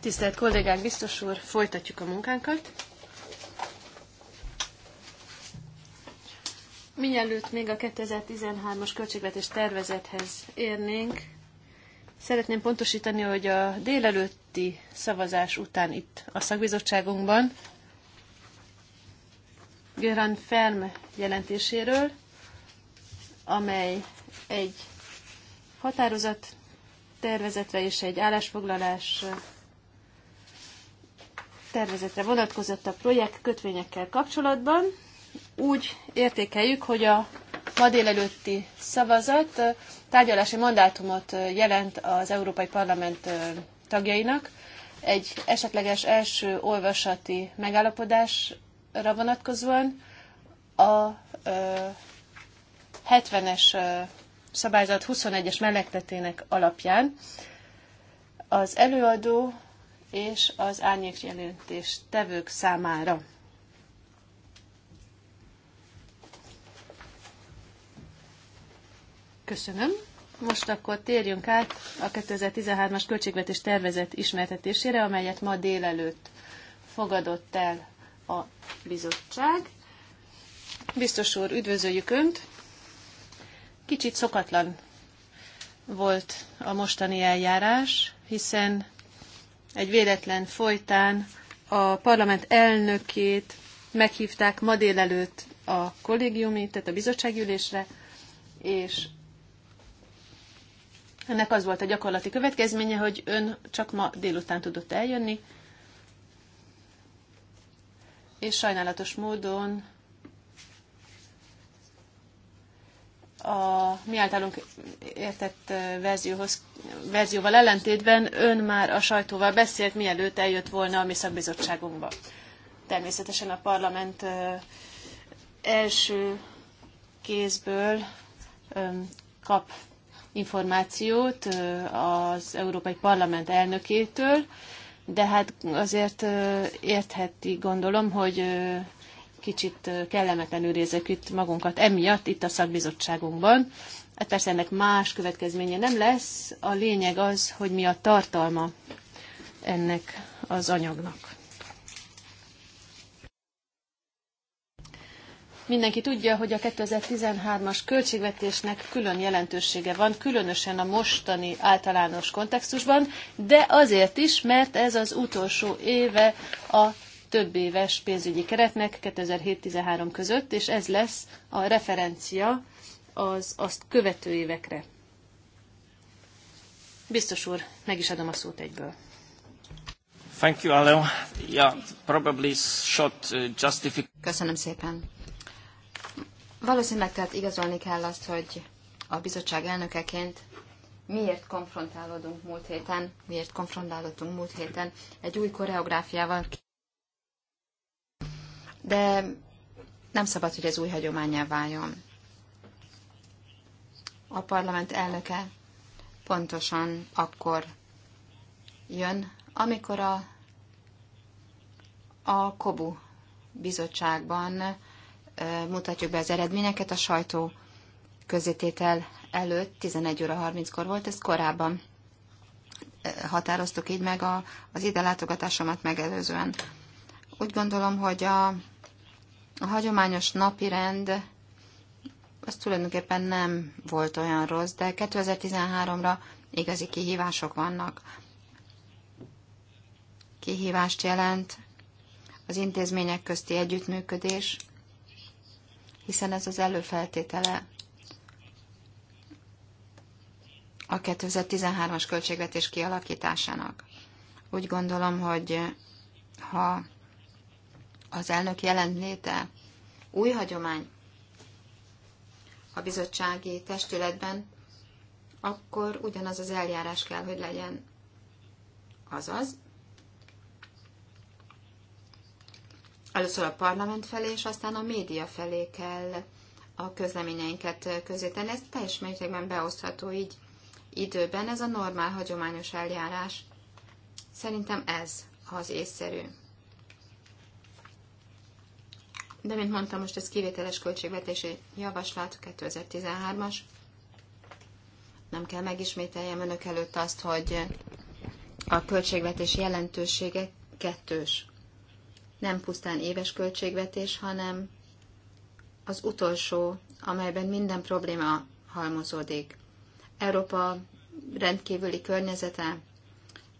Tisztelt kollégák, biztos úr, folytatjuk a munkánkat. Mielőtt még a 2013-as költségvetés tervezethez érnénk, szeretném pontosítani, hogy a délelőtti szavazás után itt a szakbizottságunkban Göran Ferm jelentéséről, amely egy határozat tervezetre és egy állásfoglalás tervezetre vonatkozott a projekt kötvényekkel kapcsolatban. Úgy értékeljük, hogy a ma délelőtti szavazat tárgyalási mandátumot jelent az Európai Parlament tagjainak egy esetleges első olvasati megállapodásra vonatkozóan a 70-es szabályzat 21-es mellettetének alapján az előadó és az árnyékjelentés tevők számára. Köszönöm. Most akkor térjünk át a 2013-as költségvetés tervezet ismertetésére, amelyet ma délelőtt fogadott el a bizottság. Biztos úr, üdvözöljük Önt! Kicsit szokatlan volt a mostani eljárás, hiszen egy véletlen folytán a parlament elnökét meghívták ma délelőtt a kollégiumi, tehát a bizottságülésre, és ennek az volt a gyakorlati következménye, hogy ön csak ma délután tudott eljönni, és sajnálatos módon a mi általunk értett verzióhoz, verzióval ellentétben ön már a sajtóval beszélt, mielőtt eljött volna a mi szakbizottságunkba. Természetesen a parlament első kézből kap információt az Európai Parlament elnökétől, de hát azért érthetik gondolom, hogy kicsit kellemetlenül érzek itt magunkat emiatt, itt a szakbizottságunkban. Hát persze ennek más következménye nem lesz, a lényeg az, hogy mi a tartalma ennek az anyagnak. Mindenki tudja, hogy a 2013-as költségvetésnek külön jelentősége van, különösen a mostani általános kontextusban, de azért is, mert ez az utolsó éve a több éves pénzügyi keretnek 2007-13 között, és ez lesz a referencia az azt követő évekre. Biztos úr, meg is adom a szót egyből. Thank you, Aleo. Yeah, probably short uh, Köszönöm szépen. Valószínűleg tehát igazolni kell azt, hogy a bizottság elnökeként miért konfrontálódunk múlt héten, miért konfrontálódtunk múlt héten egy új koreográfiával, de nem szabad, hogy ez új hagyományá váljon. A parlament elnöke pontosan akkor jön, amikor a, a KOBU bizottságban mutatjuk be az eredményeket a sajtó közététel előtt, 11 óra 30-kor volt, ez korábban határoztuk így meg a, az ide látogatásomat megelőzően. Úgy gondolom, hogy a, a hagyományos napi rend az tulajdonképpen nem volt olyan rossz, de 2013-ra igazi kihívások vannak. Kihívást jelent az intézmények közti együttműködés, hiszen ez az előfeltétele a 2013-as költségvetés kialakításának. Úgy gondolom, hogy ha az elnök jelenléte új hagyomány a bizottsági testületben, akkor ugyanaz az eljárás kell, hogy legyen. Azaz, először a parlament felé, és aztán a média felé kell a közleményeinket közé tenni. Ez teljes mértékben beosztható így időben. Ez a normál, hagyományos eljárás. Szerintem ez az észszerű. De, mint mondtam, most ez kivételes költségvetési javaslat 2013-as. Nem kell megismételjem önök előtt azt, hogy a költségvetés jelentősége kettős. Nem pusztán éves költségvetés, hanem az utolsó, amelyben minden probléma halmozódik. Európa rendkívüli környezete,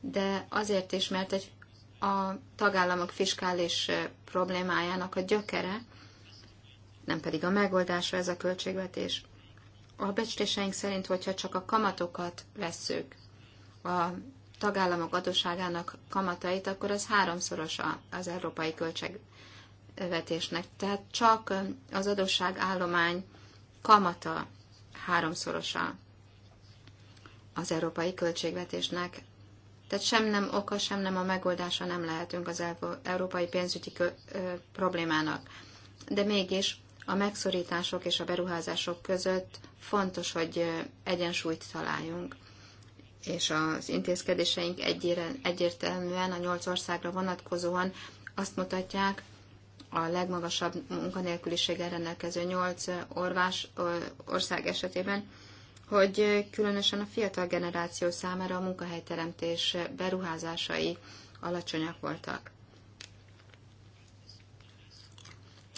de azért is, mert egy a tagállamok fiskális problémájának a gyökere, nem pedig a megoldása ez a költségvetés. A becsléseink szerint, hogyha csak a kamatokat vesszük, a tagállamok adóságának kamatait, akkor az háromszoros az európai költségvetésnek. Tehát csak az állomány kamata háromszorosa az európai költségvetésnek. Tehát sem nem oka, sem nem a megoldása nem lehetünk az európai pénzügyi problémának. De mégis a megszorítások és a beruházások között fontos, hogy egyensúlyt találjunk. És az intézkedéseink egyértelműen a nyolc országra vonatkozóan azt mutatják, a legmagasabb munkanélküliséggel rendelkező nyolc ország esetében, hogy különösen a fiatal generáció számára a munkahelyteremtés beruházásai alacsonyak voltak.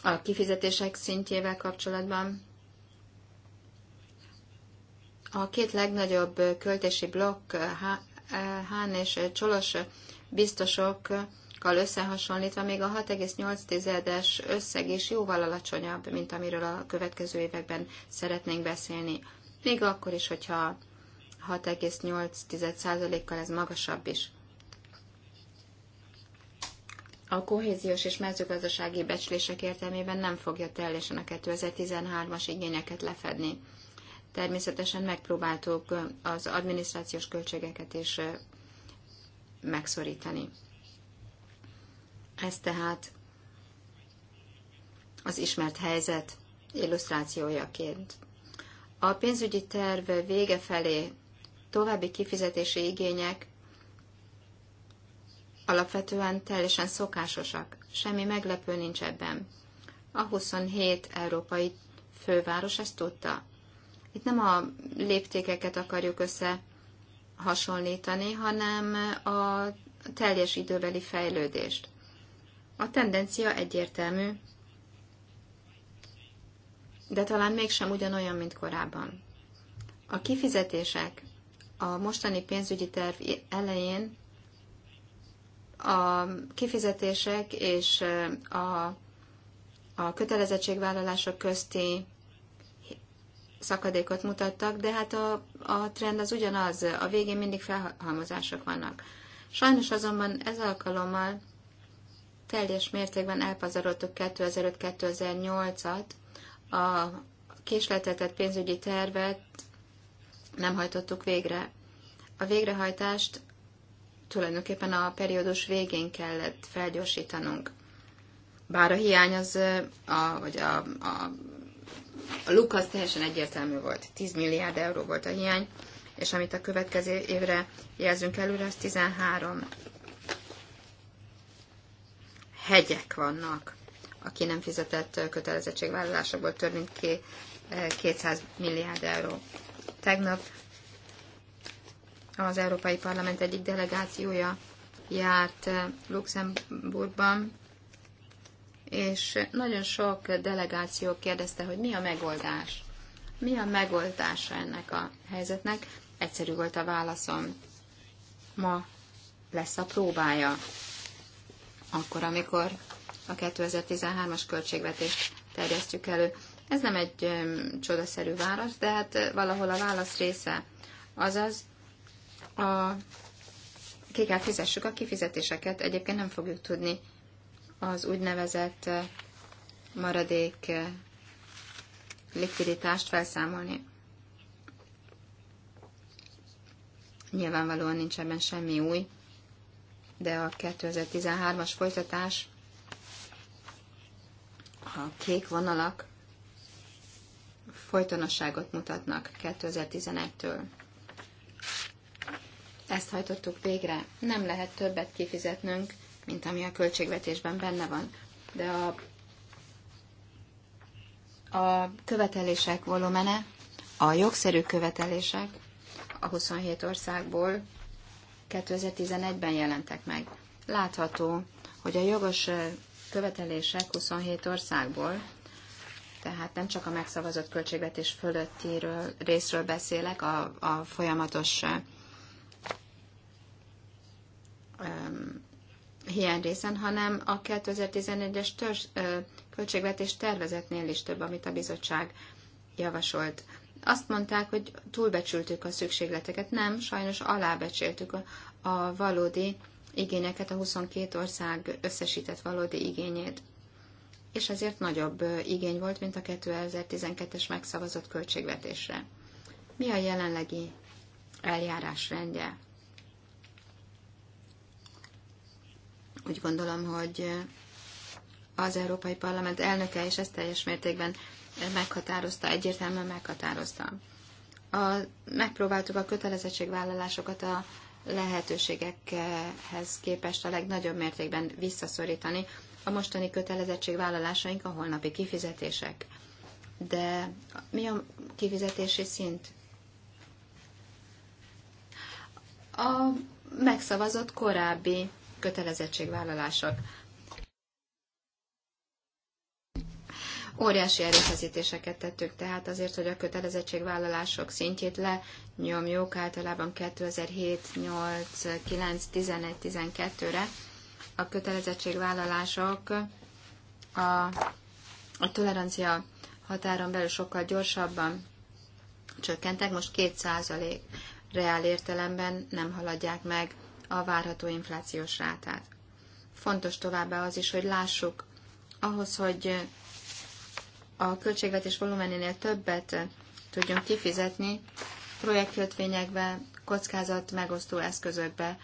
A kifizetések szintjével kapcsolatban a két legnagyobb költési blokk, Hán és Csolos biztosokkal összehasonlítva még a 6,8-es összeg is jóval alacsonyabb, mint amiről a következő években szeretnénk beszélni még akkor is, hogyha 6,8%-kal ez magasabb is. A kohéziós és mezőgazdasági becslések értelmében nem fogja teljesen a 2013-as igényeket lefedni. Természetesen megpróbáltuk az adminisztrációs költségeket is megszorítani. Ez tehát az ismert helyzet illusztrációjaként a pénzügyi terv vége felé további kifizetési igények alapvetően teljesen szokásosak. Semmi meglepő nincs ebben. A 27 európai főváros ezt tudta. Itt nem a léptékeket akarjuk összehasonlítani, hanem a teljes időbeli fejlődést. A tendencia egyértelmű, de talán mégsem ugyanolyan, mint korábban. A kifizetések a mostani pénzügyi terv elején a kifizetések és a, a kötelezettségvállalások közti szakadékot mutattak, de hát a, a trend az ugyanaz, a végén mindig felhalmozások vannak. Sajnos azonban ez alkalommal teljes mértékben elpazaroltuk 2005-2008-at, a késletetett pénzügyi tervet nem hajtottuk végre. A végrehajtást tulajdonképpen a periódus végén kellett felgyorsítanunk. Bár a hiány az, a, vagy a, a, a luk az teljesen egyértelmű volt. 10 milliárd euró volt a hiány, és amit a következő évre jelzünk előre, az 13 hegyek vannak a ki nem fizetett kötelezettségvállalásokból több mint 200 eh, milliárd euró. Tegnap az Európai Parlament egyik delegációja járt eh, Luxemburgban, és nagyon sok delegáció kérdezte, hogy mi a megoldás. Mi a megoldása ennek a helyzetnek? Egyszerű volt a válaszom. Ma lesz a próbája. Akkor, amikor a 2013-as költségvetést terjesztjük elő. Ez nem egy csodaszerű válasz, de hát eh, valahol a válasz része. Azaz, a, ki kell fizessük a kifizetéseket, egyébként nem fogjuk tudni az úgynevezett eh, maradék eh, likviditást felszámolni. Nyilvánvalóan nincs ebben semmi új, de a 2013-as folytatás a kék vonalak folytonosságot mutatnak 2011-től. Ezt hajtottuk végre. Nem lehet többet kifizetnünk, mint ami a költségvetésben benne van. De a, a követelések volumene, a jogszerű követelések a 27 országból 2011-ben jelentek meg. Látható, hogy a jogos követelések 27 országból, tehát nem csak a megszavazott költségvetés fölötti részről beszélek, a, a folyamatos um, hiány részen, hanem a 2011-es törzs, ö, költségvetés tervezetnél is több, amit a bizottság javasolt. Azt mondták, hogy túlbecsültük a szükségleteket. Nem, sajnos alábecsültük a, a valódi igényeket, a 22 ország összesített valódi igényét. És ezért nagyobb igény volt, mint a 2012-es megszavazott költségvetésre. Mi a jelenlegi eljárás rendje? Úgy gondolom, hogy az Európai Parlament elnöke, és ezt teljes mértékben meghatározta, egyértelműen meghatározta. A, megpróbáltuk a kötelezettségvállalásokat a lehetőségekhez képest a legnagyobb mértékben visszaszorítani a mostani kötelezettségvállalásaink a holnapi kifizetések. De mi a kifizetési szint? A megszavazott korábbi kötelezettségvállalások. Óriási erőfeszítéseket tettük tehát azért, hogy a kötelezettségvállalások szintjét le nyomjuk általában 2007, 8, 9, 11, 12-re. A kötelezettségvállalások a, a tolerancia határon belül sokkal gyorsabban csökkentek, most 2% reál értelemben nem haladják meg a várható inflációs rátát. Fontos továbbá az is, hogy lássuk, ahhoz, hogy a költségvetés volumenénél többet tudjon kifizetni projektkötvényekbe, kockázat megosztó eszközökbe,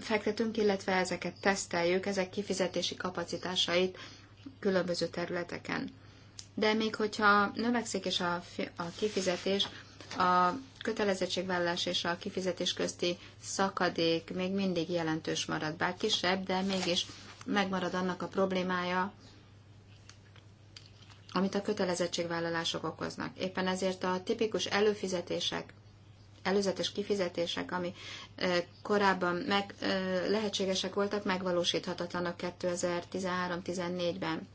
fektetünk, illetve ezeket teszteljük, ezek kifizetési kapacitásait különböző területeken. De még hogyha növekszik is a, a kifizetés, a kötelezettségvállalás és a kifizetés közti szakadék még mindig jelentős marad, bár kisebb, de mégis megmarad annak a problémája, amit a kötelezettségvállalások okoznak. Éppen ezért a tipikus előfizetések, előzetes kifizetések, ami korábban meg, lehetségesek voltak, megvalósíthatatlanak 2013-14-ben.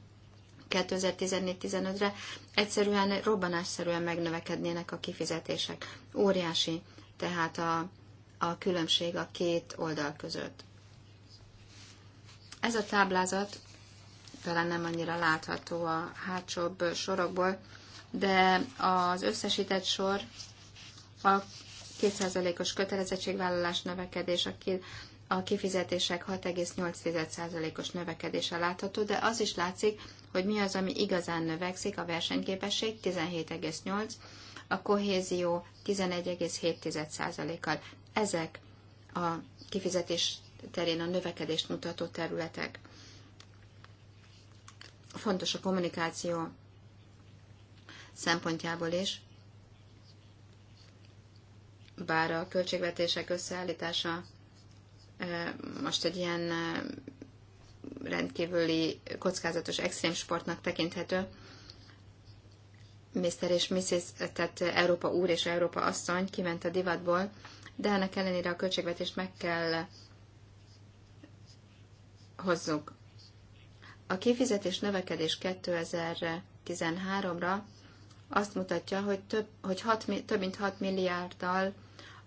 2014-15-re egyszerűen robbanásszerűen megnövekednének a kifizetések. Óriási tehát a, a különbség a két oldal között. Ez a táblázat talán nem annyira látható a hátsóbb sorokból, de az összesített sor a 2%-os kötelezettségvállalás növekedés, a kifizetések 6,8%-os növekedése látható, de az is látszik, hogy mi az, ami igazán növekszik, a versenyképesség 17,8, a kohézió 11,7%-kal. Ezek a kifizetés terén a növekedést mutató területek. Fontos a kommunikáció szempontjából is, bár a költségvetések összeállítása eh, most egy ilyen eh, rendkívüli kockázatos extrém sportnak tekinthető. Mr. és Mrs., tehát Európa úr és Európa asszony kiment a divatból, de ennek ellenére a költségvetést meg kell hozzuk. A kifizetés növekedés 2013-ra azt mutatja, hogy, több, hogy 6, több mint 6 milliárddal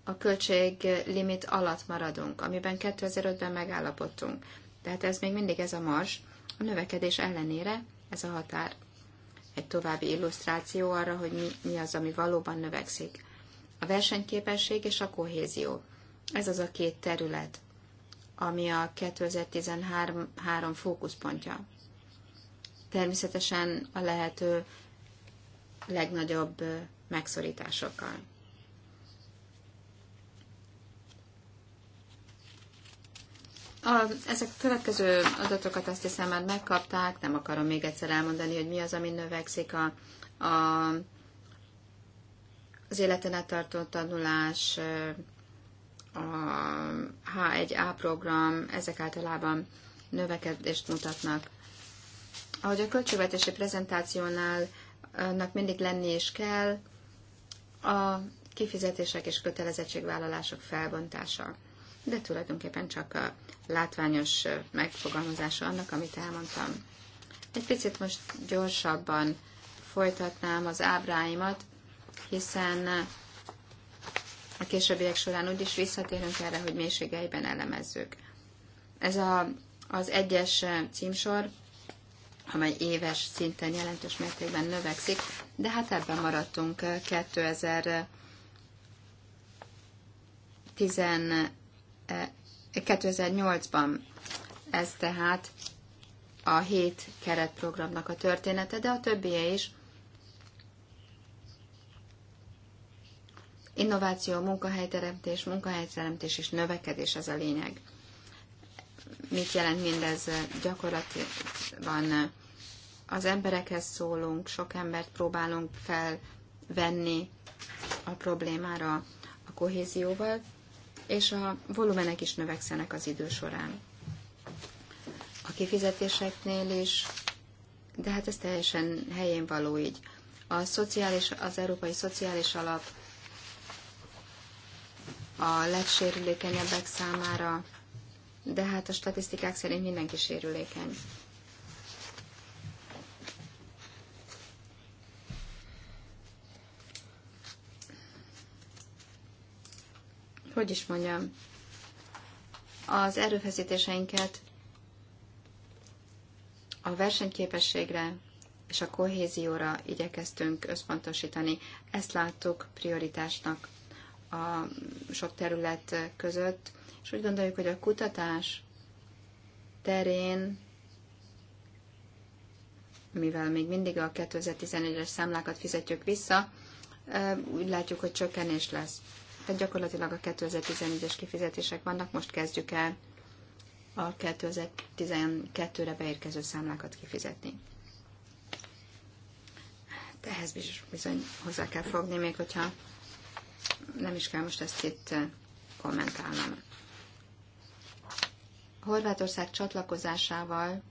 a költség limit alatt maradunk, amiben 2005-ben megállapodtunk. Tehát ez még mindig ez a mars, a növekedés ellenére ez a határ. Egy további illusztráció arra, hogy mi, mi az, ami valóban növekszik. A versenyképesség és a kohézió. Ez az a két terület, ami a 2013 fókuszpontja. Természetesen a lehető legnagyobb megszorításokkal. A, ezek a következő adatokat azt hiszem már megkapták, nem akarom még egyszer elmondani, hogy mi az, ami növekszik a, a, az életen tartó tanulás, a H1A program, ezek általában növekedést mutatnak. Ahogy a költségvetési prezentációnál annak mindig lenni is kell, a kifizetések és kötelezettségvállalások felbontása de tulajdonképpen csak a látványos megfogalmazása annak, amit elmondtam. Egy picit most gyorsabban folytatnám az ábráimat, hiszen a későbbiek során úgyis visszatérünk erre, hogy mélységeiben elemezzük. Ez a, az egyes címsor, amely éves szinten jelentős mértékben növekszik, de hát ebben maradtunk 2000 2008-ban. Ez tehát a hét keretprogramnak a története, de a többie is. Innováció, munkahelyteremtés, munkahelyteremtés és növekedés ez a lényeg. Mit jelent mindez gyakorlatilag? Az emberekhez szólunk, sok embert próbálunk felvenni a problémára a kohézióval, és a volumenek is növekszenek az idő során. A kifizetéseknél is, de hát ez teljesen helyén való így. A szociális, az Európai Szociális Alap a legsérülékenyebbek számára, de hát a statisztikák szerint mindenki sérülékeny. hogy is mondjam, az erőfeszítéseinket a versenyképességre és a kohézióra igyekeztünk összpontosítani. Ezt láttuk prioritásnak a sok terület között, és úgy gondoljuk, hogy a kutatás terén, mivel még mindig a 2011-es számlákat fizetjük vissza, úgy látjuk, hogy csökkenés lesz tehát gyakorlatilag a 2014-es kifizetések vannak, most kezdjük el a 2012-re beérkező számlákat kifizetni. De hát ehhez bizony hozzá kell fogni, még hogyha nem is kell most ezt itt eh, kommentálnom. Horvátország csatlakozásával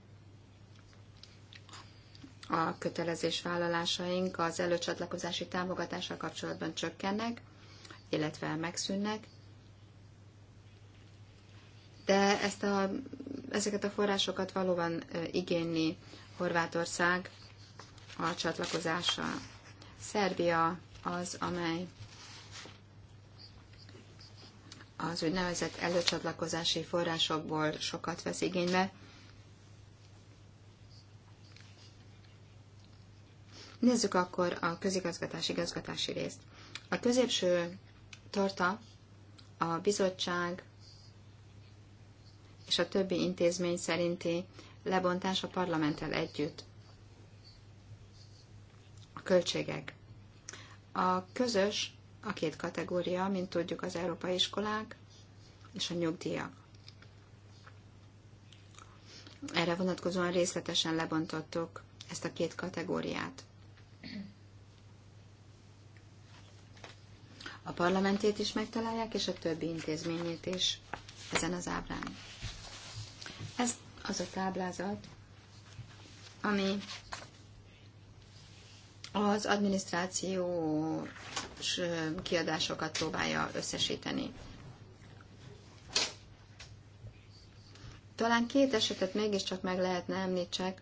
a kötelezés vállalásaink az előcsatlakozási támogatással kapcsolatban csökkennek, illetve megszűnnek. De ezt a, ezeket a forrásokat valóban igényli Horvátország a csatlakozása. Szerbia az, amely az úgynevezett előcsatlakozási forrásokból sokat vesz igénybe. Nézzük akkor a közigazgatás igazgatási részt. A középső Tarta a bizottság és a többi intézmény szerinti lebontás a parlamenttel együtt. A költségek. A közös, a két kategória, mint tudjuk, az európai iskolák és a nyugdíjak. Erre vonatkozóan részletesen lebontottuk ezt a két kategóriát. A parlamentét is megtalálják, és a többi intézményét is ezen az ábrán. Ez az a táblázat, ami az adminisztrációs kiadásokat próbálja összesíteni. Talán két esetet mégiscsak meg lehetne említsek,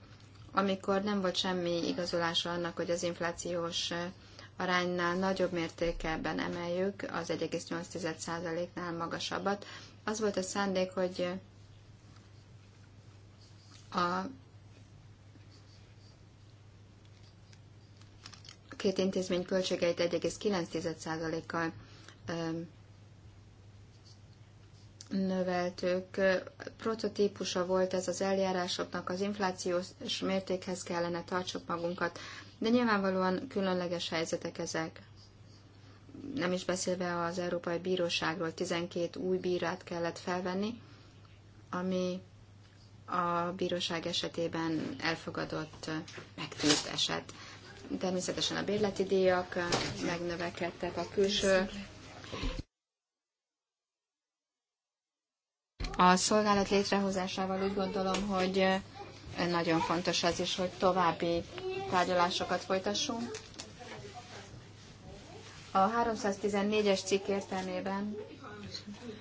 amikor nem volt semmi igazolása annak, hogy az inflációs aránynál nagyobb mértékben emeljük, az 1,8%-nál magasabbat. Az volt a szándék, hogy a két intézmény költségeit 1,9%-kal növeltük. Prototípusa volt ez az eljárásoknak, az inflációs mértékhez kellene tartsuk magunkat, de nyilvánvalóan különleges helyzetek ezek. Nem is beszélve az Európai Bíróságról 12 új bírát kellett felvenni, ami a bíróság esetében elfogadott, megtűnt eset. Természetesen a bérleti díjak megnövekedtek, a külső A szolgálat létrehozásával úgy gondolom, hogy nagyon fontos az is, hogy további tárgyalásokat folytassunk. A 314-es cikk értelmében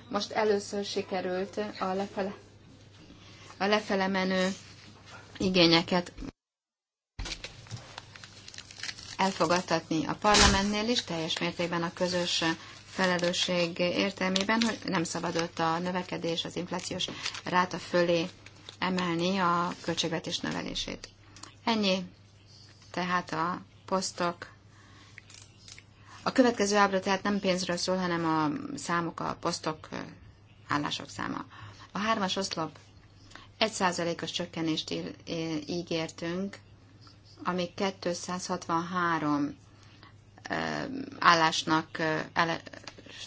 most először sikerült a lefele, a lefele menő igényeket elfogadtatni a parlamentnél is, teljes mértékben a közös felelősség értelmében, hogy nem szabadott a növekedés, az inflációs ráta fölé emelni a költségvetés növelését. Ennyi tehát a posztok. A következő ábra tehát nem pénzről szól, hanem a számok, a posztok, állások száma. A hármas oszlop 1 százalékos csökkenést ígértünk, amíg 263 állásnak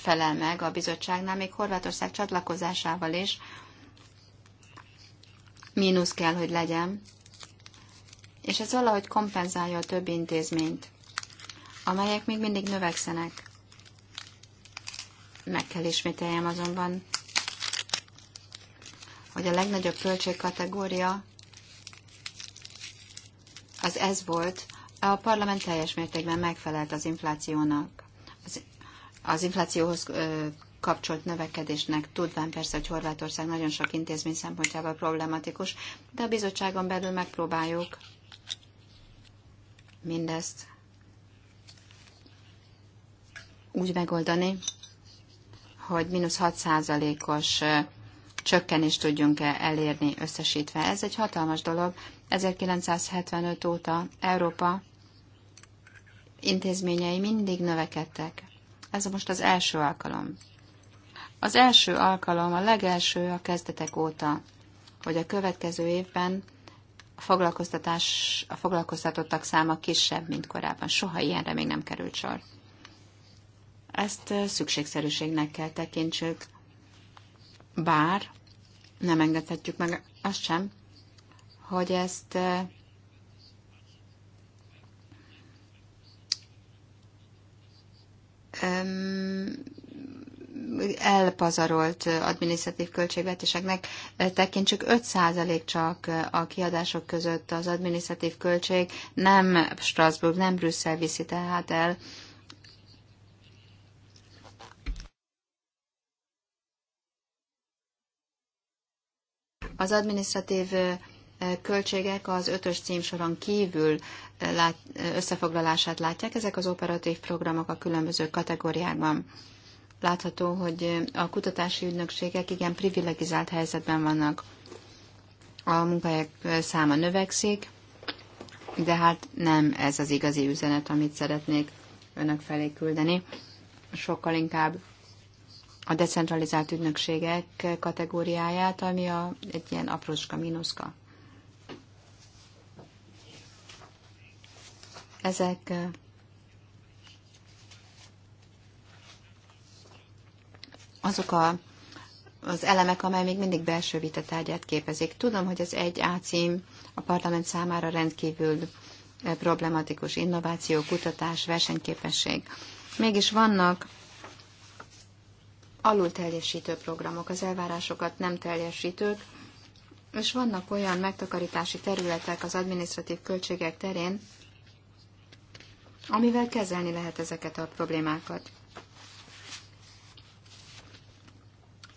felel meg a bizottságnál, még Horvátország csatlakozásával is mínusz kell, hogy legyen, és ez valahogy kompenzálja a több intézményt, amelyek még mindig növekszenek. Meg kell ismételjem azonban, hogy a legnagyobb költségkategória az ez volt, a parlament teljes mértékben megfelelt az inflációnak, az, az inflációhoz ö, kapcsolt növekedésnek, tudván persze, hogy Horvátország nagyon sok intézmény szempontjából problematikus, de a bizottságon belül megpróbáljuk mindezt úgy megoldani, hogy mínusz 6%-os csökkenést tudjunk elérni összesítve. Ez egy hatalmas dolog. 1975 óta Európa intézményei mindig növekedtek. Ez most az első alkalom. Az első alkalom, a legelső a kezdetek óta, hogy a következő évben a, foglalkoztatás, a foglalkoztatottak száma kisebb, mint korábban. Soha ilyenre még nem került sor. Ezt szükségszerűségnek kell tekintsük, bár nem engedhetjük meg azt sem, hogy ezt um, elpazarolt adminisztratív költségvetéseknek eh, tekintsük 5% csak eh, a kiadások között az adminisztratív költség, nem Strasbourg, nem Brüsszel viszi tehát el Az adminisztratív eh, költségek az ötös címsoron kívül összefoglalását látják ezek az operatív programok a különböző kategóriákban látható, hogy a kutatási ügynökségek igen privilegizált helyzetben vannak. A munkahelyek száma növekszik, de hát nem ez az igazi üzenet, amit szeretnék önök felé küldeni. Sokkal inkább a decentralizált ügynökségek kategóriáját, ami a, egy ilyen aprócska mínuszka. Ezek azok a, az elemek, amely még mindig belső vita tárgyát képezik. Tudom, hogy az egy A cím a parlament számára rendkívül eh, problematikus innováció, kutatás, versenyképesség. Mégis vannak alul teljesítő programok, az elvárásokat nem teljesítők, és vannak olyan megtakarítási területek az adminisztratív költségek terén, amivel kezelni lehet ezeket a problémákat.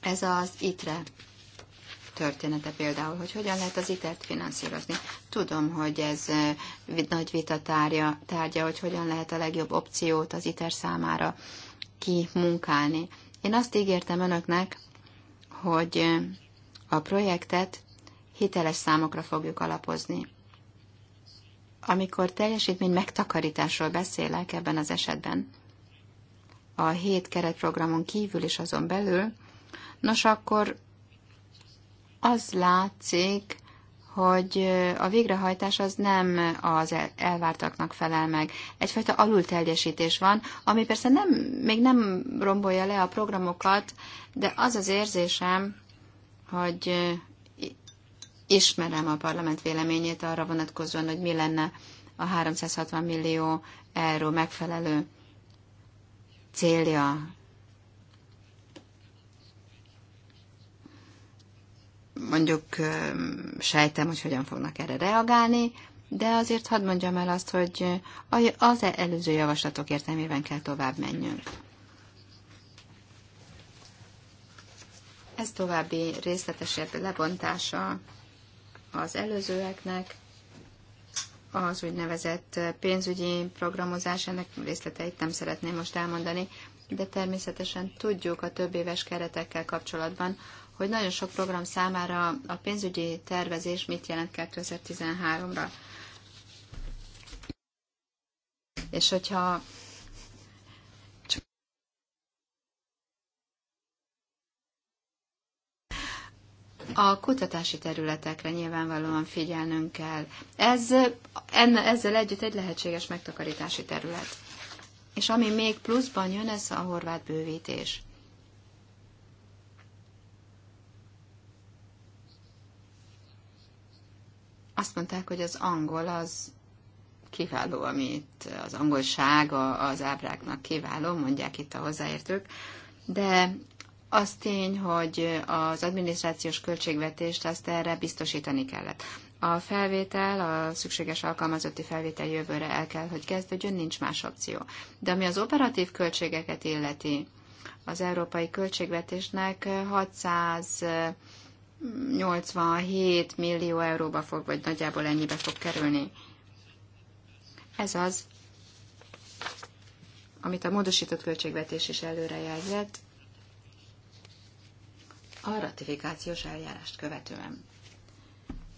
Ez az ITRE története például, hogy hogyan lehet az itre t finanszírozni. Tudom, hogy ez nagy vita tárja, tárgya, hogy hogyan lehet a legjobb opciót az ITER számára kimunkálni. Én azt ígértem önöknek, hogy a projektet hiteles számokra fogjuk alapozni. Amikor teljesítmény megtakarításról beszélek ebben az esetben, a hét keretprogramon kívül és azon belül, Nos, akkor az látszik, hogy a végrehajtás az nem az elvártaknak felel meg. Egyfajta alulteljesítés van, ami persze nem, még nem rombolja le a programokat, de az az érzésem, hogy ismerem a parlament véleményét arra vonatkozóan, hogy mi lenne a 360 millió euró megfelelő célja mondjuk sejtem, hogy hogyan fognak erre reagálni, de azért hadd mondjam el azt, hogy az előző javaslatok értelmében kell tovább menjünk. Ez további részletesebb lebontása az előzőeknek, az úgynevezett pénzügyi programozás, ennek részleteit nem szeretném most elmondani, de természetesen tudjuk a több éves keretekkel kapcsolatban, hogy nagyon sok program számára a pénzügyi tervezés mit jelent 2013-ra. És hogyha A kutatási területekre nyilvánvalóan figyelnünk kell. Ez, enne, ezzel együtt egy lehetséges megtakarítási terület. És ami még pluszban jön, ez a horvát bővítés. Azt mondták, hogy az angol az kiváló, amit az angolság az ábráknak kiváló, mondják itt a hozzáértők, de az tény, hogy az adminisztrációs költségvetést azt erre biztosítani kellett. A felvétel, a szükséges alkalmazotti felvétel jövőre el kell, hogy kezdődjön, nincs más opció. De ami az operatív költségeket illeti, az európai költségvetésnek 600 87 millió euróba fog, vagy nagyjából ennyibe fog kerülni. Ez az, amit a módosított költségvetés is előrejelzett, a ratifikációs eljárást követően.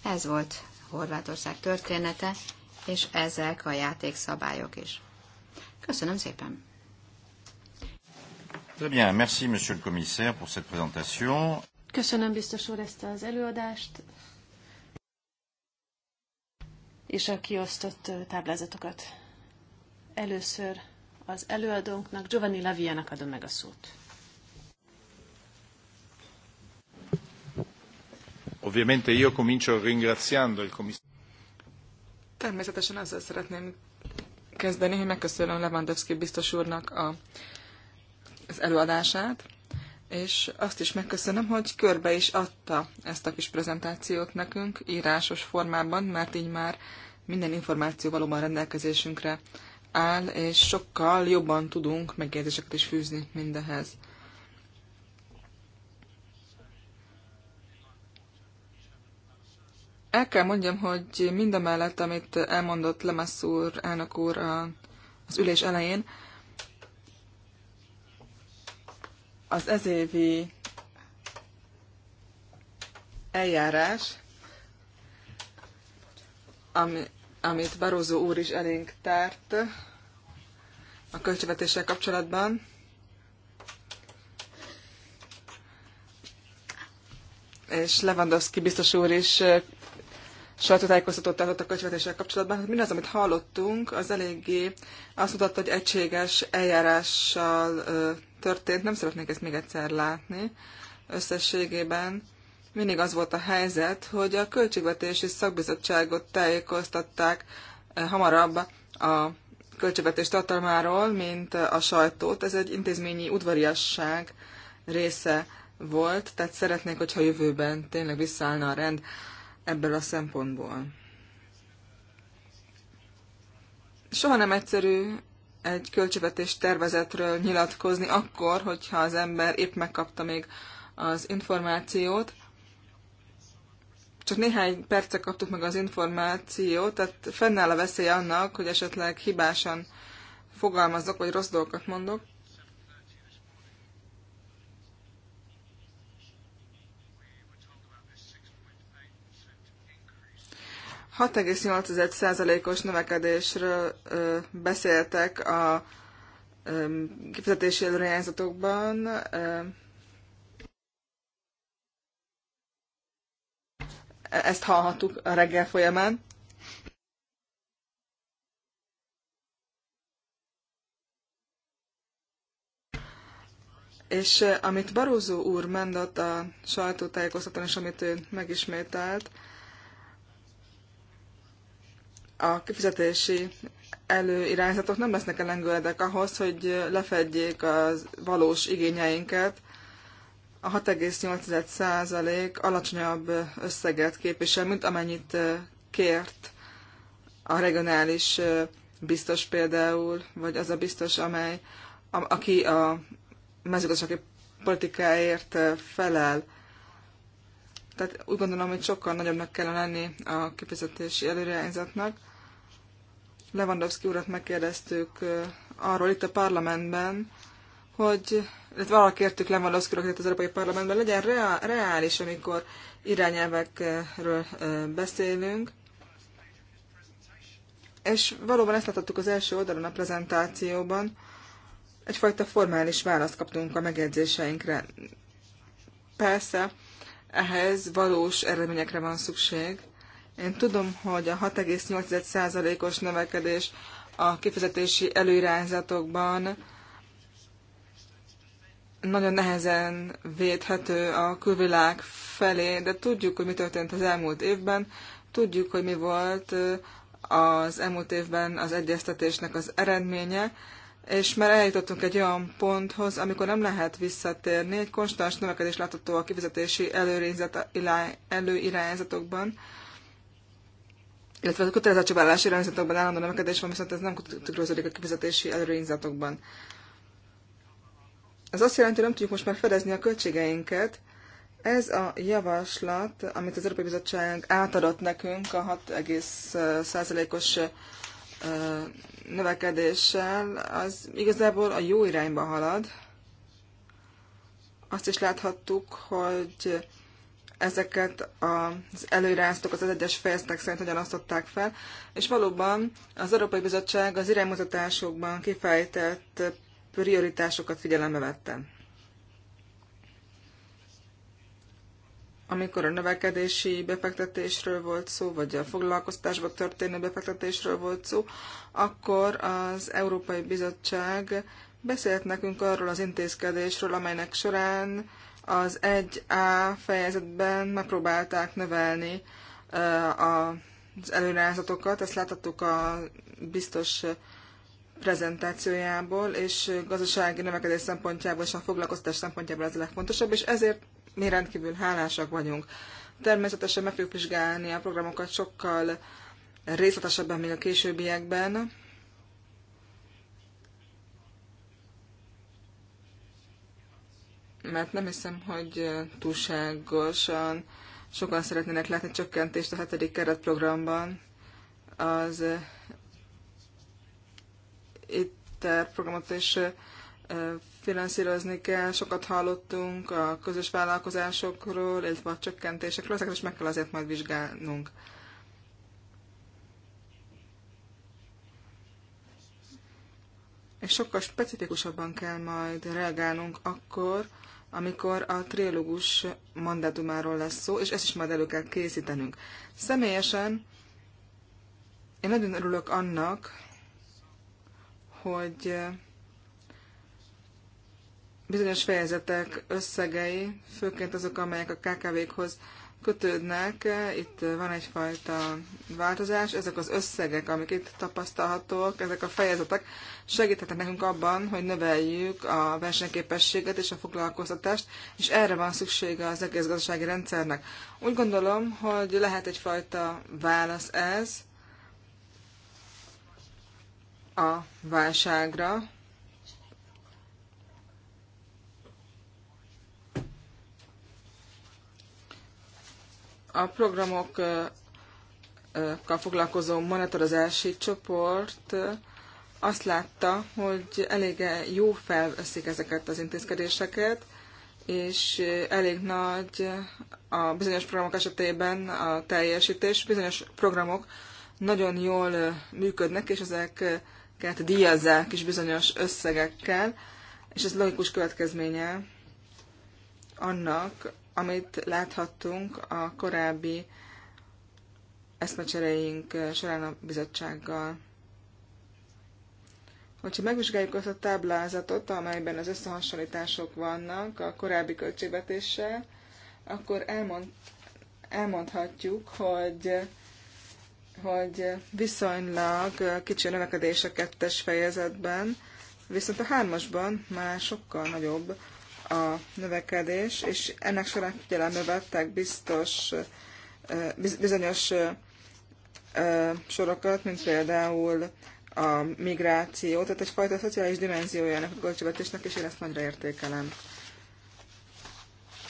Ez volt Horvátország története, és ezek a játékszabályok is. Köszönöm szépen! Très bien, merci Monsieur le Commissaire pour cette présentation. Köszönöm biztos úr ezt az előadást, és a kiosztott táblázatokat. Először az előadónknak, Giovanni Laviának adom meg a szót. Ovviamente io comincio ringraziando il commissario. Természetesen azzal szeretném kezdeni, hogy megköszönöm Lewandowski biztos úrnak a, az előadását és azt is megköszönöm, hogy körbe is adta ezt a kis prezentációt nekünk írásos formában, mert így már minden információ valóban rendelkezésünkre áll, és sokkal jobban tudunk megjegyzéseket is fűzni mindehez. El kell mondjam, hogy mindemellett, amit elmondott Lemassz úr, elnök úr az ülés elején, Az ezévi eljárás, ami, amit Barózó úr is elénk tárt a költségvetéssel kapcsolatban, és Lewandowski biztos úr is sajtótájékoztatót tartott a költségvetéssel kapcsolatban, hogy hát mindaz, amit hallottunk, az eléggé azt mutatta, hogy egységes eljárással történt, nem szeretnék ezt még egyszer látni. Összességében mindig az volt a helyzet, hogy a költségvetési szakbizottságot tájékoztatták eh, hamarabb a költségvetés tartalmáról, mint a sajtót. Ez egy intézményi udvariasság része volt, tehát szeretnék, hogyha jövőben tényleg visszaállna a rend ebből a szempontból. Soha nem egyszerű egy költségvetés tervezetről nyilatkozni akkor, hogyha az ember épp megkapta még az információt. Csak néhány perce kaptuk meg az információt, tehát fennáll a veszély annak, hogy esetleg hibásan fogalmazok, vagy rossz dolgokat mondok. 6,8%-os növekedésről beszéltek a kifizetési előrejelzatokban. E, ezt hallhattuk a reggel folyamán. És amit Barózó úr mondott a sajtótájékoztatón, és amit ő megismételt, a kifizetési előirányzatok nem lesznek elengedek ahhoz, hogy lefedjék az valós igényeinket. A 6,8% alacsonyabb összeget képvisel, mint amennyit kért a regionális biztos például, vagy az a biztos, amely, a, aki a mezőgazdasági politikáért felel. Tehát úgy gondolom, hogy sokkal nagyobbnak kellene lenni a kifizetési előirányzatnak. Lewandowski urat megkérdeztük arról itt a parlamentben, hogy illetve arra kértük Lewandowski urat az Európai Parlamentben, legyen reális, amikor irányelvekről beszélünk. És valóban ezt láthattuk az első oldalon a prezentációban, egyfajta formális választ kaptunk a megjegyzéseinkre. Persze, ehhez valós eredményekre van szükség. Én tudom, hogy a 6,8%-os növekedés a kifizetési előirányzatokban nagyon nehezen védhető a külvilág felé, de tudjuk, hogy mi történt az elmúlt évben, tudjuk, hogy mi volt az elmúlt évben az egyeztetésnek az eredménye, és már eljutottunk egy olyan ponthoz, amikor nem lehet visszatérni, egy konstans növekedés látható a kifizetési előirányzatokban, illetve a kötelezettségvállalási irányzatokban állandó növekedés van, viszont ez nem tükröződik a kifizetési előirányzatokban. Ez azt jelenti, hogy nem tudjuk most már fedezni a költségeinket. Ez a javaslat, amit az Európai Bizottság átadott nekünk a 6,1%-os növekedéssel, az igazából a jó irányba halad. Azt is láthattuk, hogy ezeket az előrásztok, az egyes fejeztek szerint hogyan osztották fel, és valóban az Európai Bizottság az iránymutatásokban kifejtett prioritásokat figyelembe vette. Amikor a növekedési befektetésről volt szó, vagy a foglalkoztásba történő befektetésről volt szó, akkor az Európai Bizottság beszélt nekünk arról az intézkedésről, amelynek során az 1A fejezetben megpróbálták növelni az előrázatokat, ezt láthattuk a biztos prezentációjából, és gazdasági növekedés szempontjából és a foglalkoztatás szempontjából ez a legfontosabb, és ezért mi rendkívül hálásak vagyunk. Természetesen meg fogjuk vizsgálni a programokat sokkal részletesebben még a későbbiekben, mert nem hiszem, hogy túlságosan sokan szeretnének látni csökkentést a hetedik keretprogramban. Az itt programot is finanszírozni kell, sokat hallottunk a közös vállalkozásokról, illetve a csökkentésekről, ezeket is meg kell azért majd vizsgálnunk. És sokkal specifikusabban kell majd reagálnunk akkor, amikor a trilógus mandátumáról lesz szó, és ezt is majd elő kell készítenünk. Személyesen én nagyon örülök annak, hogy bizonyos fejezetek összegei, főként azok, amelyek a KKV-khoz kötődnek, itt van egyfajta változás, ezek az összegek, amik itt tapasztalhatók, ezek a fejezetek segíthetnek nekünk abban, hogy növeljük a versenyképességet és a foglalkoztatást, és erre van szüksége az egész gazdasági rendszernek. Úgy gondolom, hogy lehet egyfajta válasz ez a válságra, A programokkal foglalkozó monitorozási csoport azt látta, hogy elég jó felveszik ezeket az intézkedéseket, és elég nagy a bizonyos programok esetében a teljesítés. Bizonyos programok nagyon jól működnek, és ezeket díjazzák is bizonyos összegekkel, és ez logikus következménye annak, amit láthattunk a korábbi eszmecsereink során a bizottsággal. Hogyha megvizsgáljuk azt a táblázatot, amelyben az összehasonlítások vannak a korábbi költségvetéssel, akkor elmond, elmondhatjuk, hogy, hogy viszonylag kicsi a növekedés a kettes fejezetben, viszont a hármasban már sokkal nagyobb a növekedés, és ennek során figyelembe vettek biztos, bizonyos sorokat, mint például a migráció, tehát egyfajta szociális dimenziója ennek a költségvetésnek, és én ezt nagyra értékelem.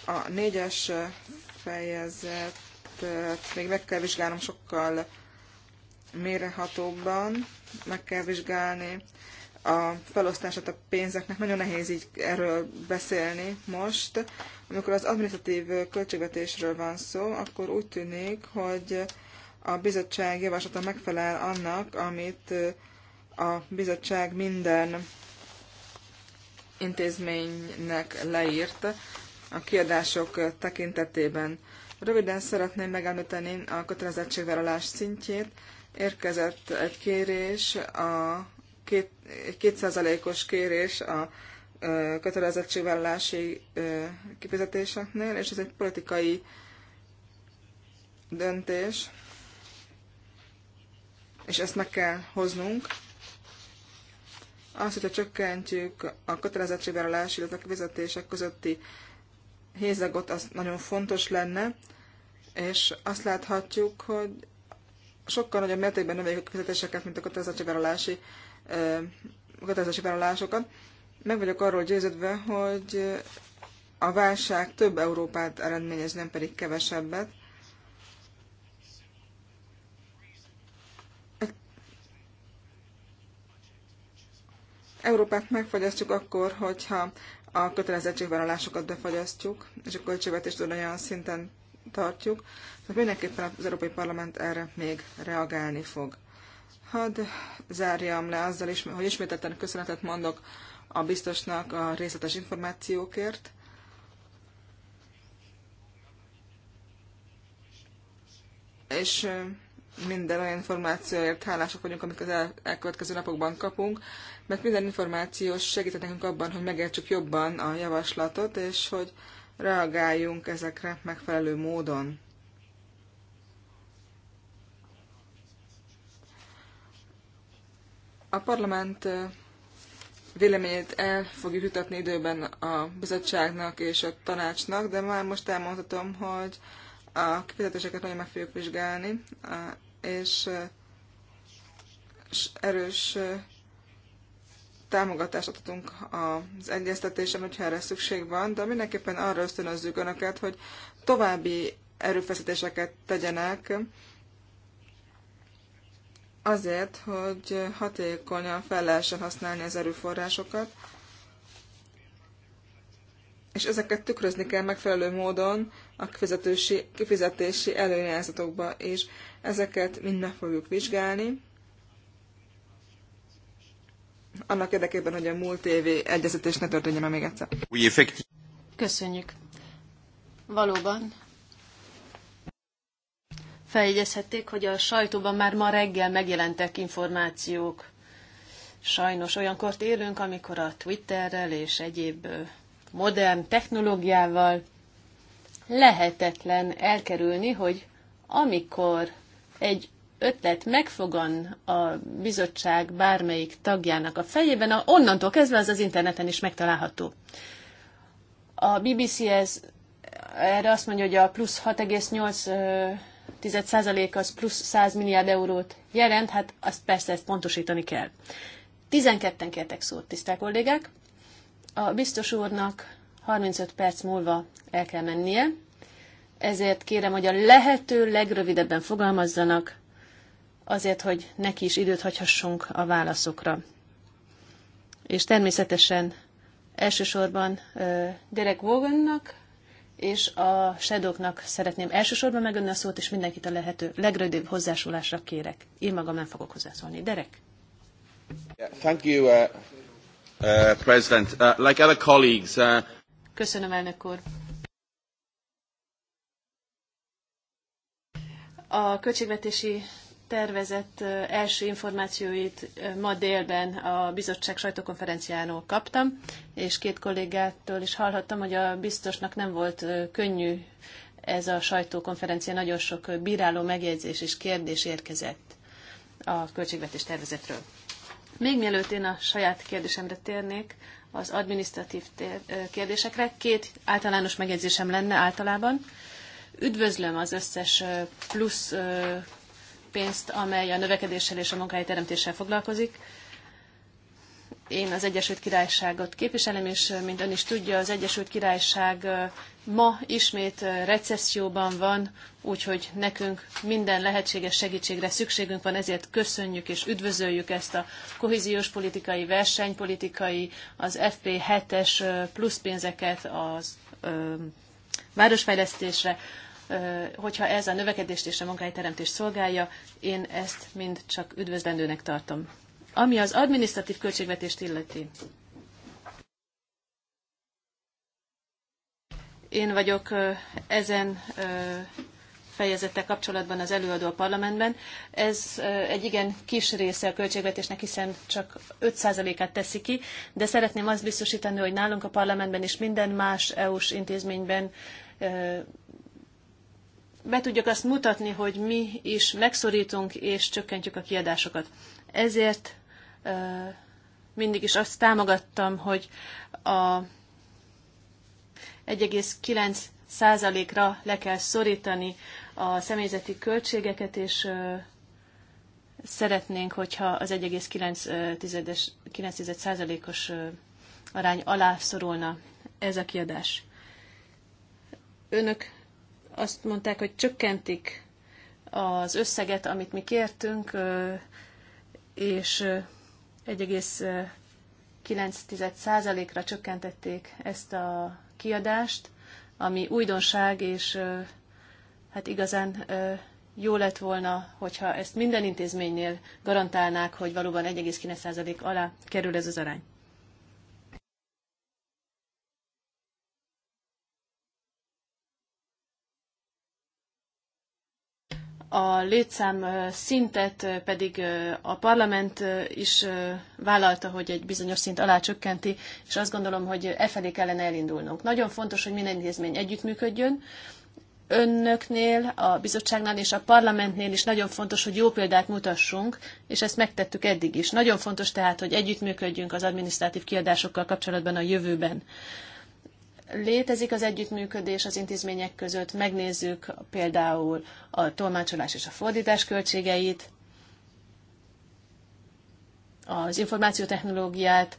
A négyes fejezetet még meg kell vizsgálnom sokkal mérehatóbban, meg kell vizsgálni a felosztását a pénzeknek. Nagyon nehéz így erről beszélni most. Amikor az administratív költségvetésről van szó, akkor úgy tűnik, hogy a bizottság javaslata megfelel annak, amit a bizottság minden intézménynek leírt a kiadások tekintetében. Röviden szeretném megemlíteni a kötelezettségvállalás szintjét. Érkezett egy kérés a két, egy kétszázalékos kérés a kötelezettségvállalási kifizetéseknél, és ez egy politikai döntés, és ezt meg kell hoznunk. Azt, hogyha csökkentjük a kötelezettségvállalási, illetve a kifizetések közötti hézagot, az nagyon fontos lenne, és azt láthatjuk, hogy sokkal nagyobb mértékben növeljük a kifizetéseket, mint a kötelezettségvállalási kötelezési vállalásokat. Meg vagyok arról győződve, hogy a válság több Európát eredményez, nem pedig kevesebbet. Európát megfagyasztjuk akkor, hogyha a kötelezettségvállalásokat befagyasztjuk, és a költségvetést olyan szinten tartjuk. Tehát mindenképpen az Európai Parlament erre még reagálni fog. Hadd zárjam le azzal, is, hogy ismételten köszönetet mondok a biztosnak a részletes információkért. És minden olyan információért hálásak vagyunk, amit az el, elkövetkező napokban kapunk, mert minden információ segít nekünk abban, hogy megértsük jobban a javaslatot, és hogy reagáljunk ezekre megfelelő módon. A parlament véleményét el fogjuk jutatni időben a bizottságnak és a tanácsnak, de már most elmondhatom, hogy a kifizetéseket nagyon meg fogjuk vizsgálni, és erős támogatást adhatunk az egyeztetésen, hogyha erre szükség van, de mindenképpen arra ösztönözzük Önöket, hogy további erőfeszítéseket tegyenek azért, hogy hatékonyan fel lehessen használni az erőforrásokat, és ezeket tükrözni kell megfelelő módon a kifizetési, kifizetési és ezeket mind meg fogjuk vizsgálni. Annak érdekében, hogy a múlt évi egyezetés ne történjen meg még egyszer. Köszönjük. Valóban feljegyezhették, hogy a sajtóban már ma reggel megjelentek információk. Sajnos olyankor élünk, amikor a Twitterrel és egyéb modern technológiával lehetetlen elkerülni, hogy amikor egy ötlet megfogan a bizottság bármelyik tagjának a fejében, onnantól kezdve az az interneten is megtalálható. A BBC ez erre azt mondja, hogy a plusz 6,8 10 az plusz 100 milliárd eurót jelent, hát azt persze ezt pontosítani kell. 12-en kértek szót, tiszták kollégák. A biztos úrnak 35 perc múlva el kell mennie, ezért kérem, hogy a lehető legrövidebben fogalmazzanak, azért, hogy neki is időt hagyhassunk a válaszokra. És természetesen elsősorban Derek Wogannak és a sedoknak szeretném elsősorban megönni a szót, és mindenkit a lehető legrövidebb hozzásolásra kérek. Én magam nem fogok hozzászólni. Derek? Thank you, uh, uh, President. Uh, like other colleagues, uh... Köszönöm, elnök úr. A Költségvetési tervezett első információit ma délben a bizottság sajtókonferenciánól kaptam, és két kollégától is hallhattam, hogy a biztosnak nem volt könnyű ez a sajtókonferencia, nagyon sok bíráló megjegyzés és kérdés érkezett a költségvetés tervezetről. Még mielőtt én a saját kérdésemre térnék, az administratív kérdésekre, két általános megjegyzésem lenne általában. Üdvözlöm az összes plusz pénzt, amely a növekedéssel és a munkahelyteremtéssel foglalkozik. Én az Egyesült Királyságot képviselem, és mint ön is tudja, az Egyesült Királyság ma ismét recesszióban van, úgyhogy nekünk minden lehetséges segítségre szükségünk van, ezért köszönjük és üdvözöljük ezt a kohéziós politikai, versenypolitikai, az FP7-es pluszpénzeket az ö, városfejlesztésre, hogyha ez a növekedést és a munkahelyteremtést szolgálja, én ezt mind csak üdvözlendőnek tartom. Ami az adminisztratív költségvetést illeti. Én vagyok ezen fejezettel kapcsolatban az előadó a parlamentben. Ez egy igen kis része a költségvetésnek, hiszen csak 5%-át teszi ki, de szeretném azt biztosítani, hogy nálunk a parlamentben és minden más EU-s intézményben be tudjuk azt mutatni, hogy mi is megszorítunk és csökkentjük a kiadásokat. Ezért mindig is azt támogattam, hogy a 1,9 százalékra le kell szorítani a személyzeti költségeket, és szeretnénk, hogyha az 1,9 százalékos arány alá szorulna ez a kiadás. Önök azt mondták, hogy csökkentik az összeget, amit mi kértünk, és 1,9%-ra csökkentették ezt a kiadást, ami újdonság, és hát igazán jó lett volna, hogyha ezt minden intézménynél garantálnák, hogy valóban 1,9% alá kerül ez az arány. létszám szintet pedig a parlament is vállalta, hogy egy bizonyos szint alá csökkenti, és azt gondolom, hogy e felé kellene elindulnunk. Nagyon fontos, hogy minden intézmény együttműködjön, önöknél, a bizottságnál és a parlamentnél is nagyon fontos, hogy jó példát mutassunk, és ezt megtettük eddig is. Nagyon fontos tehát, hogy együttműködjünk az adminisztratív kiadásokkal kapcsolatban a jövőben létezik az együttműködés az intézmények között, megnézzük például a tolmácsolás és a fordítás költségeit, az információtechnológiát,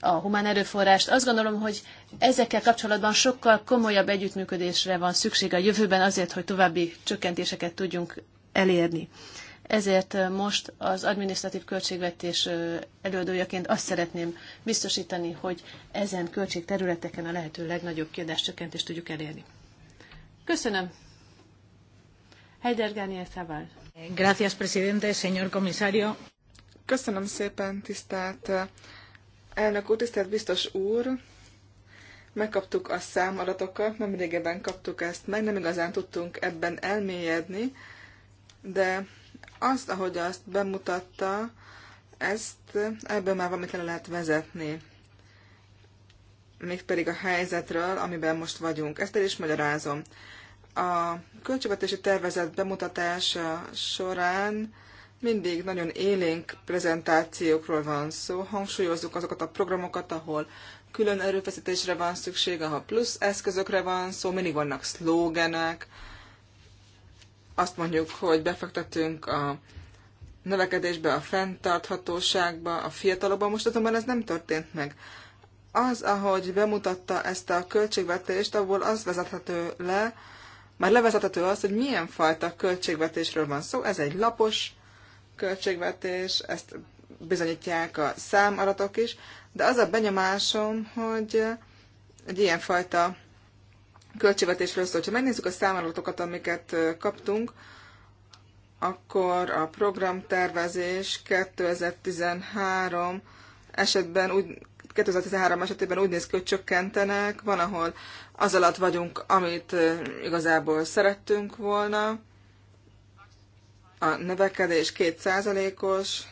a humán erőforrást. Azt gondolom, hogy ezekkel kapcsolatban sokkal komolyabb együttműködésre van szükség a jövőben azért, hogy további csökkentéseket tudjunk elérni ezért most az adminisztratív költségvetés előadójaként azt szeretném biztosítani, hogy ezen költségterületeken a lehető legnagyobb kiadáscsökkentést tudjuk elérni. Köszönöm. Heider Gániel Szával. Gracias, presidente, señor comisario. Köszönöm szépen, tisztelt elnök úr, tisztelt biztos úr. Megkaptuk a számadatokat, nem régebben kaptuk ezt meg, nem igazán tudtunk ebben elmélyedni, de azt, ahogy azt bemutatta, ezt ebből már valamit le lehet vezetni. Mégpedig a helyzetről, amiben most vagyunk. Ezt el is magyarázom. A költségvetési tervezet bemutatása során mindig nagyon élénk prezentációkról van szó. Hangsúlyozzuk azokat a programokat, ahol külön erőfeszítésre van szükség, ahol plusz eszközökre van szó, mindig vannak szlógenek, azt mondjuk, hogy befektetünk a növekedésbe, a fenntarthatóságba, a fiatalokban, most azonban ez nem történt meg. Az, ahogy bemutatta ezt a költségvetést, abból az vezethető le, már levezethető az, hogy milyen fajta költségvetésről van szó. Ez egy lapos költségvetés, ezt bizonyítják a számaratok is, de az a benyomásom, hogy egy ilyenfajta költségvetésről szól. Ha megnézzük a számolatokat, amiket kaptunk, akkor a programtervezés 2013 esetben úgy 2013 esetében úgy néz ki, hogy csökkentenek, van, ahol az alatt vagyunk, amit igazából szerettünk volna. A növekedés 2%-os,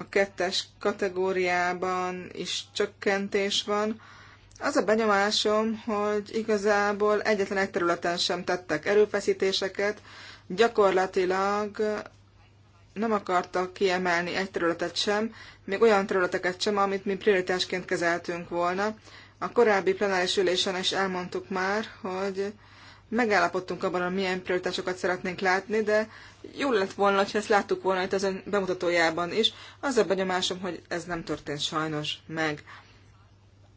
a kettes kategóriában is csökkentés van. Az a benyomásom, hogy igazából egyetlen egy területen sem tettek erőfeszítéseket, gyakorlatilag nem akartak kiemelni egy területet sem, még olyan területeket sem, amit mi prioritásként kezeltünk volna. A korábbi plenáris ülésen is elmondtuk már, hogy megállapodtunk abban, hogy milyen prioritásokat szeretnénk látni, de jó lett volna, ha ezt láttuk volna itt az ön bemutatójában is. Az a benyomásom, hogy ez nem történt sajnos meg.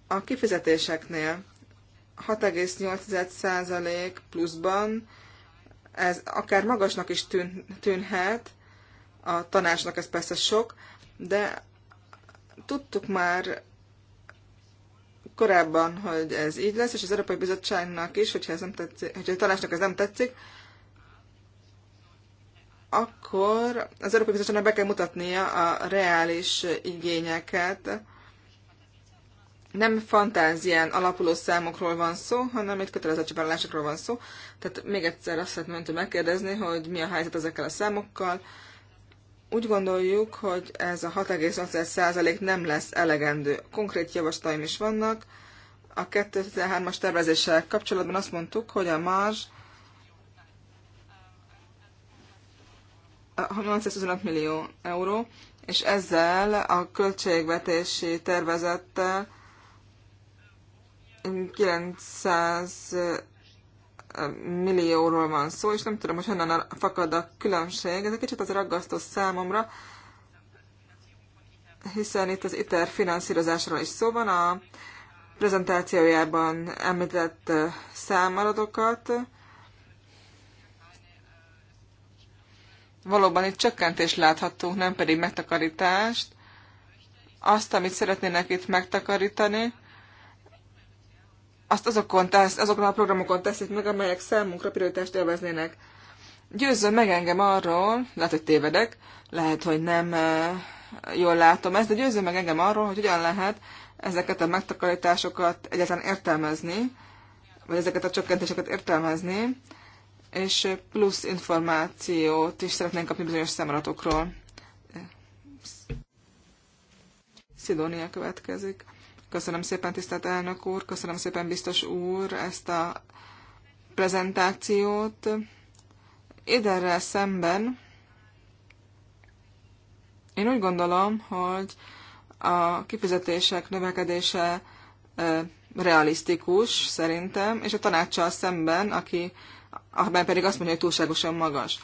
A kifizetéseknél 6,8% pluszban, ez akár magasnak is tűn, tűnhet, a tanácsnak ez persze sok, de tudtuk már korábban, hogy ez így lesz, és az Európai Bizottságnak is, hogyha, ez nem tetszik, hogyha a tanácsnak ez nem tetszik, akkor az Európai Bizottságnak be kell mutatnia a reális igényeket. Nem fantázián alapuló számokról van szó, hanem itt kötelezettségvállalásokról van szó. Tehát még egyszer azt szeretném öntől megkérdezni, hogy mi a helyzet ezekkel a számokkal, úgy gondoljuk, hogy ez a 6,8% nem lesz elegendő. Konkrét javaslataim is vannak. A 2013-as tervezéssel kapcsolatban azt mondtuk, hogy a marzs 825 millió euró, és ezzel a költségvetési tervezettel 900 millióról van szó, és nem tudom, hogy honnan fakad a különbség. Ez egy kicsit az aggasztó számomra, hiszen itt az ITER finanszírozásról is szó van. A prezentációjában említett számadatokat. Valóban itt csökkentést láthattunk, nem pedig megtakarítást. Azt, amit szeretnének itt megtakarítani, azt azokon tesz, azokon a programokon teszik meg, amelyek számunkra prioritást élveznének. Győzzön meg engem arról, lehet, hogy tévedek, lehet, hogy nem eh, jól látom ezt, de győzzön meg engem arról, hogy hogyan lehet ezeket a megtakarításokat egyáltalán értelmezni, vagy ezeket a csökkentéseket értelmezni, és plusz információt is szeretnénk kapni bizonyos szemaratokról. Szidónia következik. Köszönöm szépen, tisztelt elnök úr, köszönöm szépen, biztos úr, ezt a prezentációt. Éderrel szemben én úgy gondolom, hogy a kifizetések növekedése realisztikus szerintem, és a tanácssal szemben, aki, abban pedig azt mondja, hogy túlságosan magas.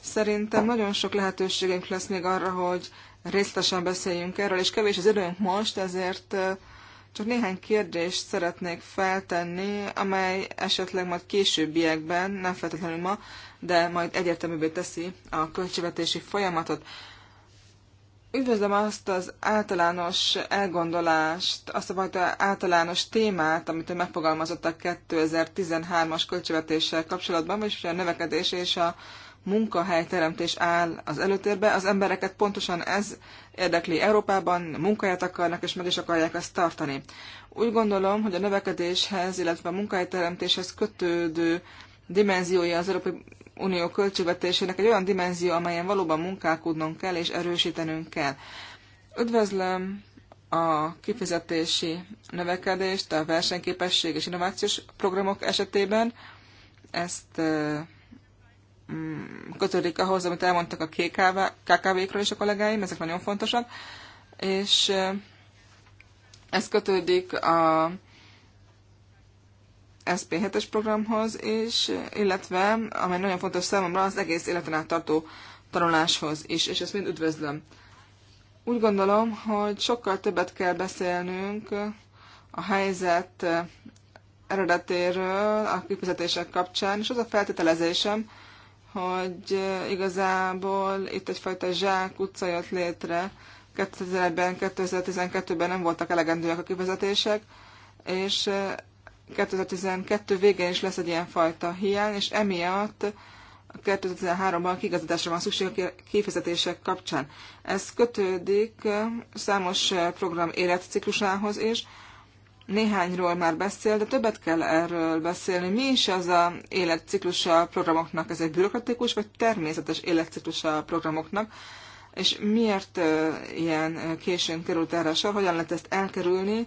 Szerintem nagyon sok lehetőségünk lesz még arra, hogy részletesen beszéljünk erről, és kevés az időnk most, ezért csak néhány kérdést szeretnék feltenni, amely esetleg majd későbbiekben, nem feltétlenül ma, de majd egyértelművé teszi a költségvetési folyamatot. Üdvözlöm azt az általános elgondolást, azt a fajta általános témát, amit ő megfogalmazott a 2013-as költségvetéssel kapcsolatban, vagyis a növekedés és a munkahelyteremtés áll az előtérbe. Az embereket pontosan ez érdekli Európában, munkáját akarnak és meg is akarják ezt tartani. Úgy gondolom, hogy a növekedéshez, illetve a munkahelyteremtéshez kötődő dimenziója az Európai Unió költségvetésének egy olyan dimenzió, amelyen valóban munkálkodnunk kell és erősítenünk kell. Üdvözlöm a kifizetési növekedést a versenyképesség és innovációs programok esetében. Ezt Mm, kötődik ahhoz, amit elmondtak a kkv król és a kollégáim, ezek nagyon fontosak, és ez kötődik a SP7-es programhoz is, illetve, amely nagyon fontos számomra, az egész életen át tartó tanuláshoz is, és ezt mind üdvözlöm. Úgy gondolom, hogy sokkal többet kell beszélnünk a helyzet eredetéről, a kifizetések kapcsán, és az a feltételezésem, hogy igazából itt egyfajta zsák utca jött létre. 2000-ben, 2012-ben nem voltak elegendőek a kivezetések, és 2012 végén is lesz egy ilyen fajta hiány, és emiatt 2013-ban kigazdásra van szükség a kifizetések kapcsán. Ez kötődik számos program életciklusához is, Néhányról már beszél, de többet kell erről beszélni. Mi is az a életciklusa a programoknak? Ez egy bürokratikus vagy természetes életciklusa a programoknak? És miért ilyen későn került erre a sor? Hogyan lehet ezt elkerülni?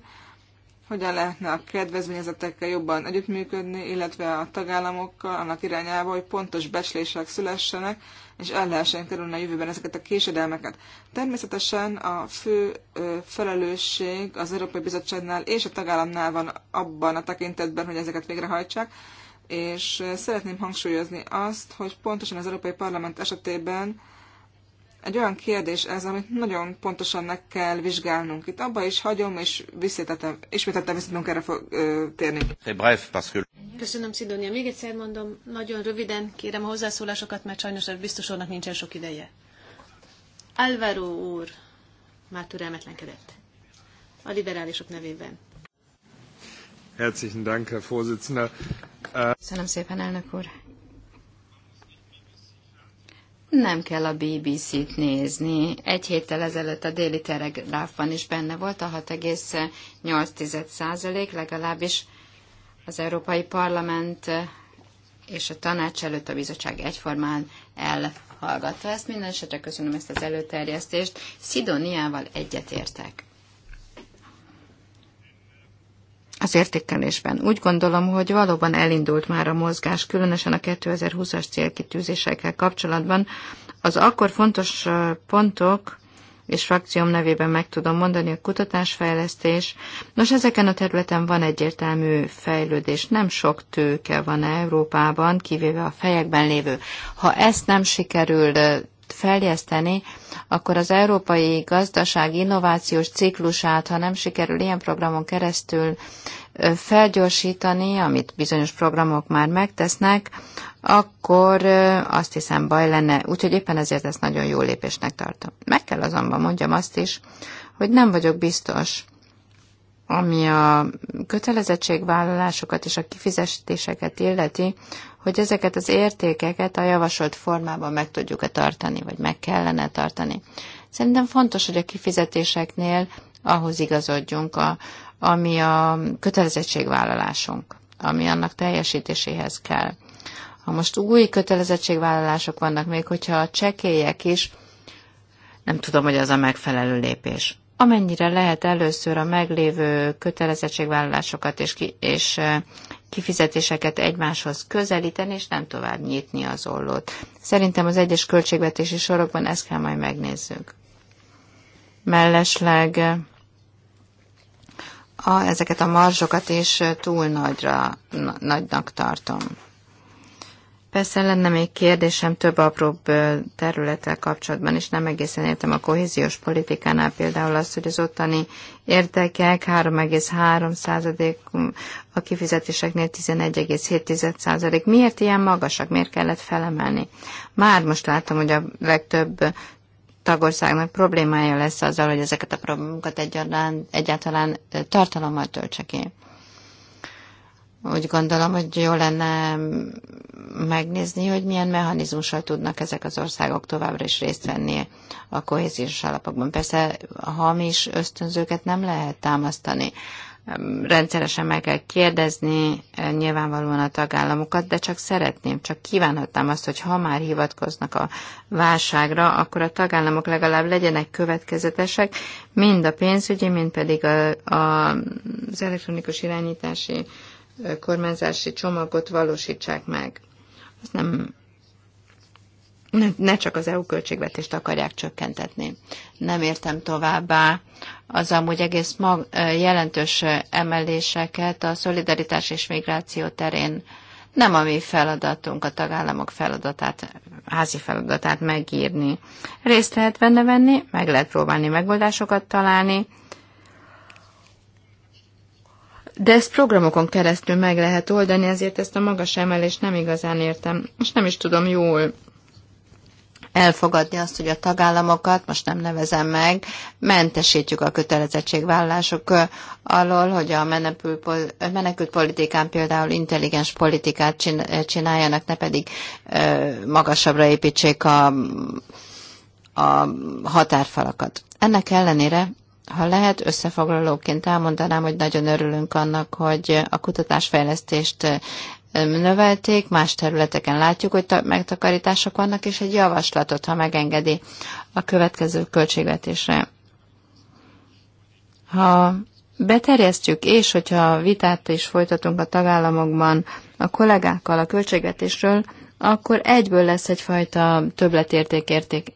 hogyan lehetne a kedvezményezetekkel jobban együttműködni, illetve a tagállamokkal annak irányába, hogy pontos becslések szülessenek, és el lehessen kerülni a jövőben ezeket a késedelmeket. Természetesen a fő felelősség az Európai Bizottságnál és a tagállamnál van abban a tekintetben, hogy ezeket végrehajtsák, és szeretném hangsúlyozni azt, hogy pontosan az Európai Parlament esetében egy olyan kérdés ez, amit nagyon pontosan meg kell vizsgálnunk. Itt abba is hagyom, és visszatetem, ismételtem vissza tudunk erre fog, ö, térni. Köszönöm, Szidónia. Még egyszer mondom, nagyon röviden kérem a hozzászólásokat, mert sajnos ez biztos úrnak nincsen sok ideje. Álvaro úr már türelmetlenkedett. A liberálisok nevében. Herzlichen Dank, Herr Vorsitzender. Köszönöm szépen, elnök úr nem kell a BBC-t nézni. Egy héttel ezelőtt a déli telegráfban is benne volt a 6,8 legalábbis az Európai Parlament eh, és a tanács előtt a bizottság egyformán elhallgatta ezt. Minden esetre köszönöm ezt az előterjesztést. Szidoniával egyetértek az értékelésben. Úgy gondolom, hogy valóban elindult már a mozgás, különösen a 2020-as célkitűzésekkel kapcsolatban. Az akkor fontos pontok, és frakcióm nevében meg tudom mondani, a kutatásfejlesztés. Nos, ezeken a területen van egyértelmű fejlődés, nem sok tőke van Európában, kivéve a fejekben lévő. Ha ezt nem sikerül feljeszteni, akkor az európai gazdaság innovációs ciklusát, ha nem sikerül ilyen programon keresztül felgyorsítani, amit bizonyos programok már megtesznek, akkor azt hiszem baj lenne. Úgyhogy éppen ezért ezt nagyon jó lépésnek tartom. Meg kell azonban mondjam azt is, hogy nem vagyok biztos, ami a kötelezettségvállalásokat és a kifizetéseket illeti, hogy ezeket az értékeket a javasolt formában meg tudjuk-e tartani, vagy meg kellene tartani. Szerintem fontos, hogy a kifizetéseknél ahhoz igazodjunk, a, ami a kötelezettségvállalásunk, ami annak teljesítéséhez kell. Ha most új kötelezettségvállalások vannak, még hogyha a csekélyek is, nem tudom, hogy az a megfelelő lépés. Amennyire lehet először a meglévő kötelezettségvállalásokat és, ki, és kifizetéseket egymáshoz közelíteni, és nem tovább nyitni az ollót. Szerintem az egyes költségvetési sorokban ezt kell majd megnézzük. Mellesleg a, ezeket a marzsokat is túl nagyra, na, nagynak tartom. Persze lenne még kérdésem több apróbb területtel kapcsolatban, és nem egészen értem a kohéziós politikánál például azt, hogy az ottani értekek 3,3 a kifizetéseknél 11,7 Miért ilyen magasak? Miért kellett felemelni? Már most látom, hogy a legtöbb tagországnak problémája lesz azzal, hogy ezeket a problémákat egyáltalán, egyáltalán tartalommal töltse ki úgy gondolom, hogy jó lenne megnézni, hogy milyen mechanizmussal tudnak ezek az országok továbbra is részt venni a kohéziós alapokban. Persze a hamis ösztönzőket nem lehet támasztani. Rendszeresen meg kell kérdezni eh, nyilvánvalóan a tagállamokat, de csak szeretném, csak kívánhatnám azt, hogy ha már hivatkoznak a válságra, akkor a tagállamok legalább legyenek következetesek, mind a pénzügyi, mind pedig a, a, az elektronikus irányítási kormányzási csomagot valósítsák meg. Azt nem ne csak az EU költségvetést akarják csökkentetni. Nem értem továbbá az amúgy egész mag, jelentős emeléseket a szolidaritás és migráció terén nem a mi feladatunk, a tagállamok feladatát, házi feladatát megírni. Részt lehet benne venni, meg lehet próbálni megoldásokat találni, de ezt programokon keresztül meg lehet oldani, ezért ezt a magas emelést nem igazán értem, és nem is tudom jól elfogadni azt, hogy a tagállamokat, most nem nevezem meg, mentesítjük a kötelezettségvállalások alól, hogy a menekült politikán például intelligens politikát csináljanak, ne pedig magasabbra építsék a, a határfalakat. Ennek ellenére ha lehet, összefoglalóként elmondanám, hogy nagyon örülünk annak, hogy a kutatásfejlesztést növelték, más területeken látjuk, hogy megtakarítások vannak, és egy javaslatot, ha megengedi a következő költségvetésre. Ha beterjesztjük, és hogyha vitát is folytatunk a tagállamokban a kollégákkal a költségvetésről, akkor egyből lesz egyfajta többletérték érték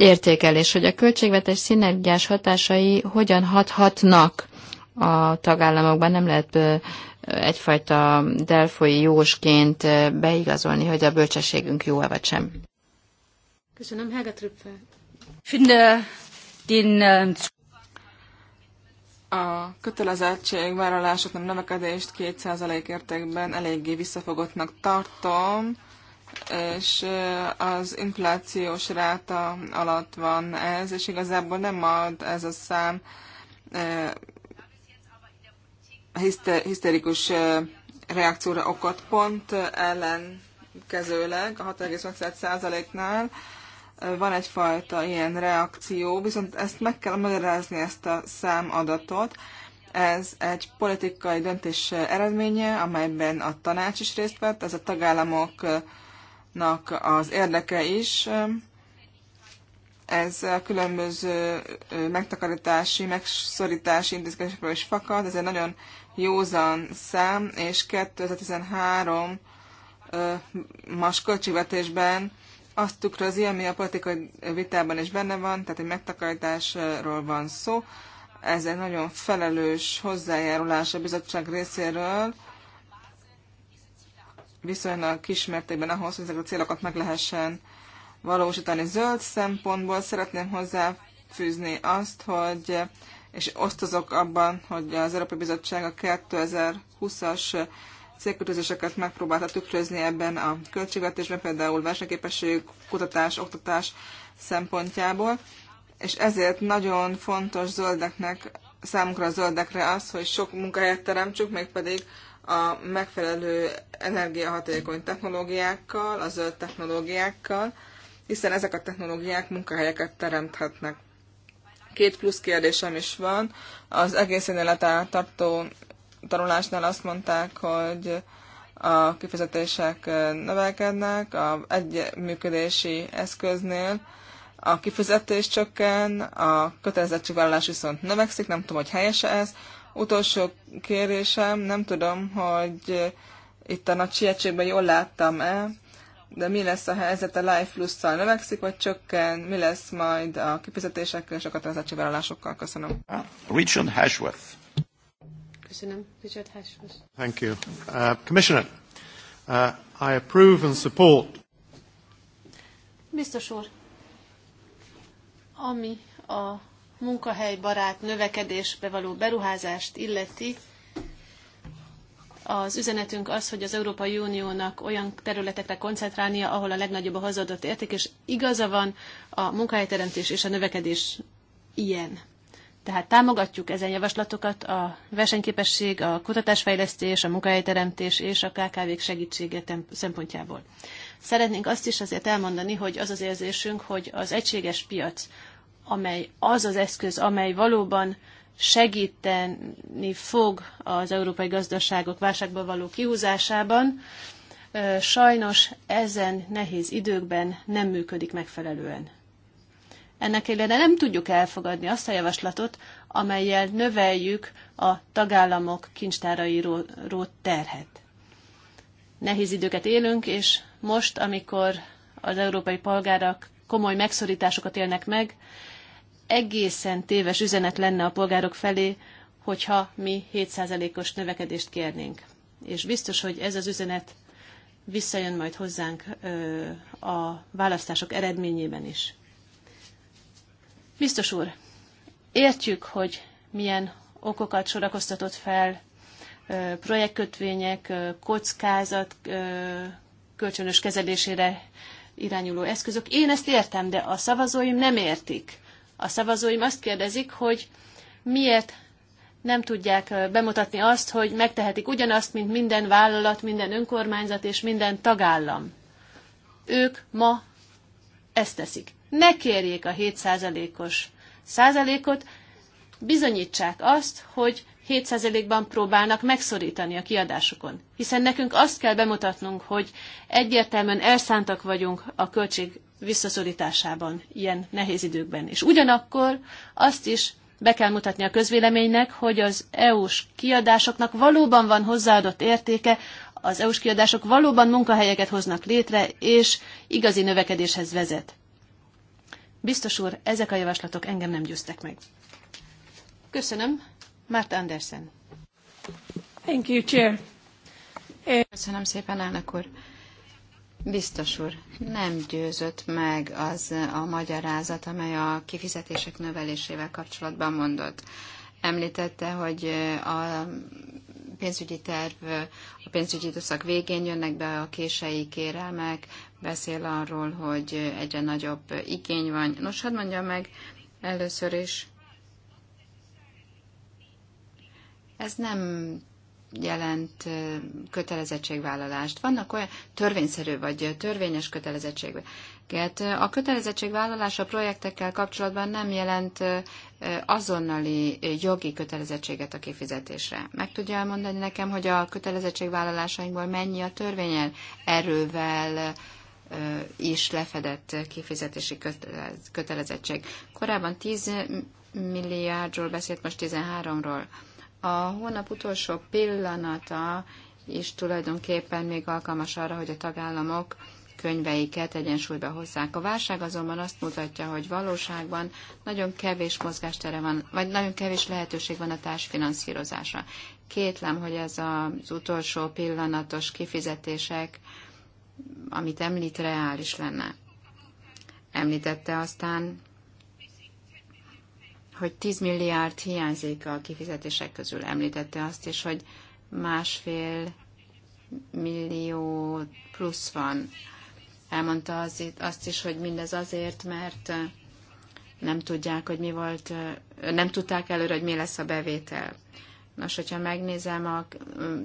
értékelés, hogy a költségvetés szinergiás hatásai hogyan hathatnak a tagállamokban. Nem lehet egyfajta delfoi jósként beigazolni, hogy a bölcsességünk jó-e vagy sem. Köszönöm, Helga Trüppel. Finde den a kötelezettségvállalásoknak növekedést 2% értékben eléggé visszafogottnak tartom és az inflációs ráta alatt van ez, és igazából nem ad ez a szám hiszterikus reakcióra okot pont ellenkezőleg a 6,8%-nál van egyfajta ilyen reakció, viszont ezt meg kell magyarázni, ezt a számadatot. Ez egy politikai döntés eredménye, amelyben a tanács is részt vett, ez a tagállamok nak az érdeke is. Ez a különböző megtakarítási, megszorítási intézkedésekről is fakad. Ez egy nagyon józan szám, és 2013 más költségvetésben azt tükrözi, ami a politikai vitában is benne van, tehát egy megtakarításról van szó. Ez egy nagyon felelős hozzájárulás a bizottság részéről, viszonylag kismértékben ahhoz, hogy ezeket a célokat meg lehessen valósítani. Zöld szempontból szeretném hozzáfűzni azt, hogy és osztozok abban, hogy az Európai Bizottság a 2020-as célkötözéseket megpróbálta tükrözni ebben a költségvetésben, például versenyképesség, kutatás, oktatás szempontjából, és ezért nagyon fontos zöldeknek, számunkra a zöldekre az, hogy sok munkahelyet teremtsük, mégpedig pedig a megfelelő energiahatékony technológiákkal, a zöld technológiákkal, hiszen ezek a technológiák munkahelyeket teremthetnek. Két plusz kérdésem is van. Az egész életát tartó tanulásnál azt mondták, hogy a kifizetések növekednek, a egy működési eszköznél a kifizetés csökken, a kötelezettségvállalás viszont növekszik, nem tudom, hogy helyese ez. Utolsó kérésem, nem tudom, hogy itt a nagy sietségben jól láttam-e, de mi lesz a helyzet a Life Plus-szal? Növekszik vagy csökken? Mi lesz majd a kifizetésekkel és a katalizáció vállalásokkal? Köszönöm. Uh, Richard Hashworth. Köszönöm. Richard Hashworth. Thank you. Uh, Commissioner, uh, I approve and support. Biztos úr, ami a munkahelybarát növekedésbe való beruházást illeti, az üzenetünk az, hogy az Európai Uniónak olyan területekre koncentrálnia, ahol a legnagyobb a hozadott érték, és igaza van, a munkahelyteremtés és a növekedés ilyen. Tehát támogatjuk ezen javaslatokat, a versenyképesség, a kutatásfejlesztés, a munkahelyteremtés és a KKV-k segítsége szempontjából. Szeretnénk azt is azért elmondani, hogy az az érzésünk, hogy az egységes piac, amely az az eszköz, amely valóban segíteni fog az európai gazdaságok válságban való kihúzásában, sajnos ezen nehéz időkben nem működik megfelelően. Ennek ellenére nem tudjuk elfogadni azt a javaslatot, amelyel növeljük a tagállamok kincstárairól terhet. Nehéz időket élünk, és most, amikor az európai polgárok komoly megszorításokat élnek meg, egészen téves üzenet lenne a polgárok felé, hogyha mi 7%-os növekedést kérnénk. És biztos, hogy ez az üzenet visszajön majd hozzánk a választások eredményében is. Biztos úr, értjük, hogy milyen okokat sorakoztatott fel projektkötvények, kockázat kölcsönös kezelésére irányuló eszközök. Én ezt értem, de a szavazóim nem értik a szavazóim azt kérdezik, hogy miért nem tudják bemutatni azt, hogy megtehetik ugyanazt, mint minden vállalat, minden önkormányzat és minden tagállam. Ők ma ezt teszik. Ne kérjék a 7%-os százalékot, bizonyítsák azt, hogy 7%-ban próbálnak megszorítani a kiadásokon. Hiszen nekünk azt kell bemutatnunk, hogy egyértelműen elszántak vagyunk a költség visszaszorításában, ilyen nehéz időkben. És ugyanakkor azt is be kell mutatni a közvéleménynek, hogy az EU-s kiadásoknak valóban van hozzáadott értéke, az EU-s kiadások valóban munkahelyeket hoznak létre, és igazi növekedéshez vezet. Biztos úr, ezek a javaslatok engem nem győztek meg. Köszönöm. Márta Andersen. Thank you, Chair. Köszönöm szépen, elnök úr. Biztos úr, nem győzött meg az a magyarázat, amely a kifizetések növelésével kapcsolatban mondott. Említette, hogy a pénzügyi terv, a pénzügyi időszak végén jönnek be a késői kérelmek, beszél arról, hogy egyre nagyobb igény van. Nos, hadd mondja meg először is, ez nem jelent kötelezettségvállalást. Vannak olyan törvényszerű vagy törvényes kötelezettségeket. A kötelezettségvállalás a projektekkel kapcsolatban nem jelent azonnali jogi kötelezettséget a kifizetésre. Meg tudja elmondani nekem, hogy a kötelezettségvállalásainkból mennyi a törvényen erővel is lefedett kifizetési kötelezettség. Korábban 10 milliárdról beszélt, most 13-ról a hónap utolsó pillanata is tulajdonképpen még alkalmas arra, hogy a tagállamok könyveiket egyensúlyba hozzák. A válság azonban azt mutatja, hogy valóságban nagyon kevés mozgástere van, vagy nagyon kevés lehetőség van a társfinanszírozásra. Kétlem, hogy ez az utolsó pillanatos kifizetések, amit említ, reális lenne. Említette aztán hogy 10 milliárd hiányzik a kifizetések közül. Említette azt is, hogy másfél millió plusz van. Elmondta az, azt is, hogy mindez azért, mert nem tudják, hogy mi volt, nem tudták előre, hogy mi lesz a bevétel. Nos, hogyha megnézem, a,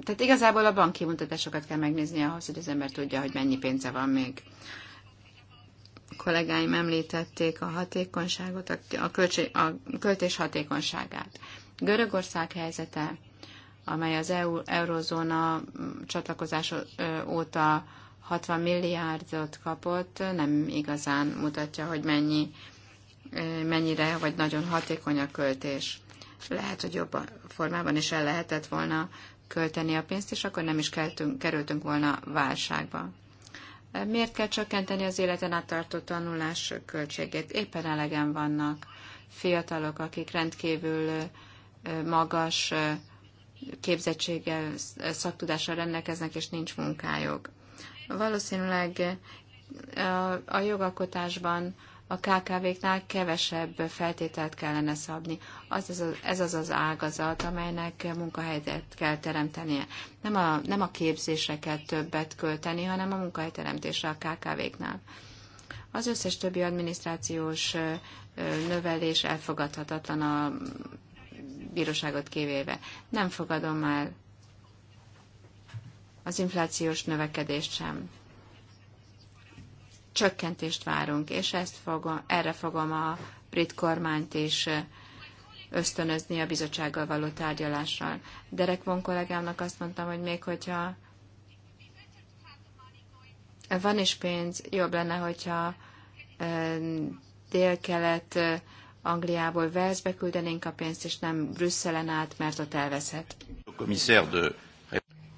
tehát igazából a banki mutatásokat kell megnézni ahhoz, hogy az ember tudja, hogy mennyi pénze van még kollégáim említették a hatékonyságot, a, költség, a költés hatékonyságát. Görögország helyzete, amely az EU, eurozóna csatlakozás óta 60 milliárdot kapott, nem igazán mutatja, hogy mennyi, mennyire vagy nagyon hatékony a költés. Lehet, hogy jobb formában is el lehetett volna költeni a pénzt, és akkor nem is keltünk, kerültünk volna válságba. Miért kell csökkenteni az életen át tartó tanulás költségét? Éppen elegen vannak fiatalok, akik rendkívül magas képzettséggel, szaktudással rendelkeznek, és nincs munkájuk. Valószínűleg a jogalkotásban a KKV-knál kevesebb feltételt kellene szabni. Az, ez, az, ez az az ágazat, amelynek munkahelyet kell teremtenie. Nem a, nem a képzésre kell többet költeni, hanem a munkahelyteremtésre a KKV-knál. Az összes többi adminisztrációs növelés elfogadhatatlan a bíróságot kivéve. Nem fogadom el az inflációs növekedést sem csökkentést várunk, és ezt fogom, erre fogom a brit kormányt is ösztönözni a bizottsággal való tárgyalással. Derek von kollégámnak azt mondtam, hogy még hogyha van is pénz, jobb lenne, hogyha délkelet Angliából Velszbe küldenénk a pénzt, és nem Brüsszelen át, mert ott elveszhet.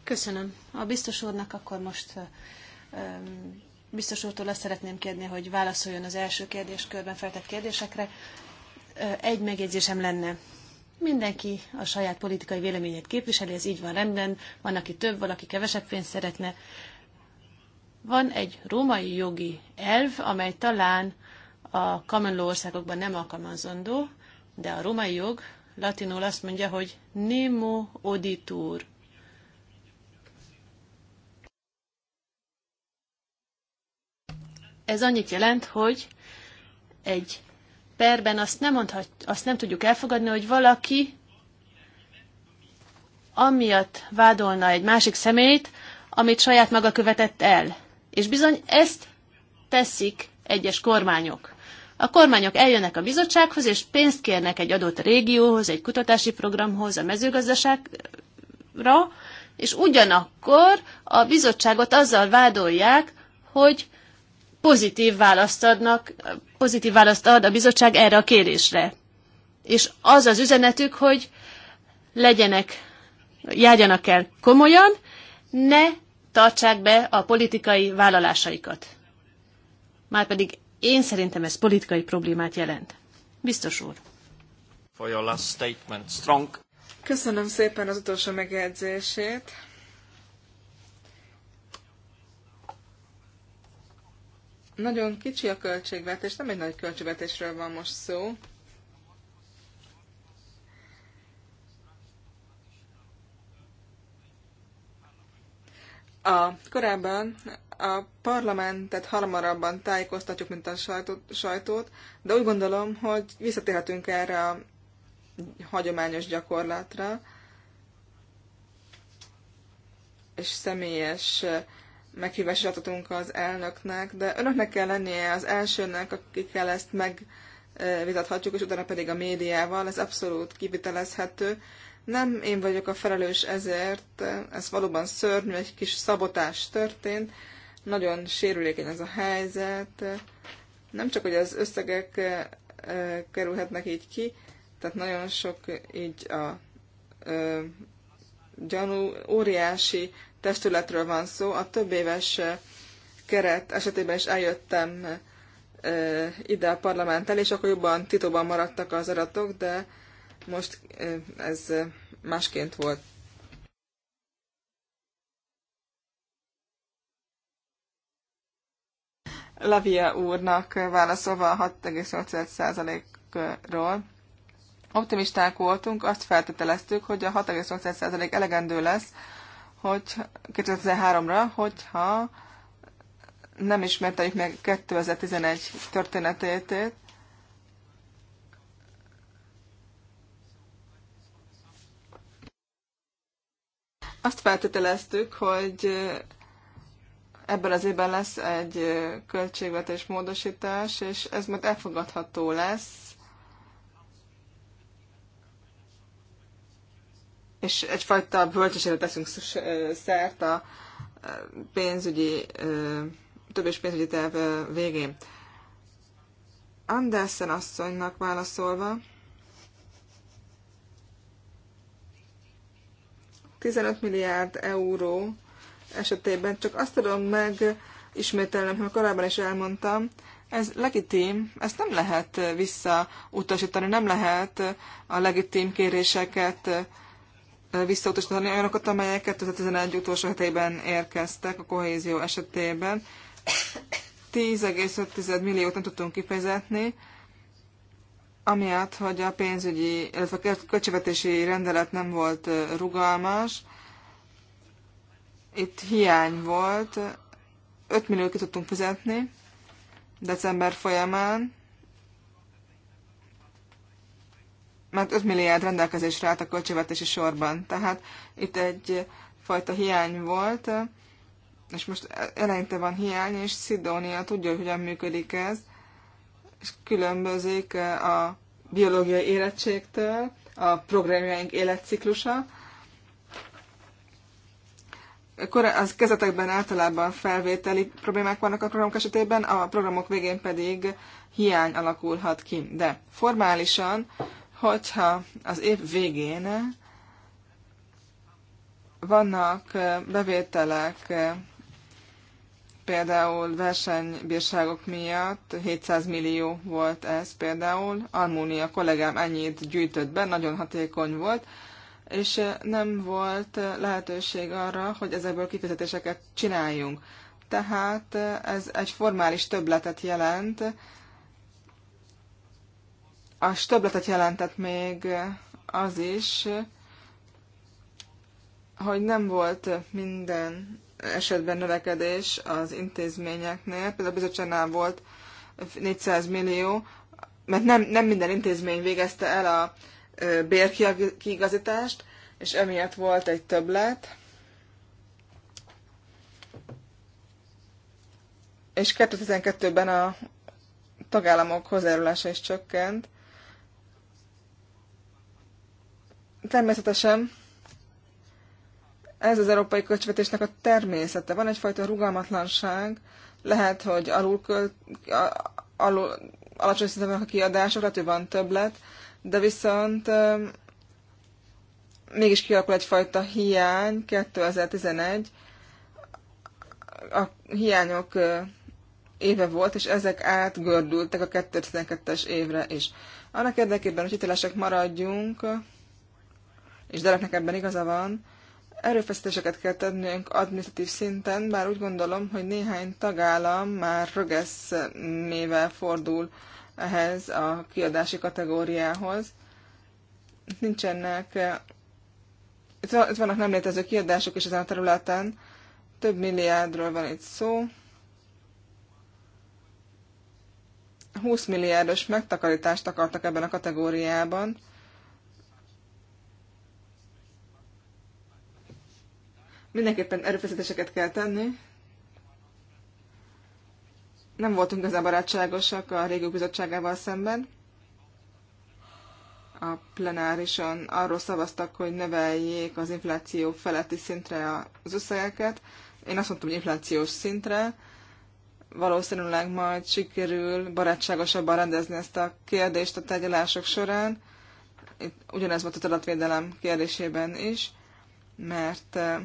Köszönöm. A biztos úrnak akkor most biztos úrtól azt szeretném kérni, hogy válaszoljon az első kérdéskörben feltett kérdésekre. Egy megjegyzésem lenne. Mindenki a saját politikai véleményét képviseli, ez így van rendben, van, aki több, valaki kevesebb pénzt szeretne. Van egy római jogi elv, amely talán a common law országokban nem alkalmazandó, de a római jog latinul azt mondja, hogy nemo auditur, Ez annyit jelent, hogy egy perben azt nem, mondhat, azt nem tudjuk elfogadni, hogy valaki amiatt vádolna egy másik személyt, amit saját maga követett el. És bizony ezt teszik egyes kormányok. A kormányok eljönnek a bizottsághoz, és pénzt kérnek egy adott régióhoz, egy kutatási programhoz, a mezőgazdaságra, és ugyanakkor a bizottságot azzal vádolják, hogy pozitív választ, adnak, pozitív választ ad a bizottság erre a kérésre. És az az üzenetük, hogy legyenek, járjanak el komolyan, ne tartsák be a politikai vállalásaikat. Márpedig én szerintem ez politikai problémát jelent. Biztos úr. For your last statement, strong. Köszönöm szépen az utolsó megjegyzését. Nagyon kicsi a költségvetés, nem egy nagy költségvetésről van most szó. A korábban a parlamentet hamarabban tájékoztatjuk, mint a sajtót, sajtót, de úgy gondolom, hogy visszatérhetünk erre a hagyományos gyakorlatra, és személyes meghívást adhatunk az elnöknek, de önöknek kell lennie az elsőnek, akikkel ezt megvitathatjuk, és utána pedig a médiával, ez abszolút kivitelezhető. Nem én vagyok a felelős ezért, ez valóban szörnyű, egy kis szabotás történt, nagyon sérülékeny ez a helyzet, nem csak, hogy az összegek eh, kerülhetnek így ki, tehát nagyon sok így a eh, gyanú, óriási testületről van szó. A több éves eh, keret esetében is eljöttem eh, ide a parlament elé, és akkor jobban titokban maradtak az adatok, de most eh, ez másként volt. Lavia úrnak válaszolva 6,8%-ról. Optimisták voltunk, azt feltételeztük, hogy a 6,8% elegendő lesz hogy 2013-ra, hogyha nem ismerteljük meg 2011 történetét, azt feltételeztük, hogy ebben az évben lesz egy költségvetés módosítás, és ez majd elfogadható lesz és egyfajta bölcsesére teszünk szert a pénzügyi, több és pénzügyi terv végén. Andersen asszonynak válaszolva, 15 milliárd euró esetében csak azt tudom meg ismételnem, hogy korábban is elmondtam, ez legitim, ezt nem lehet visszautasítani, nem lehet a legitim kéréseket visszautasítani olyanokat, amelyek 2011 utolsó hetében érkeztek a kohézió esetében. 10,5 milliót nem tudtunk kifizetni, amiatt, hogy a pénzügyi, illetve a költségvetési rendelet nem volt rugalmas, itt hiány volt, 5 milliót ki tudtunk fizetni december folyamán, mert 5 milliárd rendelkezésre állt a költségvetési sorban. Tehát itt egy fajta hiány volt, és most eleinte van hiány, és Szidónia tudja, hogy hogyan működik ez, és különbözik a biológiai érettségtől, a programjaink életciklusa. Az kezetekben általában felvételi problémák vannak a programok esetében, a programok végén pedig hiány alakulhat ki. De formálisan hogyha az év végén vannak bevételek például versenybírságok miatt, 700 millió volt ez például, Almúnia kollégám ennyit gyűjtött be, nagyon hatékony volt, és nem volt lehetőség arra, hogy ezekből kifizetéseket csináljunk. Tehát ez egy formális többletet jelent, a stöbletet jelentett még az is, hogy nem volt minden esetben növekedés az intézményeknél, például a bizottságnál volt 400 millió, mert nem, nem minden intézmény végezte el a bérkiigazítást, és emiatt volt egy többlet. És 2012-ben a tagállamok hozzájárulása is csökkent, Természetesen ez az európai költségvetésnek a természete. Van egyfajta rugalmatlanság, lehet, hogy alul, költ, alul alacsony szinten a kiadások, lehet, hogy van többlet, de viszont mégis kialakul egyfajta hiány 2011, a hiányok éve volt, és ezek átgördültek a 2012-es évre is. Annak érdekében, hogy hitelesek maradjunk, és Dereknek ebben igaza van, erőfeszítéseket kell tennünk adminisztratív szinten, bár úgy gondolom, hogy néhány tagállam már mével fordul ehhez a kiadási kategóriához. Nincsenek, itt vannak nem létező kiadások is ezen a területen, több milliárdról van itt szó. 20 milliárdos megtakarítást akartak ebben a kategóriában, Mindenképpen erőfeszítéseket kell tenni. Nem voltunk igazán barátságosak a régió bizottságával szemben. A plenárison arról szavaztak, hogy növeljék az infláció feletti szintre az összegeket. Én azt mondtam, hogy inflációs szintre, valószínűleg majd sikerül barátságosabban rendezni ezt a kérdést a tárgyalások során. Itt ugyanez volt a adatvédelem kérdésében is, mert eh,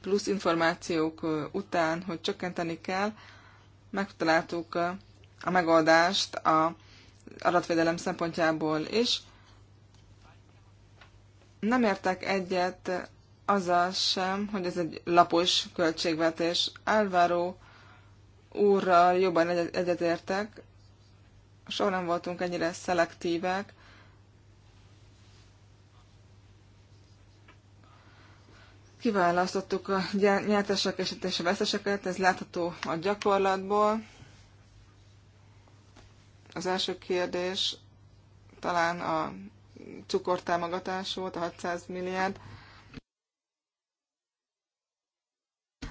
plusz információk után, hogy csökkenteni kell, megtaláltuk a megoldást a adatvédelem szempontjából is. Nem értek egyet azzal sem, hogy ez egy lapos költségvetés. Álváró úrral jobban egyetértek. Soha nem voltunk ennyire szelektívek Kiválasztottuk a nyertesek és a veszteseket, ez látható a gyakorlatból. Az első kérdés talán a cukortámogatás volt, a 600 milliárd.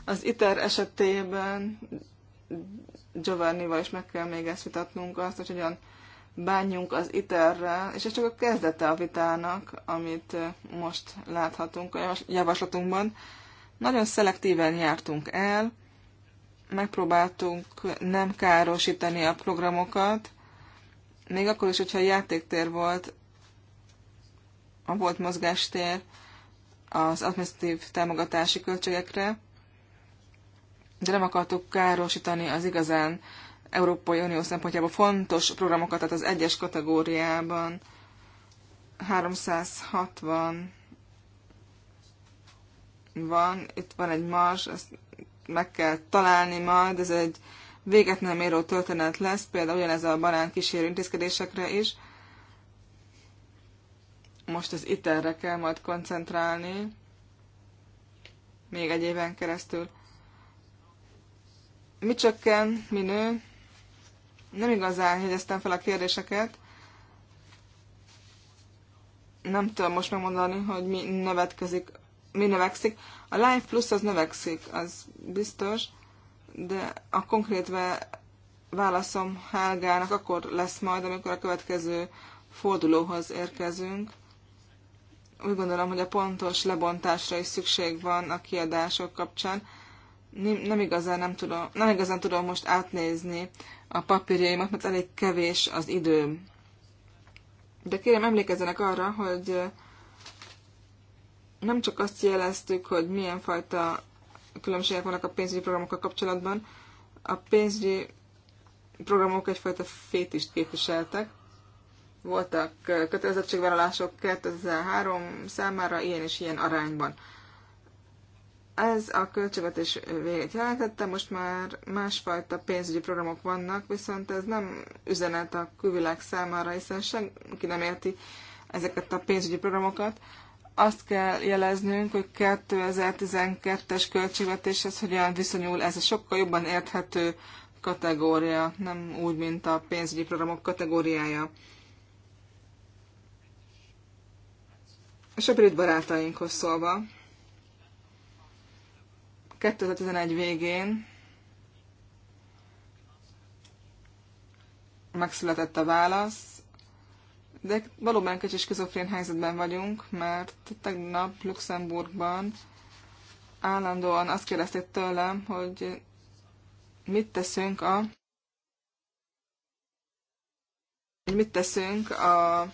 Az ITER esetében Giovanni-val is meg kell még ezt vitatnunk azt, hogy hogyan bánjunk az iterrel, és ez csak a kezdete a vitának, amit most láthatunk a javaslatunkban. Nagyon szelektíven jártunk el, megpróbáltunk nem károsítani a programokat, még akkor is, hogyha a játéktér volt, a volt mozgástér az administratív támogatási költségekre, de nem akartuk károsítani az igazán Európai Unió szempontjából fontos programokat, tehát az egyes kategóriában 360 van, itt van egy mars, ezt meg kell találni majd, ez egy véget nem érő történet lesz, például ugyanez a banán kísérő intézkedésekre is. Most az iterre kell majd koncentrálni, még egy éven keresztül. Mi csökken, mi nő, nem igazán jegyeztem fel a kérdéseket. Nem tudom most megmondani, hogy mi növetkezik, mi növekszik. A Life Plus az növekszik, az biztos, de a konkrétve válaszom Helgának akkor lesz majd, amikor a következő fordulóhoz érkezünk. Úgy gondolom, hogy a pontos lebontásra is szükség van a kiadások kapcsán. Nem, nem igazán nem tudom, nem igazán tudom most átnézni a papírjaimat, mert elég kevés az idő. De kérem, emlékezzenek arra, hogy nem csak azt jeleztük, hogy milyen fajta különbségek vannak a pénzügyi programokkal kapcsolatban, a pénzügyi programok egyfajta fétist képviseltek. Voltak kötelezettségvállalások 2003 számára ilyen és ilyen arányban. Ez a költségvetés végét jelentette, most már másfajta pénzügyi programok vannak, viszont ez nem üzenet a külvilág számára, hiszen senki nem érti ezeket a pénzügyi programokat. Azt kell jeleznünk, hogy 2012-es költségvetéshez hogyan viszonyul ez a sokkal jobban érthető kategória, nem úgy, mint a pénzügyi programok kategóriája. És a brit barátainkhoz szólva, 2011 végén megszületett a válasz, de valóban kicsi skizofrén helyzetben vagyunk, mert tegnap Luxemburgban állandóan azt kérdezték tőlem, hogy mit teszünk a hogy mit teszünk a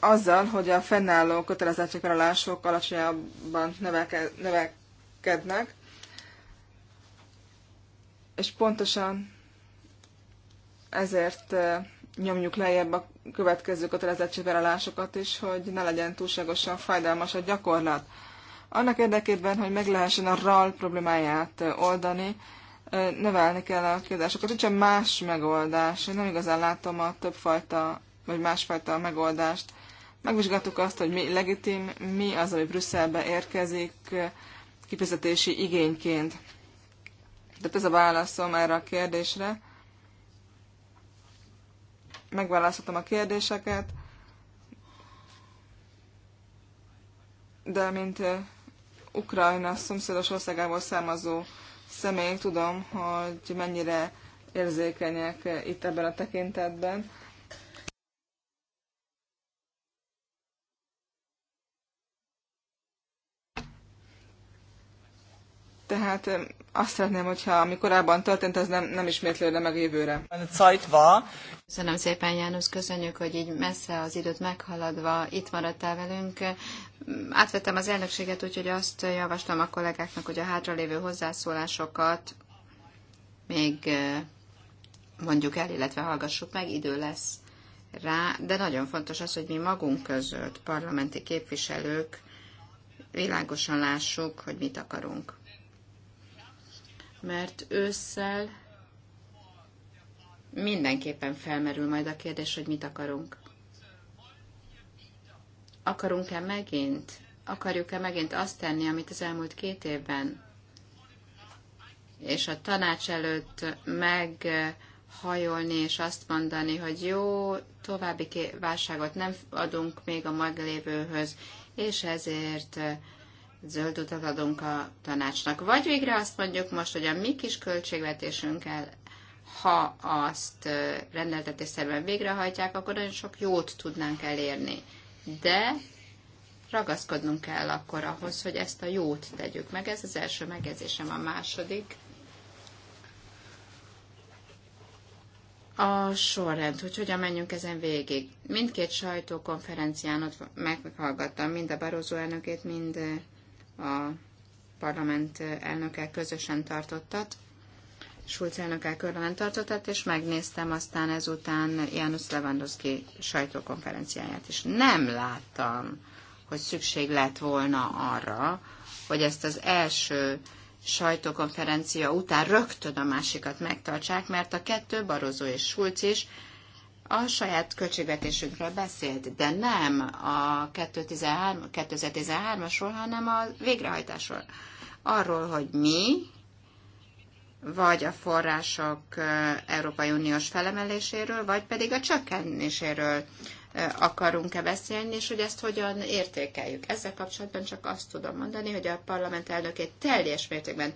azzal, hogy a fennálló kötelezettségvállalások alacsonyabban növeke, növekednek, és pontosan ezért nyomjuk lejjebb a következő kötelezettségvállalásokat is, hogy ne legyen túlságosan fájdalmas a gyakorlat. Annak érdekében, hogy meg lehessen a RAL problémáját oldani, növelni kell a kiadásokat. Nincsen más megoldás. Én nem igazán látom a többfajta, vagy másfajta megoldást. Megvizsgáltuk azt, hogy mi legitim, mi az, ami Brüsszelbe érkezik eh, kifizetési igényként. Tehát ez a válaszom erre a kérdésre. Megválaszoltam a kérdéseket, de mint eh, Ukrajna szomszédos országából származó személy, tudom, hogy mennyire érzékenyek eh, itt ebben a tekintetben. Tehát azt szeretném, hogyha ami korábban történt, az nem, nem ismétlődne meg jövőre. Köszönöm szépen, János, köszönjük, hogy így messze az időt meghaladva itt maradtál velünk. Átvettem az elnökséget, úgyhogy azt javaslom a kollégáknak, hogy a hátralévő hozzászólásokat még eh, mondjuk el, illetve hallgassuk meg, idő lesz rá, de nagyon fontos az, hogy mi magunk között, parlamenti képviselők, világosan lássuk, hogy mit akarunk mert ősszel mindenképpen felmerül majd a kérdés, hogy mit akarunk. Akarunk-e megint, akarjuk-e megint azt tenni, amit az elmúlt két évben, és a tanács előtt meghajolni, és azt mondani, hogy jó, további válságot nem adunk még a meglévőhöz, és ezért zöld utat adunk a tanácsnak. Vagy végre azt mondjuk most, hogy a mi kis költségvetésünkkel, ha azt rendeltetésszerűen végrehajtják, akkor nagyon sok jót tudnánk elérni. De ragaszkodnunk kell akkor ahhoz, hogy ezt a jót tegyük meg. Ez az első megjegyzésem, a második. A sorrend, hogy hogyan menjünk ezen végig. Mindkét sajtókonferencián ott meghallgattam mind a Barózó elnökét, mind a parlament elnöke közösen tartottat, Schulz elnökkel körben tartottat, és megnéztem aztán ezután János Lewandowski sajtókonferenciáját is. Nem láttam, hogy szükség lett volna arra, hogy ezt az első sajtókonferencia után rögtön a másikat megtartsák, mert a kettő, Barozó és Schulz is, a saját költségvetésünkről beszélt, de nem a 2013, 2013-asról, hanem a végrehajtásról. Arról, hogy mi, vagy a források Európai Uniós felemeléséről, vagy pedig a csökkenéséről akarunk-e beszélni, és hogy ezt hogyan értékeljük. Ezzel kapcsolatban csak azt tudom mondani, hogy a parlament elnökét teljes mértékben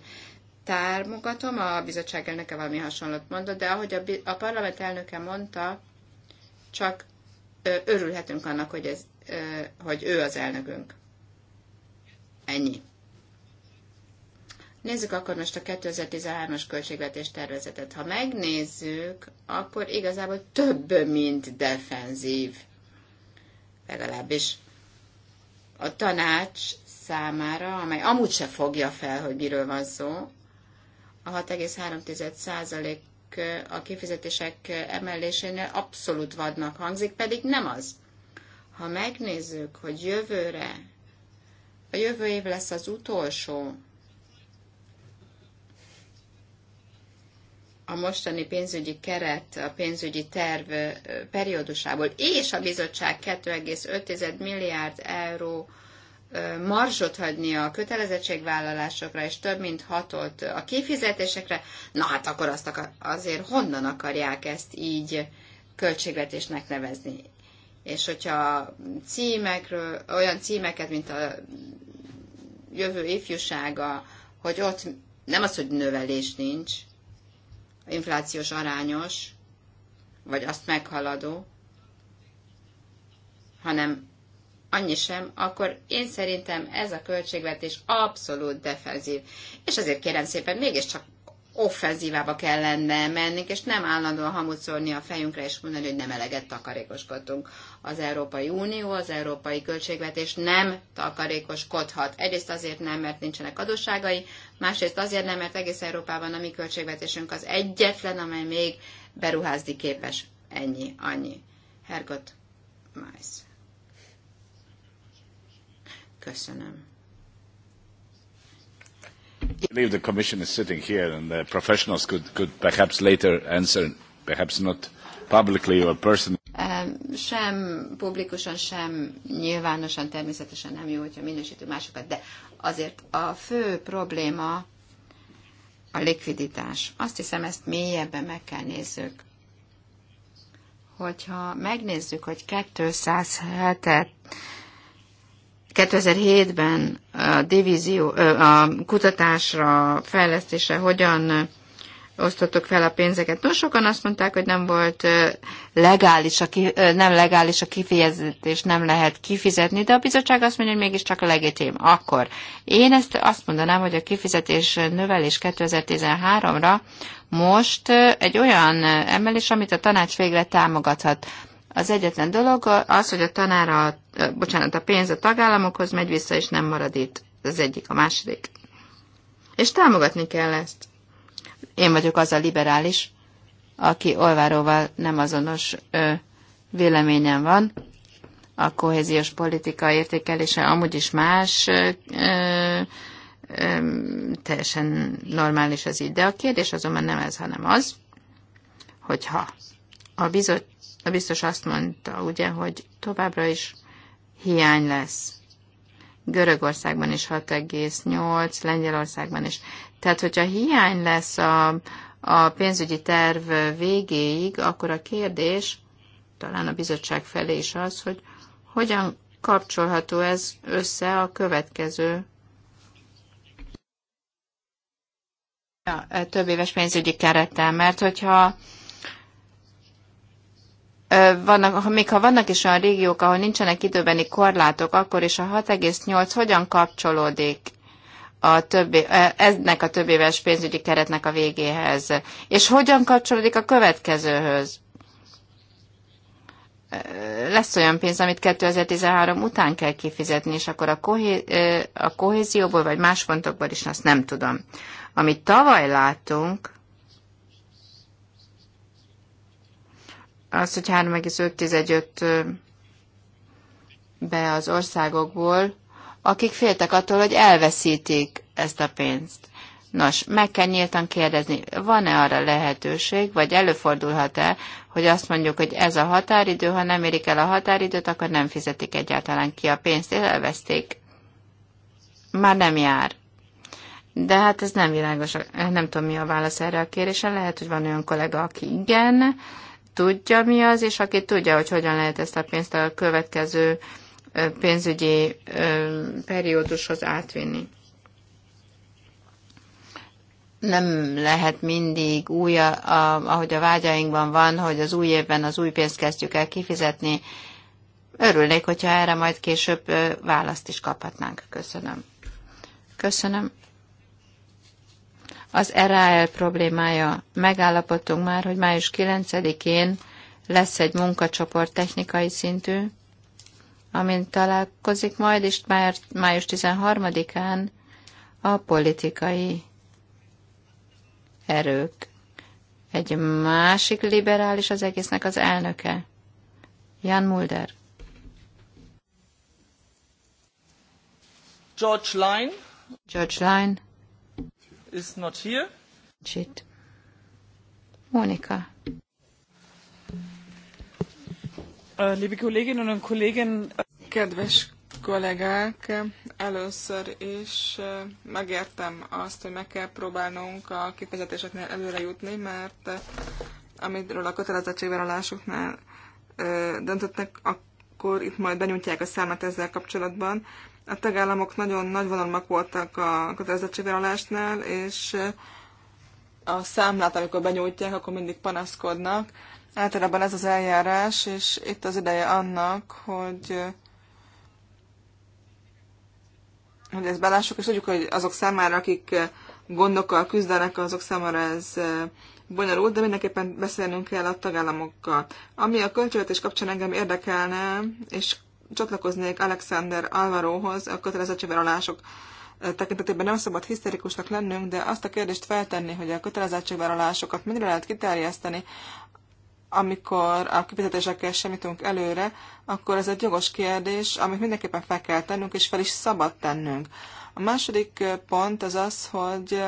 támogatom, a bizottság elnöke valami hasonlót mondott, de ahogy a, a parlament elnöke mondta, csak örülhetünk annak, hogy, ez, hogy ő az elnökünk. Ennyi. Nézzük akkor most a 2013-as költségvetés tervezetet. Ha megnézzük, akkor igazából több, mint defenzív. Legalábbis a tanács számára, amely amúgy se fogja fel, hogy miről van szó, a a kifizetések emelésénél abszolút vadnak hangzik, pedig nem az. Ha megnézzük, hogy jövőre, a jövő év lesz az utolsó, a mostani pénzügyi keret, a pénzügyi terv periódusából, és a bizottság 2,5 milliárd euró marzsot hagyni a kötelezettségvállalásokra, és több mint hatot a kifizetésekre, na hát akkor azt akar, azért honnan akarják ezt így költségvetésnek nevezni. És hogyha címekről, olyan címeket, mint a jövő ifjúsága, hogy ott nem az, hogy növelés nincs, inflációs arányos, vagy azt meghaladó, hanem annyi sem, akkor én szerintem ez a költségvetés abszolút defenzív. És azért kérem szépen, mégiscsak offenzívába kell lenne mennünk, és nem állandóan hamut szórni a fejünkre, és mondani, hogy nem eleget takarékoskodtunk. Az Európai Unió, az európai költségvetés nem takarékoskodhat. Egyrészt azért nem, mert nincsenek adósságai, másrészt azért nem, mert egész Európában a mi költségvetésünk az egyetlen, amely még beruházni képes. Ennyi, annyi. Hergot, májsz. Köszönöm. I believe the Commission is sitting here, and the professionals could, could perhaps later answer, perhaps not publicly or personally. Sem publikusan, sem nyilvánosan természetesen nem jó, hogyha minősítünk másokat, de azért a fő probléma a likviditás. Azt hiszem, ezt mélyebben meg kell nézzük. Hogyha megnézzük, hogy 207-et 2007-ben a, divízió, a kutatásra, fejlesztése hogyan osztottuk fel a pénzeket. Nos, sokan azt mondták, hogy nem volt legális a ki, nem legális a kifizetés, nem lehet kifizetni, de a bizottság azt mondja, hogy mégiscsak legitim. Akkor én ezt azt mondanám, hogy a kifizetés növelés 2013-ra most egy olyan emelés, amit a tanács végre támogathat. Az egyetlen dolog az, hogy a tanára, a, bocsánat, a pénz a tagállamokhoz megy vissza, és nem marad itt. Ez az egyik, a második. És támogatni kell ezt. Én vagyok az a liberális, aki olváróval nem azonos ö, véleményen van. A kohéziós politika értékelése amúgy is más, ö, ö, teljesen normális az így. De a kérdés azonban nem ez, hanem az, hogyha a bizot, a biztos azt mondta, ugye, hogy továbbra is hiány lesz. Görögországban is 6,8, Lengyelországban is. Tehát, hogyha hiány lesz a, a pénzügyi terv végéig, akkor a kérdés talán a bizottság felé is az, hogy hogyan kapcsolható ez össze a következő a több éves pénzügyi kerettel, mert hogyha vannak, még ha vannak is olyan régiók, ahol nincsenek időbeni korlátok, akkor is a 6,8 hogyan kapcsolódik a többi, eznek a több éves pénzügyi keretnek a végéhez, és hogyan kapcsolódik a következőhöz. Lesz olyan pénz, amit 2013 után kell kifizetni, és akkor a, kohé, a kohézióból vagy más pontokból is, azt nem tudom. Amit tavaly láttunk, az, hogy 3,5 jött be az országokból, akik féltek attól, hogy elveszítik ezt a pénzt. Nos, meg kell nyíltan kérdezni, van-e arra lehetőség, vagy előfordulhat-e, hogy azt mondjuk, hogy ez a határidő, ha nem érik el a határidőt, akkor nem fizetik egyáltalán ki a pénzt, elveszték. Már nem jár. De hát ez nem világos, nem tudom mi a válasz erre a kérésre. Lehet, hogy van olyan kollega, aki igen, tudja mi az, és aki tudja, hogy hogyan lehet ezt a pénzt a következő pénzügyi periódushoz átvinni. Nem lehet mindig új, a, ahogy a vágyainkban van, hogy az új évben az új pénzt kezdjük el kifizetni. Örülnék, hogyha erre majd később választ is kaphatnánk. Köszönöm. Köszönöm az RAL problémája. Megállapodtunk már, hogy május 9-én lesz egy munkacsoport technikai szintű, amin találkozik majd, és már május 13-án a politikai erők. Egy másik liberális az egésznek az elnöke, Jan Mulder. George Line. George Line is not here. Monika. Liebe Kolleginnen und Kollegen, kedves kollégák, először is megértem azt, hogy meg kell próbálnunk a kifizetéseknél előre jutni, mert amiről a kötelezettségvállalásoknál döntöttek, akkor itt majd benyújtják a számát ezzel kapcsolatban. A tagállamok nagyon nagy vonalmak voltak a kötelezettségvállalásnál, és eh, a számlát, amikor benyújtják, akkor mindig panaszkodnak. Általában ez az eljárás, és itt az ideje annak, hogy eh, hogy ezt belássuk, és tudjuk, hogy azok számára, akik eh, gondokkal küzdenek, azok számára ez bonyolult, de mindenképpen beszélnünk kell a tagállamokkal. Ami a költségvetés kapcsán engem érdekelne, és csatlakoznék Alexander Alvaróhoz a kötelezettségvállalások eh, tekintetében nem szabad hiszterikusnak lennünk, de azt a kérdést feltenni, hogy a kötelezettségvállalásokat mennyire lehet kiterjeszteni, amikor a kifizetésekkel sem előre, akkor ez egy jogos kérdés, amit mindenképpen fel kell tennünk, és fel is szabad tennünk. A második eh, pont az az, hogy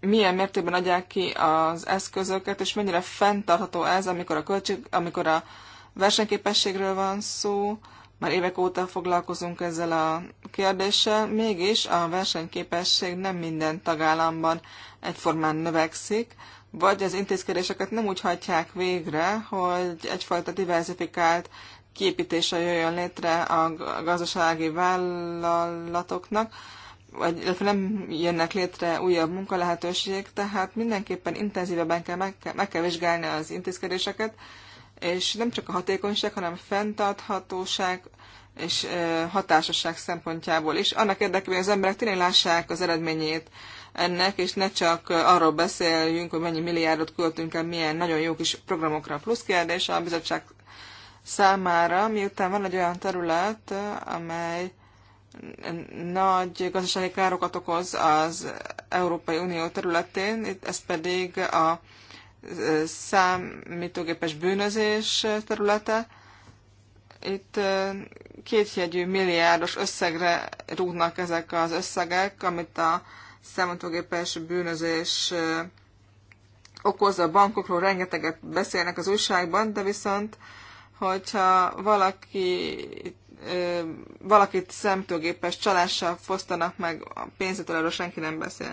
milyen mértékben adják ki az eszközöket, és mennyire fenntartható ez, amikor a, költség, amikor a versenyképességről van szó, már évek óta foglalkozunk ezzel a kérdéssel, mégis a versenyképesség nem minden tagállamban egyformán növekszik, vagy az intézkedéseket nem úgy hajtják végre, hogy egyfajta diversifikált kiépítése jöjjön létre a gazdasági vállalatoknak, vagy illetve nem jönnek létre újabb munkalehetőségek, tehát mindenképpen intenzívebben kell meg, kell, meg kell vizsgálni az intézkedéseket, és nem csak a hatékonyság, hanem fenntarthatóság és hatásosság szempontjából is. Annak érdekében, hogy az emberek tényleg lássák az eredményét ennek, és ne csak arról beszéljünk, hogy mennyi milliárdot költünk el, milyen nagyon jó kis programokra. Plusz kérdés a bizottság számára, miután van egy olyan terület, amely nagy gazdasági károkat okoz az Európai Unió területén, ez pedig a e, számítógépes bűnözés területe. Itt e, kétjegyű milliárdos összegre rúgnak ezek az összegek, amit a számítógépes bűnözés e, okoz. A bankokról rengeteget beszélnek az újságban, de viszont hogyha valaki valakit szemtőgépes csalással fosztanak meg, a pénzetől erről senki nem beszél.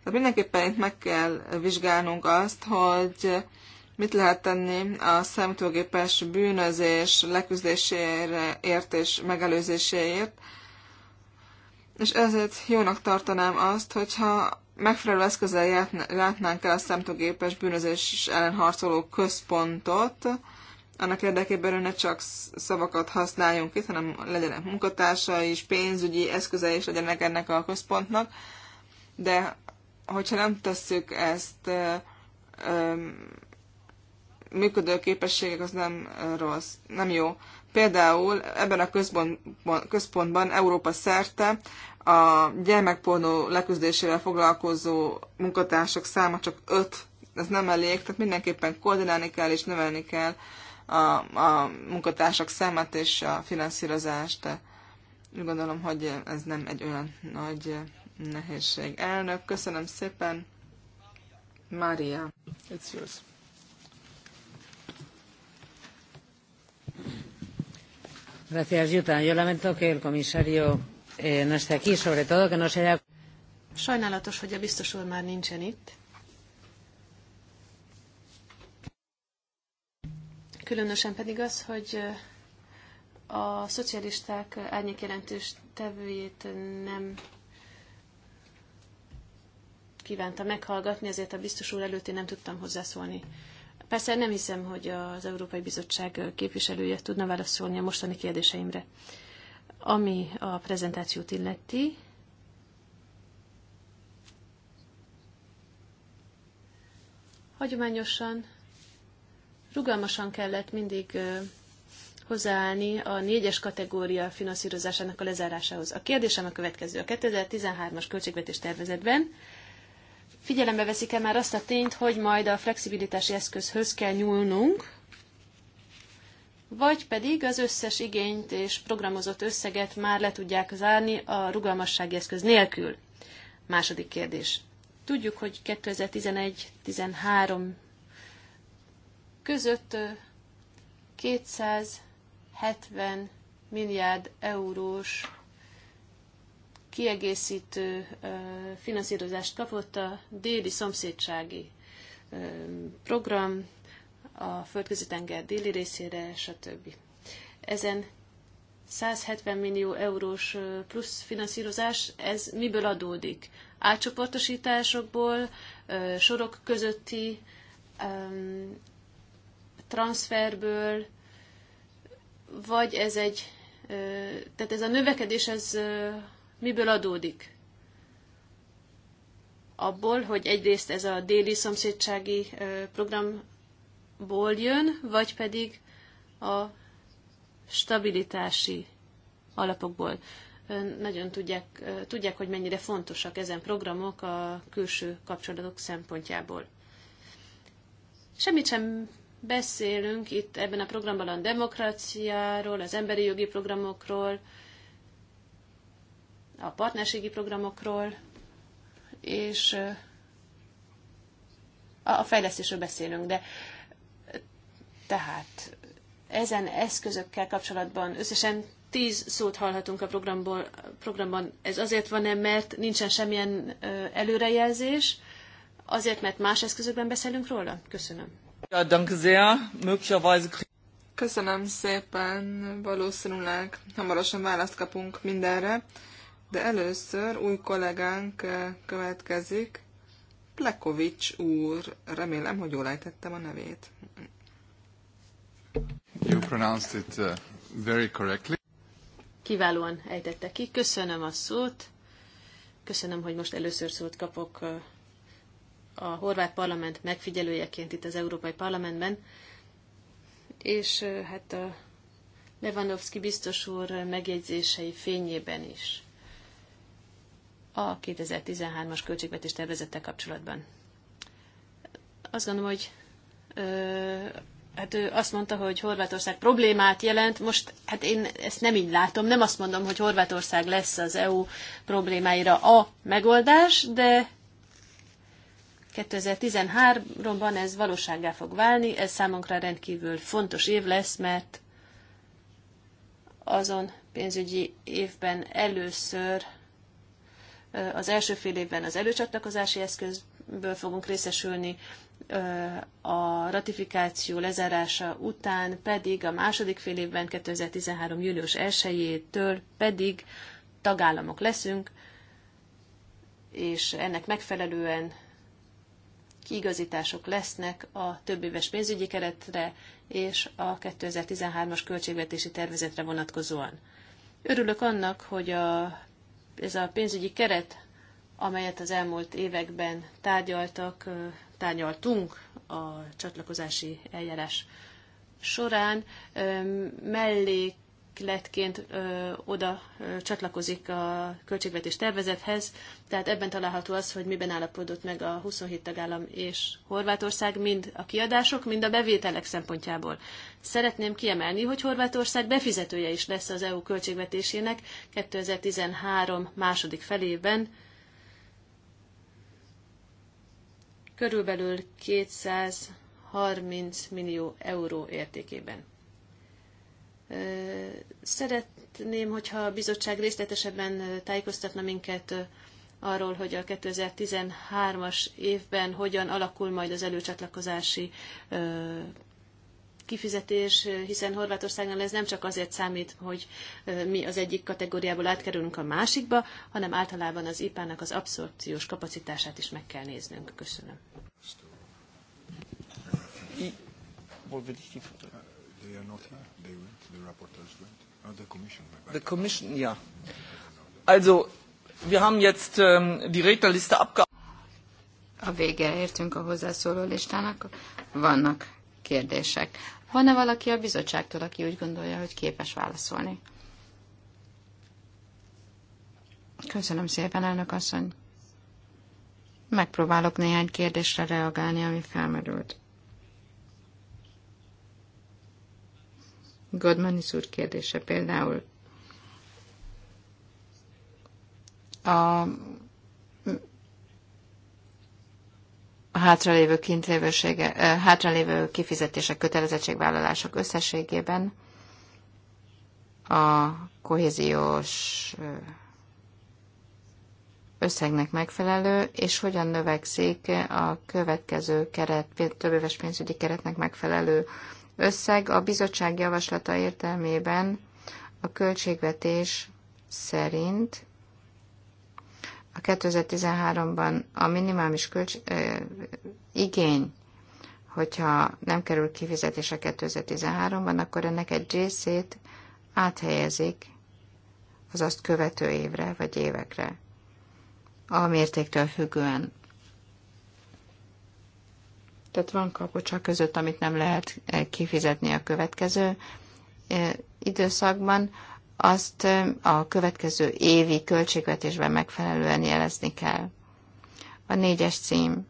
Tehát mindenképpen itt meg kell vizsgálnunk azt, hogy mit lehet tenni a szemtőgépes bűnözés leküzdésére ért és megelőzéséért, és ezért jónak tartanám azt, hogyha megfelelő eszközzel látnánk el a szemtőgépes bűnözés ellen harcoló központot, annak érdekében, ne csak szavakat használjunk itt, hanem legyenek munkatársa is, pénzügyi eszköze is legyenek ennek a központnak. De hogyha nem tesszük ezt működő képességek az nem rossz, nem jó. Például ebben a központban, központban Európa szerte a gyermekpornó leküzdésével foglalkozó munkatársak száma csak öt, ez nem elég, tehát mindenképpen koordinálni kell és növelni kell a, a munkatársak számát és a finanszírozást. Úgy gondolom, hogy ez nem egy olyan nagy nehézség. Elnök, köszönöm szépen. Mária. It's yours. Gracias, Jutta. Yo lamento que el comisario eh, no esté aquí, sobre todo que no se haya... Sajnálatos, hogy a biztos úr már nincsen itt. különösen pedig az, hogy a szocialisták árnyékjelentős tevőjét nem kívánta meghallgatni, ezért a biztos úr előtt én nem tudtam hozzászólni. Persze nem hiszem, hogy az Európai Bizottság képviselője tudna válaszolni a mostani kérdéseimre. Ami a prezentációt illeti, hagyományosan rugalmasan kellett mindig hozzáállni a négyes kategória finanszírozásának a lezárásához. A kérdésem a következő. A 2013-as költségvetés tervezetben figyelembe veszik-e már azt a tényt, hogy majd a flexibilitási eszközhöz kell nyúlnunk, vagy pedig az összes igényt és programozott összeget már le tudják zárni a rugalmassági eszköz nélkül? Második kérdés. Tudjuk, hogy 2011-13 között 270 milliárd eurós kiegészítő finanszírozást kapott a déli szomszédsági program a földközi tenger déli részére, stb. Ezen 170 millió eurós plusz finanszírozás, ez miből adódik? Átcsoportosításokból, sorok közötti transferből, vagy ez egy, tehát ez a növekedés, ez miből adódik? Abból, hogy egyrészt ez a déli szomszédsági programból jön, vagy pedig a stabilitási alapokból. Nagyon tudják, tudják, hogy mennyire fontosak ezen programok a külső kapcsolatok szempontjából. Semmit sem Beszélünk itt ebben a programban a demokráciáról, az emberi jogi programokról, a partnerségi programokról, és a fejlesztésről beszélünk, de tehát ezen eszközökkel kapcsolatban összesen tíz szót hallhatunk a programból, programban. Ez azért van-e, mert nincsen semmilyen előrejelzés, azért, mert más eszközökben beszélünk róla? Köszönöm. Ja, danke sehr. Möglicherweise Köszönöm szépen, valószínűleg hamarosan választ kapunk mindenre, de először új kollégánk eh, következik, Plekovics úr, remélem, hogy jól ejtettem a nevét. You pronounced it eh, very correctly. Kiválóan ejtette ki, köszönöm a szót, köszönöm, hogy most először szót kapok eh, a horvát parlament megfigyelőjeként itt az Európai Parlamentben, és hát a Lewandowski biztos úr megjegyzései fényében is a 2013-as költségvetés tervezettel kapcsolatban. Azt gondolom, hogy ö, hát ő azt mondta, hogy Horvátország problémát jelent. Most, hát én ezt nem így látom, nem azt mondom, hogy Horvátország lesz az EU problémáira a megoldás, de 2013-ban ez valósággá fog válni, ez számunkra rendkívül fontos év lesz, mert azon pénzügyi évben először az első fél évben az előcsatlakozási eszközből fogunk részesülni, a ratifikáció lezárása után pedig a második fél évben 2013. július 1-től pedig tagállamok leszünk, és ennek megfelelően kiigazítások lesznek a több éves pénzügyi keretre és a 2013-as költségvetési tervezetre vonatkozóan. Örülök annak, hogy a, ez a pénzügyi keret, amelyet az elmúlt években tárgyaltak, tárgyaltunk a csatlakozási eljárás során, mellék letként ö, oda ö, csatlakozik a költségvetés tervezethez, tehát ebben található az, hogy miben állapodott meg a 27 tagállam és Horvátország mind a kiadások, mind a bevételek szempontjából. Szeretném kiemelni, hogy Horvátország befizetője is lesz az EU költségvetésének 2013 második felében, körülbelül 230 millió euró értékében. Szeretném, hogyha a bizottság részletesebben tájékoztatna minket arról, hogy a 2013-as évben hogyan alakul majd az előcsatlakozási kifizetés, hiszen Horvátországnál ez nem csak azért számít, hogy mi az egyik kategóriából átkerülünk a másikba, hanem általában az IPA-nak az abszorpciós kapacitását is meg kell néznünk. Köszönöm. They are not here. They went. The rapporteurs went. Oh, the commission The commission, Also, wir haben jetzt ähm, die Rednerliste A végére értünk a hozzászóló listának. Vannak kérdések. Van-e valaki a bizottságtól, aki úgy gondolja, hogy képes válaszolni? Köszönöm szépen, elnök asszony. Megpróbálok néhány kérdésre reagálni, ami felmerült. Godmanis úr kérdése például a a hátralévő, hátralévő kifizetések, kötelezettségvállalások összességében a kohéziós összegnek megfelelő, és hogyan növekszik a következő keret, több éves pénzügyi keretnek megfelelő összeg a bizottság javaslata értelmében a költségvetés szerint a 2013-ban a minimális kölcs, eh, igény, hogyha nem kerül kifizetés a 2013-ban, akkor ennek egy részét áthelyezik az azt követő évre vagy évekre. A mértéktől függően tehát van kapocsa között, amit nem lehet eh, kifizetni a következő eh, időszakban, azt eh, a következő évi költségvetésben megfelelően jelezni kell. A négyes cím.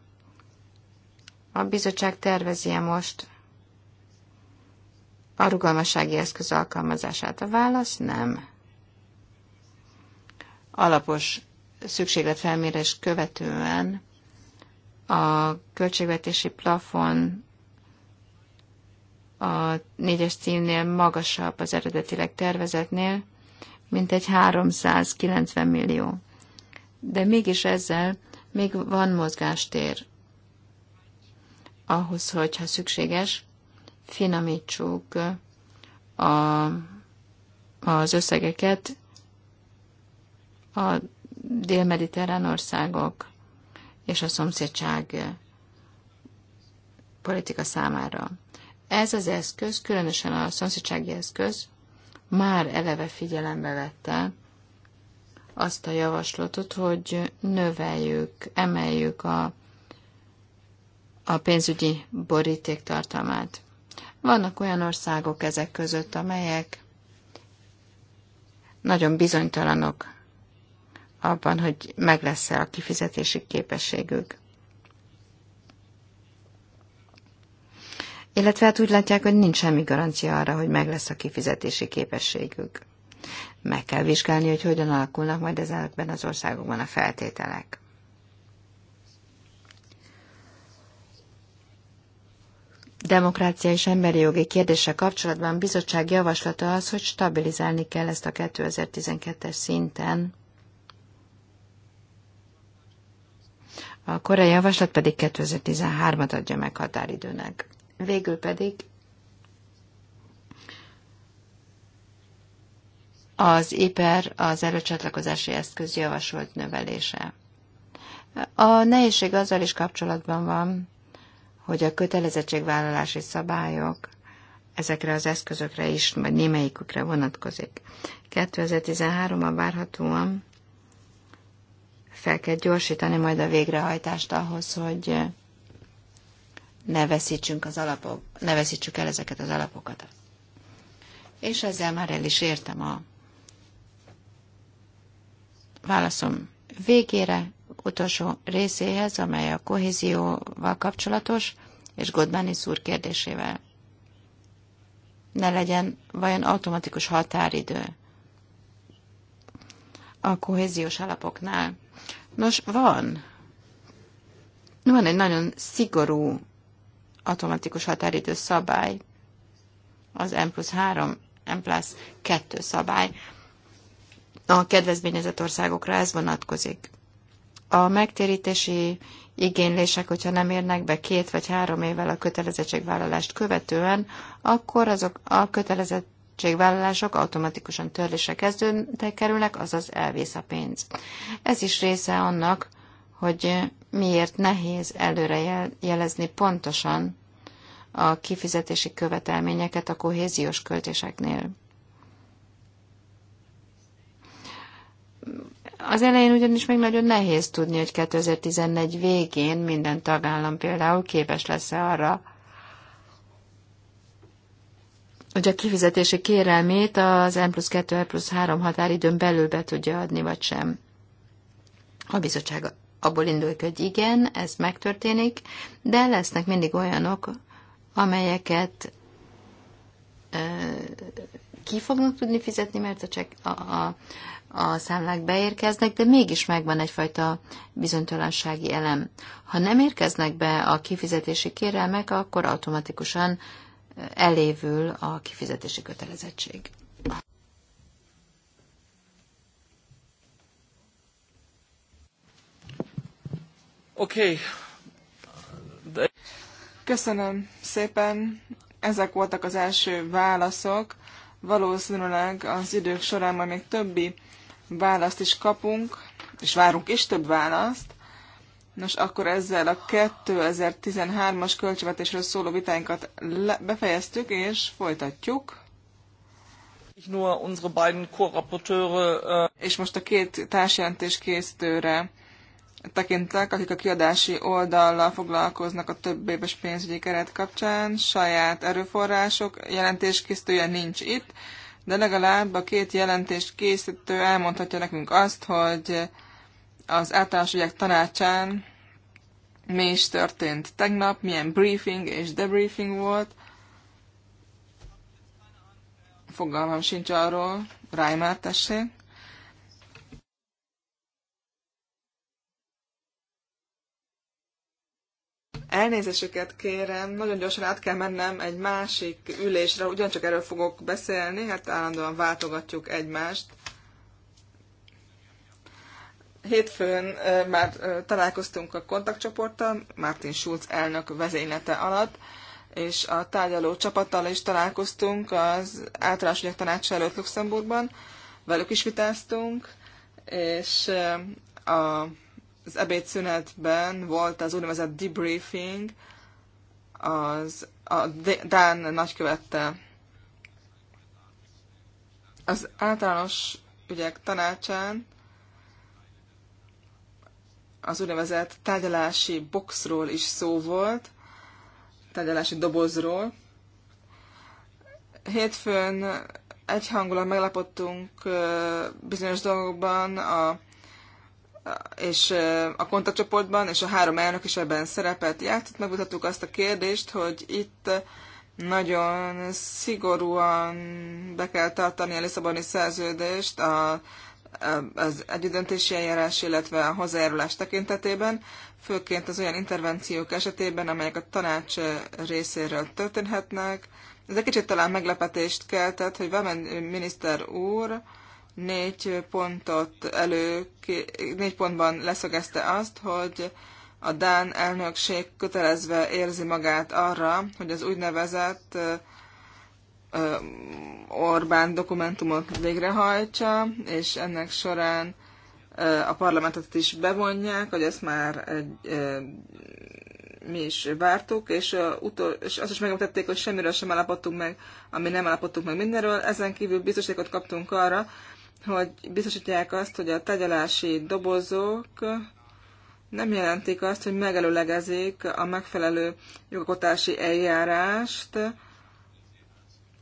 A bizottság tervezi -e most a rugalmassági eszköz alkalmazását? A válasz nem. Alapos szükségletfelmérés követően a költségvetési plafon a négyes címnél magasabb az eredetileg tervezetnél, mint egy 390 millió. De mégis ezzel még van mozgástér ahhoz, hogyha szükséges, finomítsuk a, az összegeket a dél-mediterrán országok és a szomszédság eh, politika számára. Ez az eszköz, különösen a szomszédsági eszköz, már eleve figyelembe vette azt a javaslatot, hogy növeljük, emeljük a, a pénzügyi boríték tartalmát. Vannak olyan országok ezek között, amelyek nagyon bizonytalanok abban, hogy meg lesz-e a kifizetési képességük. Illetve hát úgy látják, hogy nincs semmi garancia arra, hogy meg lesz a kifizetési képességük. Meg kell vizsgálni, hogy hogyan alakulnak majd ezekben az országokban a feltételek. demokrácia és emberi jogi kérdése kapcsolatban bizottság javaslata az, hogy stabilizálni kell ezt a 2012-es szinten A korai javaslat pedig 2013-at adja meg határidőnek. Végül pedig az IPER az előcsatlakozási eszköz javasolt növelése. A nehézség azzal is kapcsolatban van, hogy a kötelezettségvállalási szabályok ezekre az eszközökre is, vagy némelyikükre vonatkozik. 2013-ban várhatóan fel kell gyorsítani majd a végrehajtást ahhoz, hogy ne veszítsünk az alapok, ne veszítsük el ezeket az alapokat. És ezzel már el is értem a válaszom végére, utolsó részéhez, amely a kohézióval kapcsolatos, és Godbáni szúr kérdésével. Ne legyen vajon automatikus határidő a kohéziós alapoknál. Nos, van. Van egy nagyon szigorú automatikus határidő szabály, az M plusz 3, M plusz 2 szabály. A kedvezményezett országokra ez vonatkozik. A megtérítési igénylések, hogyha nem érnek be két vagy három évvel a kötelezettségvállalást követően, akkor azok a kötelezett kötelezettségvállalások automatikusan törlésre kezdődnek, kerülnek, azaz elvész a pénz. Ez is része annak, hogy miért nehéz előre jelezni pontosan a kifizetési követelményeket a kohéziós költéseknél. Az elején ugyanis még nagyon nehéz tudni, hogy 2014 végén minden tagállam például képes lesz-e arra, hogy a kifizetési kérelmét az N plusz 2, N plusz 3 határidőn belül be tudja adni, vagy sem. A bizottság abból indul hogy igen, ez megtörténik, de lesznek mindig olyanok, amelyeket ki fognak tudni fizetni, mert a, csek, a, a, a számlák beérkeznek, de mégis megvan egyfajta bizonytalansági elem. Ha nem érkeznek be a kifizetési kérelmek, akkor automatikusan elévül a kifizetési kötelezettség. Oké. Okay. De... Köszönöm szépen. Ezek voltak az első válaszok. Valószínűleg az idők során majd még többi választ is kapunk, és várunk is több választ. Nos, akkor ezzel a 2013-as költségvetésről szóló vitáinkat befejeztük, és folytatjuk. Äh, és most a két társjelentés készítőre tekintek, akik a kiadási oldallal foglalkoznak a több éves pénzügyi keret kapcsán. Saját erőforrások jelentéskészítője nincs itt, de legalább a két jelentést készítő elmondhatja nekünk azt, hogy az általános ügyek tanácsán mi is történt tegnap, milyen briefing és debriefing volt. Fogalmam sincs arról. Reimer, tessék. Elnézésüket kérem, nagyon gyorsan át kell mennem egy másik ülésre, ugyancsak erről fogok beszélni, hát állandóan váltogatjuk egymást. Hétfőn már találkoztunk a kontaktcsoporttal, Martin Schulz elnök vezénylete alatt, és a tárgyaló csapattal is találkoztunk az általános ügyek tanácsa előtt Luxemburgban, velük is vitáztunk, és a, az ebédszünetben volt az úgynevezett debriefing az, a Dán nagykövette. Az általános ügyek tanácsán az úgynevezett tárgyalási boxról is szó volt, tárgyalási dobozról. Hétfőn egyhangulat meglapottunk bizonyos dolgokban, a, és a kontaktcsoportban, és a három elnök is ebben szerepet játszott. Megmutattuk azt a kérdést, hogy itt nagyon szigorúan be kell tartani a Lisszaboni szerződést, a az együttdöntési eljárás, illetve a hozzájárulás tekintetében, főként az olyan intervenciók esetében, amelyek a tanács részéről történhetnek. Ez egy kicsit talán meglepetést keltett, hogy Vámen miniszter úr négy pontot elő, négy pontban leszögezte azt, hogy a Dán elnökség kötelezve érzi magát arra, hogy az úgynevezett Orbán dokumentumot végrehajtsa, és ennek során a parlamentet is bevonják, hogy ezt már egy, mi is vártuk, és, utol, és azt is megmutatték, hogy semmiről sem állapodtunk meg, ami nem állapodtunk meg mindenről. Ezen kívül biztosítékot kaptunk arra, hogy biztosítják azt, hogy a tegyelási dobozok nem jelentik azt, hogy megelőlegezik a megfelelő jogalkotási eljárást,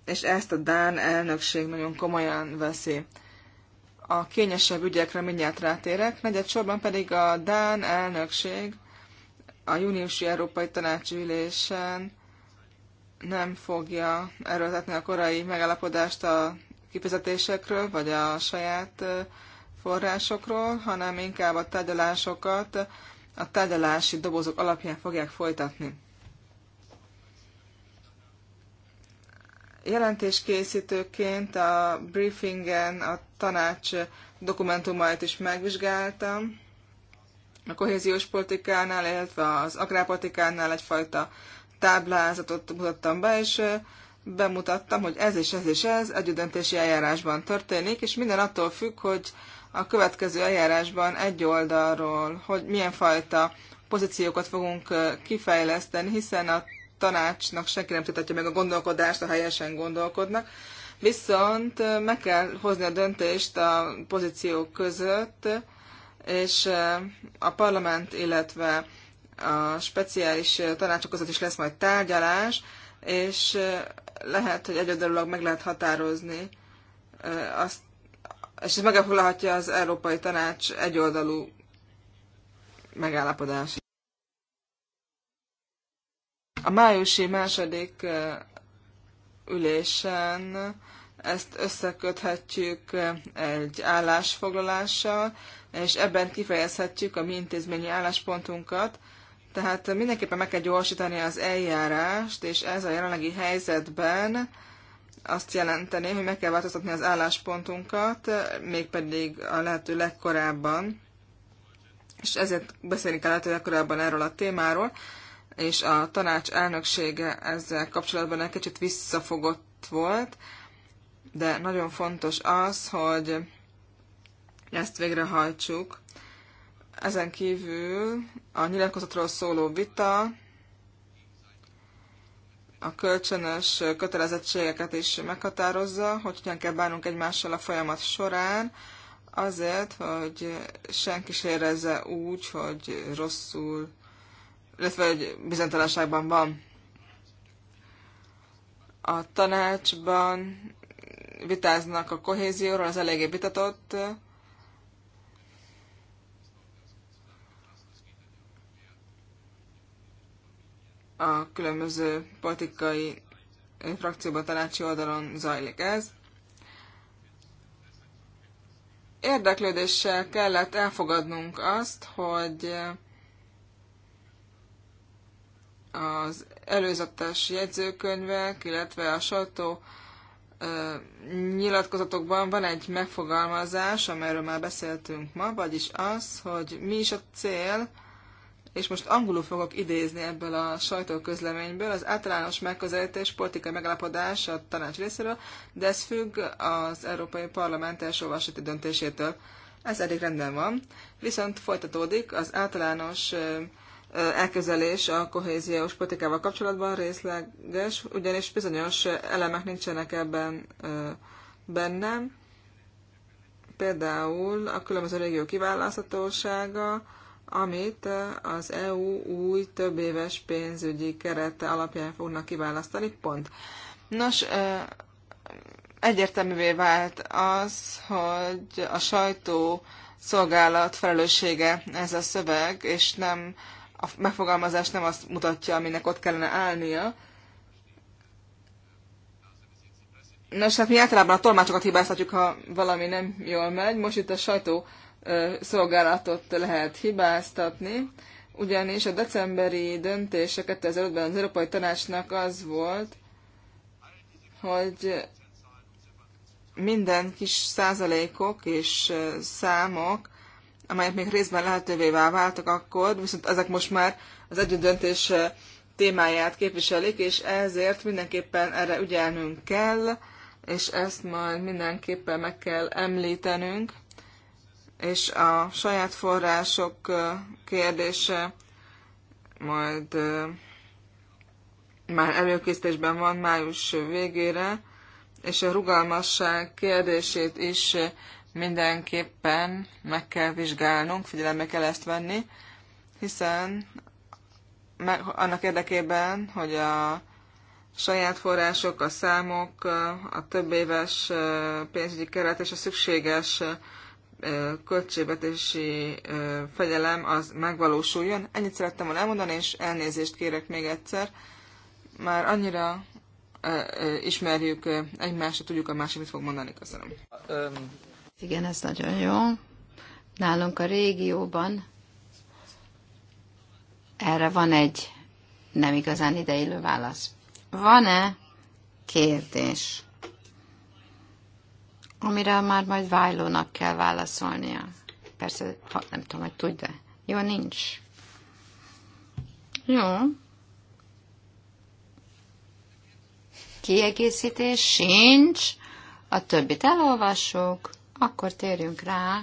és ezt a Dán elnökség nagyon komolyan veszi. A kényesebb ügyekre mindjárt rátérek, negyed sorban pedig a Dán elnökség a júniusi Európai Tanácsülésen nem fogja erőltetni a korai megállapodást a kifizetésekről, vagy a saját forrásokról, hanem inkább a tárgyalásokat a tárgyalási dobozok alapján fogják folytatni. Jelentéskészítőként a briefingen a tanács dokumentumait is megvizsgáltam. A kohéziós politikánál, illetve az agrárpolitikánál egyfajta táblázatot mutattam be, és bemutattam, hogy ez és ez és ez együttdöntési eljárásban történik, és minden attól függ, hogy a következő eljárásban egy oldalról, hogy milyen fajta pozíciókat fogunk kifejleszteni, hiszen a tanácsnak senki nem tudhatja meg a gondolkodást, ha helyesen gondolkodnak. Viszont meg kell hozni a döntést a pozíciók között, és a parlament, illetve a speciális tanácsok között is lesz majd tárgyalás, és lehet, hogy egyedülről meg lehet határozni azt, és ez megfoglalhatja az Európai Tanács egyoldalú megállapodását. A májusi második ülésen ezt összeköthetjük egy állásfoglalással, és ebben kifejezhetjük a mi intézményi álláspontunkat. Tehát mindenképpen meg kell gyorsítani az eljárást, és ez a jelenlegi helyzetben azt jelenteni, hogy meg kell változtatni az álláspontunkat, mégpedig a lehető legkorábban, és ezért beszélni kell a lehető legkorábban erről a témáról, és a tanács elnöksége ezzel kapcsolatban egy kicsit visszafogott volt, de nagyon fontos az, hogy ezt végrehajtsuk. Ezen kívül a nyilatkozatról szóló vita, a kölcsönös kötelezettségeket is meghatározza, hogy hogyan kell bánunk egymással a folyamat során, azért, hogy senki se érezze úgy, hogy rosszul illetve egy bizonytalanságban van. A tanácsban vitáznak a kohézióról, az eléggé vitatott. A különböző politikai frakcióban, tanácsi oldalon zajlik ez. Érdeklődéssel kellett elfogadnunk azt, hogy az előzetes jegyzőkönyvek, illetve a sajtó nyilatkozatokban van egy megfogalmazás, amelyről már beszéltünk ma, vagyis az, hogy mi is a cél, és most angolul fogok idézni ebből a sajtóközleményből, az általános megközelítés politikai megállapodás a tanács részéről, de ez függ az Európai Parlament első olvasati döntésétől. Ez eddig rendben van, viszont folytatódik az általános elkezelés a kohéziós politikával kapcsolatban részleges, ugyanis bizonyos elemek nincsenek ebben benne. Például a különböző régió kiválaszthatósága, amit az EU új éves pénzügyi kerete alapján fognak kiválasztani, pont. Nos, egyértelművé vált az, hogy a sajtó szolgálat felelőssége ez a szöveg, és nem a megfogalmazás nem azt mutatja, aminek ott kellene állnia. Nos, hát mi általában a tolmácsokat hibáztatjuk, ha valami nem jól megy. Most itt a sajtó szolgálatot lehet hibáztatni, ugyanis a decemberi döntése 2005-ben az Európai Tanácsnak az volt, hogy minden kis százalékok és számok amelyek még részben lehetővé váltak akkor, viszont ezek most már az együttdöntés eh, témáját képviselik, és ezért mindenképpen erre ügyelnünk kell, és ezt majd mindenképpen meg kell említenünk, és a saját források eh, kérdése majd eh, már előkészítésben van május végére, és a rugalmasság kérdését is mindenképpen meg kell vizsgálnunk, figyelembe kell ezt venni, hiszen meg, annak érdekében, hogy a saját források, a számok, a több éves pénzügyi keret és a szükséges költségvetési fegyelem az megvalósuljon. Ennyit szerettem volna elmondani, és elnézést kérek még egyszer. Már annyira ismerjük egymást, tudjuk a másik mit fog mondani. Köszönöm. Igen, ez nagyon jó. Nálunk a régióban erre van egy nem igazán ideillő válasz. Van-e kérdés, amire már majd Vájlónak kell válaszolnia? Persze, ha, nem tudom, hogy tudja. Jó, nincs. Jó. Kiegészítés sincs. A többit elolvassuk. Akkor térjünk rá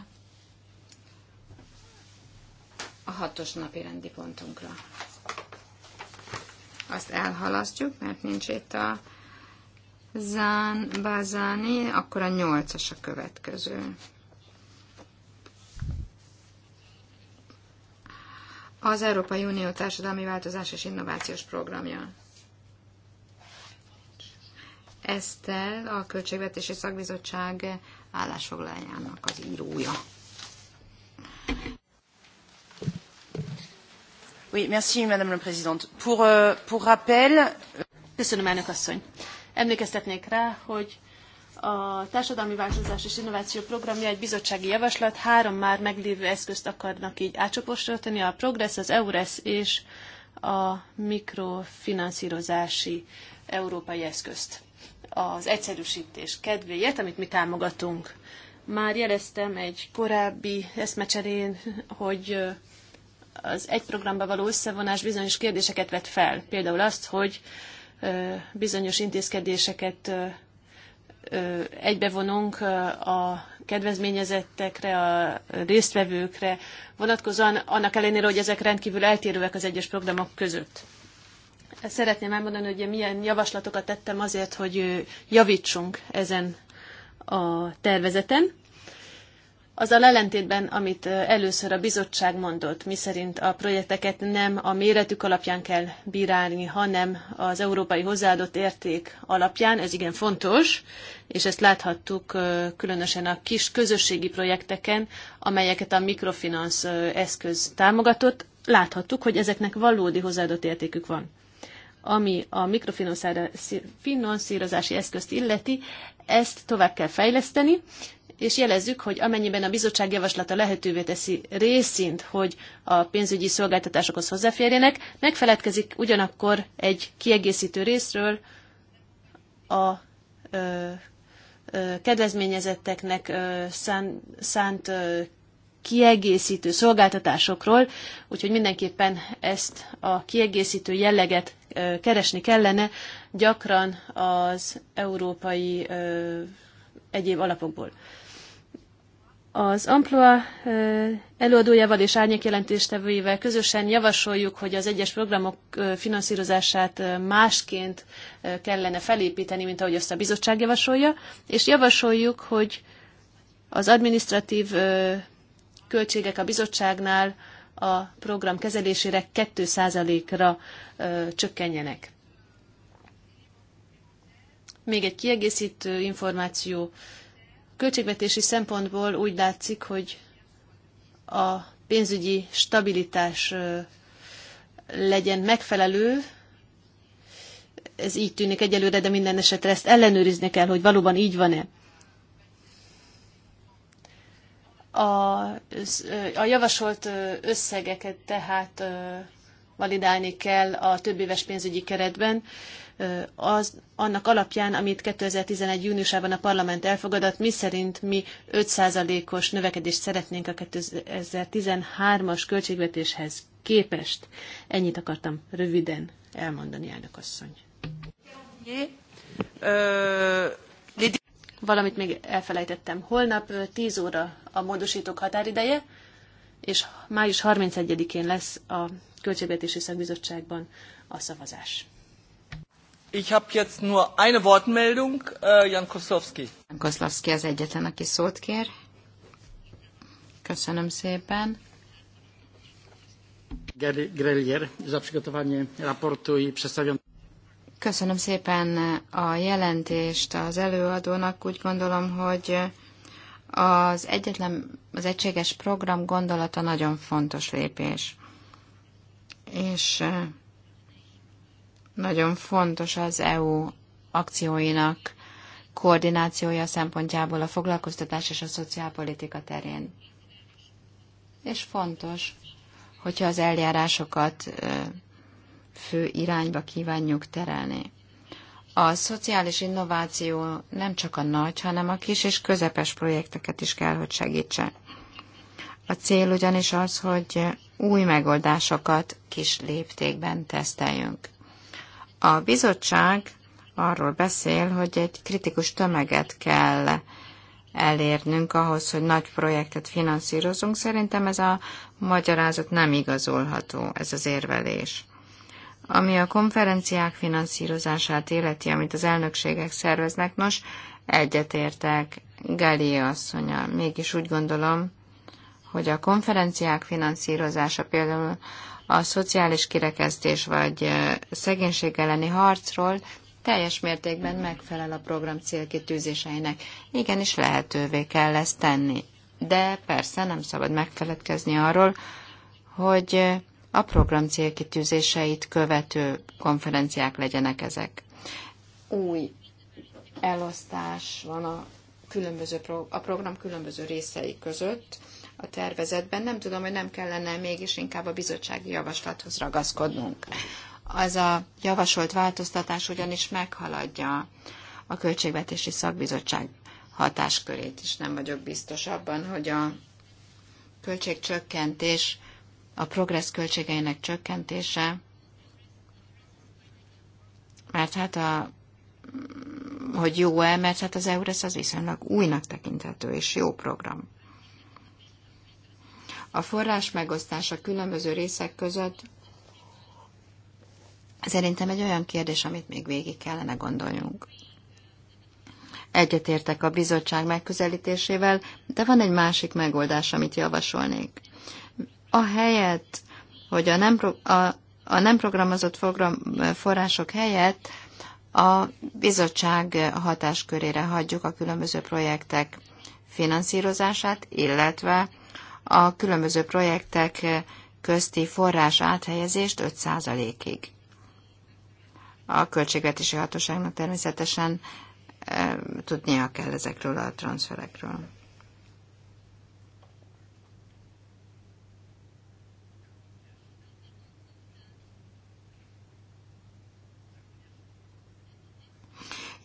a hatos napi rendi pontunkra. Azt elhalasztjuk, mert nincs itt a Zán, Bázáni, akkor a nyolcas a következő. Az Európai Unió Társadalmi Változás és Innovációs Programja. Esztel, a Költségvetési Szakbizottság állásfoglaljának az írója. Oui, merci, Madame la Présidente. Pour, euh, pour rappel... Köszönöm, elnök asszony. Emlékeztetnék rá, hogy a Társadalmi Változás és Innováció Programja egy bizottsági javaslat, három már meglévő eszközt akarnak így átcsoportosítani, a Progress, az EURES és a mikrofinanszírozási európai eszközt az egyszerűsítés kedvéért, amit mi támogatunk. Már jeleztem egy korábbi eszmecserén, hogy az egy programba való összevonás bizonyos kérdéseket vet fel. Például azt, hogy bizonyos intézkedéseket egybevonunk a kedvezményezettekre, a résztvevőkre vonatkozóan, annak ellenére, hogy ezek rendkívül eltérőek az egyes programok között szeretném elmondani, hogy milyen javaslatokat tettem azért, hogy javítsunk ezen a tervezeten. Az a ellentétben, amit először a bizottság mondott, miszerint a projekteket nem a méretük alapján kell bírálni, hanem az európai hozzáadott érték alapján, ez igen fontos, és ezt láthattuk különösen a kis közösségi projekteken, amelyeket a mikrofinansz eszköz támogatott, láthattuk, hogy ezeknek valódi hozzáadott értékük van ami a mikrofinanszírozási eszközt illeti, ezt tovább kell fejleszteni, és jelezzük, hogy amennyiben a bizottság javaslata lehetővé teszi részint, hogy a pénzügyi szolgáltatásokhoz hozzáférjenek, megfeledkezik ugyanakkor egy kiegészítő részről a ö, ö, kedvezményezetteknek ö, szánt, szánt ö, kiegészítő szolgáltatásokról, úgyhogy mindenképpen ezt a kiegészítő jelleget keresni kellene gyakran az európai egyéb alapokból. Az Amploa előadójával és árnyékjelentéstevőjével közösen javasoljuk, hogy az egyes programok finanszírozását másként kellene felépíteni, mint ahogy azt a bizottság javasolja, és javasoljuk, hogy az administratív költségek a bizottságnál a program kezelésére 2%-ra csökkenjenek. Még egy kiegészítő információ. Költségvetési szempontból úgy látszik, hogy a pénzügyi stabilitás legyen megfelelő, ez így tűnik egyelőre, de minden esetre ezt ellenőrizni kell, hogy valóban így van-e. A, a javasolt összegeket tehát validálni kell a több éves pénzügyi keretben, az, annak alapján, amit 2011. júniusában a parlament elfogadott, mi szerint mi 5%-os növekedést szeretnénk a 2013-as költségvetéshez képest. Ennyit akartam röviden elmondani, elnök asszony. Valamit még elfelejtettem. Holnap 10 óra a módosítók határideje, és május 31-én lesz a Költségvetési Szakbizottságban a szavazás. Ich habe jetzt nur eine Wortmeldung, uh, Jan Koslowski. Jan Koslowski az egyetlen, aki szót kér. Köszönöm szépen. Gary Grelier za przygotowanie raportu i Köszönöm szépen a jelentést az előadónak. Úgy gondolom, hogy az egyetlen, az egységes program gondolata nagyon fontos lépés. És nagyon fontos az EU akcióinak koordinációja szempontjából a foglalkoztatás és a szociálpolitika terén. És fontos, hogyha az eljárásokat fő irányba kívánjuk terelni. A szociális innováció nem csak a nagy, hanem a kis és közepes projekteket is kell, hogy segítsen. A cél ugyanis az, hogy új megoldásokat kis léptékben teszteljünk. A bizottság arról beszél, hogy egy kritikus tömeget kell elérnünk ahhoz, hogy nagy projektet finanszírozunk. Szerintem ez a magyarázat nem igazolható, ez az érvelés. Ami a konferenciák finanszírozását életi, amit az elnökségek szerveznek, nos, egyetértek Gali asszonya. Mégis úgy gondolom, hogy a konferenciák finanszírozása például a szociális kirekesztés vagy szegénység elleni harcról teljes mértékben megfelel a program célkitűzéseinek. Igenis lehetővé kell ezt tenni. De persze nem szabad megfeledkezni arról, hogy a program célkitűzéseit követő konferenciák legyenek ezek. Új elosztás van a, különböző pro, a program különböző részei között a tervezetben. Nem tudom, hogy nem kellene mégis inkább a bizottsági javaslathoz ragaszkodnunk. Az a javasolt változtatás ugyanis meghaladja a Költségvetési Szakbizottság hatáskörét is. Nem vagyok biztos abban, hogy a költségcsökkentés a progressz költségeinek csökkentése, mert hát a, hogy jó-e, mert hát az EURES az viszonylag újnak tekinthető és jó program. A forrás megosztása különböző részek között szerintem egy olyan kérdés, amit még végig kellene gondoljunk. Egyetértek a bizottság megközelítésével, de van egy másik megoldás, amit javasolnék a helyet, hogy a nem, a, a nem programozott program, források helyett a bizottság hatáskörére hagyjuk a különböző projektek finanszírozását, illetve a különböző projektek közti forrás áthelyezést 5%-ig. A költségvetési hatóságnak természetesen e, tudnia kell ezekről a transferekről.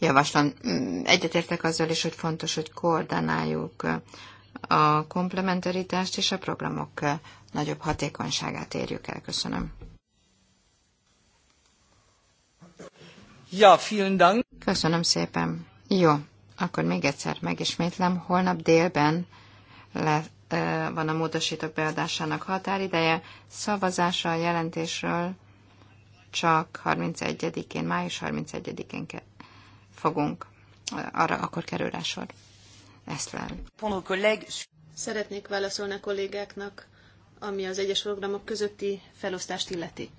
javaslom. Mm, egyetértek azzal is, hogy fontos, hogy koordináljuk a komplementaritást és a programok nagyobb hatékonyságát érjük el. Köszönöm. Ja, vielen Dank. Köszönöm szépen. Jó, akkor még egyszer megismétlem. Holnap délben le, van a módosítók beadásának határideje. Szavazásra a jelentésről csak 31-én, május 31-én kell fogunk, arra akkor kerül rá sor. Ezt Szeretnék válaszolni a kollégáknak, ami az egyes programok közötti felosztást illeti.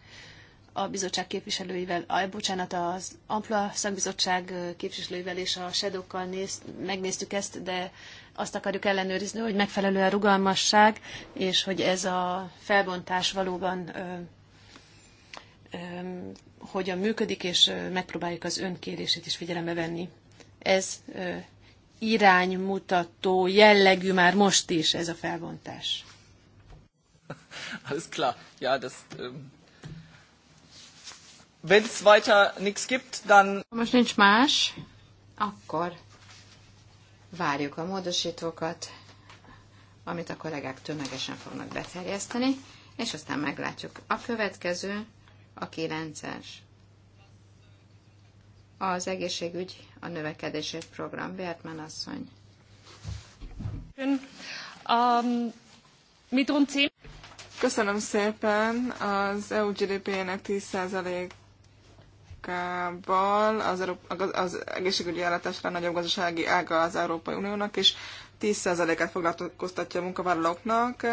A bizottság képviselőivel, a, bocsánat, az Ampla szakbizottság képviselőivel és a sedokkal néz, megnéztük ezt, de azt akarjuk ellenőrizni, hogy megfelelő a rugalmasság, és hogy ez a felbontás valóban hogyan működik, és megpróbáljuk az önkérését is figyelembe venni. Ez iránymutató jellegű már most is ez a felbontás. Alles klar. Ja, das. Ähm Wenn es weiter nichts gibt, dann. Most nincs más, akkor várjuk a módosítókat, amit a kollégák tömegesen fognak beterjeszteni, és aztán meglátjuk. A következő a kilences. Az egészségügy a növekedését program. Bertman asszony. Um, Köszönöm szépen az EU GDP-nek 10%-ával az, az egészségügyi ellátásra nagyobb gazdasági ága az Európai Uniónak, és 10%-át foglalkoztatja a munkavállalóknak.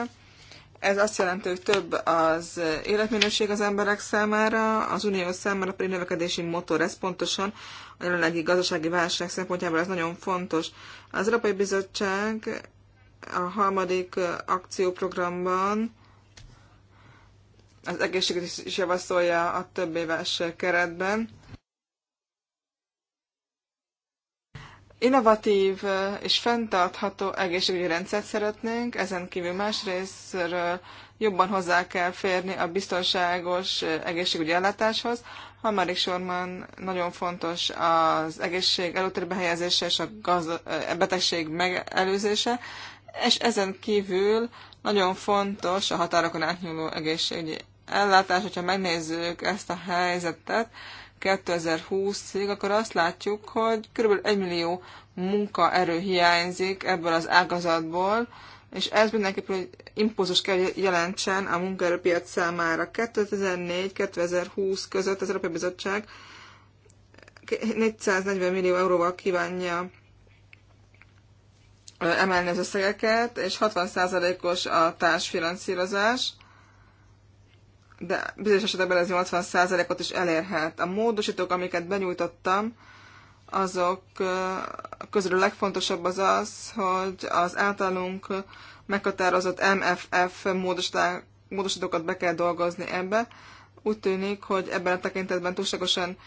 Ez azt jelenti, hogy több az életminőség az emberek számára, az unió számára pedig növekedési motor. Ez pontosan a jelenlegi gazdasági válság szempontjából ez nagyon fontos. Az Európai Bizottság a harmadik akcióprogramban az egészséget is javasolja a több éves keretben. innovatív és fenntartható egészségügyi rendszert szeretnénk, ezen kívül másrésztről jobban hozzá kell férni a biztonságos egészségügyi ellátáshoz. Harmadik sorban nagyon fontos az egészség előtérbe helyezése és a e betegség megelőzése, és ezen kívül nagyon fontos a határokon átnyúló egészségügyi ellátás, hogyha megnézzük ezt a helyzetet, 2020-ig, akkor azt látjuk, hogy kb. 1 millió munkaerő hiányzik ebből az ágazatból, és ez mindenképpen egy impulzus kell jelentsen a munkaerőpiac számára. 2014-2020 között az Európai Bizottság 440 millió euróval kívánja emelni az összegeket, és 60%-os a társfinanszírozás de bizonyos esetekben ez 80%-ot is elérhet. A módosítók, amiket benyújtottam, azok közül a legfontosabb az az, hogy az általunk meghatározott MFF módosítókat be kell dolgozni ebbe. Úgy tűnik, hogy ebben a tekintetben túlságosan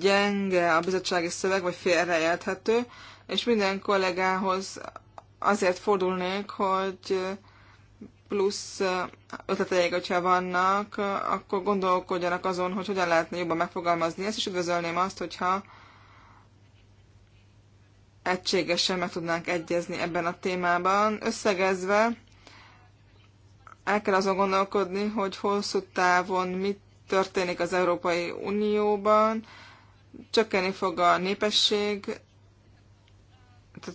gyenge a bizottsági szöveg, vagy félrejelthető, és minden kollégához azért fordulnék, hogy plusz ötleteik, hogyha vannak, akkor gondolkodjanak azon, hogy hogyan lehetne jobban megfogalmazni ezt, és üdvözölném azt, hogyha egységesen meg tudnánk egyezni ebben a témában. Összegezve el kell azon gondolkodni, hogy hosszú távon mit történik az Európai Unióban, csökkenni fog a népesség,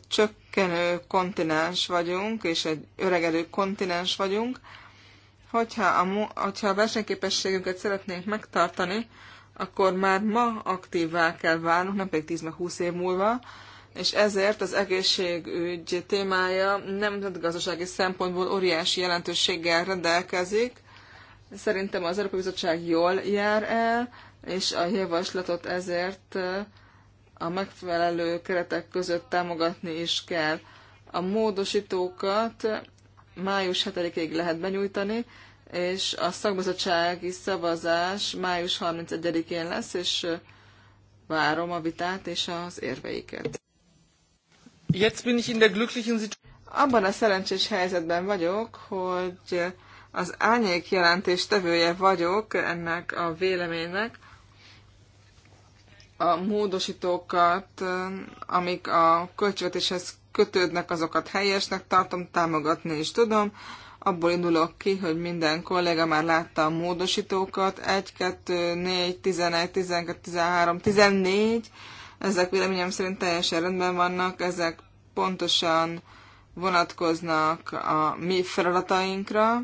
csökkenő kontinens vagyunk, és egy öregedő kontinens vagyunk, hogyha a, hogyha a versenyképességünket szeretnénk megtartani, akkor már ma aktívvá kell válnunk, nem pedig 10 20 év múlva, és ezért az egészségügy témája nemzetgazdasági szempontból óriási jelentőséggel rendelkezik. Szerintem az Európai Bizottság jól jár el, és a javaslatot ezért a megfelelő keretek között támogatni is kell. A módosítókat május 7-ig lehet benyújtani, és a szakbizottsági szavazás május 31-én lesz, és várom a vitát és az érveiket. Jetzt bin ich in der glücklichen Abban a szerencsés helyzetben vagyok, hogy az ányék jelentés tevője vagyok ennek a véleménynek, a módosítókat, amik a költségvetéshez kötődnek, azokat helyesnek tartom, támogatni is tudom. Abból indulok ki, hogy minden kolléga már látta a módosítókat. 1, 2, 4, 11, 12, 13, 14. Ezek véleményem szerint teljesen rendben vannak, ezek pontosan vonatkoznak a mi feladatainkra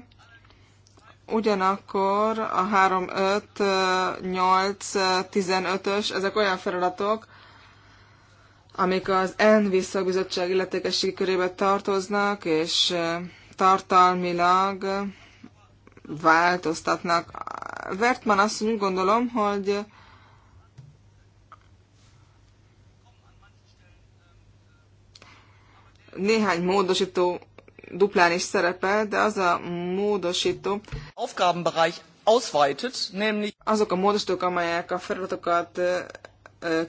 Ugyanakkor a 3, 5, 8, 15-ös, ezek olyan feladatok, amik az N visszabizottság illetékességi körébe tartoznak, és tartalmilag változtatnak. Vertman azt úgy gondolom, hogy néhány módosító duplán is szerepel, de az a módosító... Azok a módosítók, amelyek a feladatokat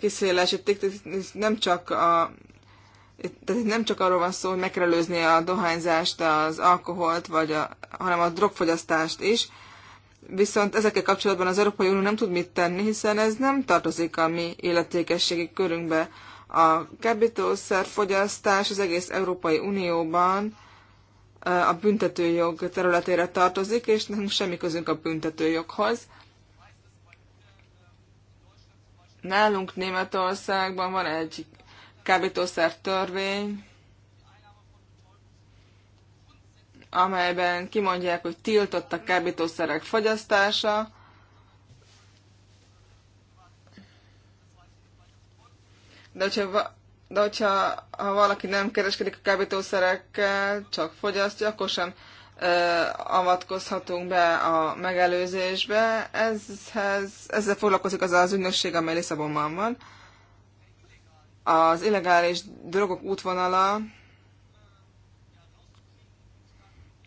kiszélesítik, nem csak a tehát itt nem csak arról van szó, hogy meg a dohányzást, az alkoholt, vagy a, hanem a drogfogyasztást is. Viszont ezekkel kapcsolatban az Európai Unió nem tud mit tenni, hiszen ez nem tartozik a mi életékességi körünkbe. A kábítószerfogyasztás az egész Európai Unióban a büntetőjog területére tartozik, és nekünk semmi közünk a büntetőjoghoz. Nálunk Németországban van egy kábítószer törvény, amelyben kimondják, hogy tiltott a kábítószerek fogyasztása, de hogyha de hogyha ha valaki nem kereskedik a kábítószerekkel, csak fogyasztja, akkor sem ö, avatkozhatunk be a megelőzésbe. Ezhez, ezzel foglalkozik az az ügynökség, amely Lisszabonban van. Az illegális drogok útvonala,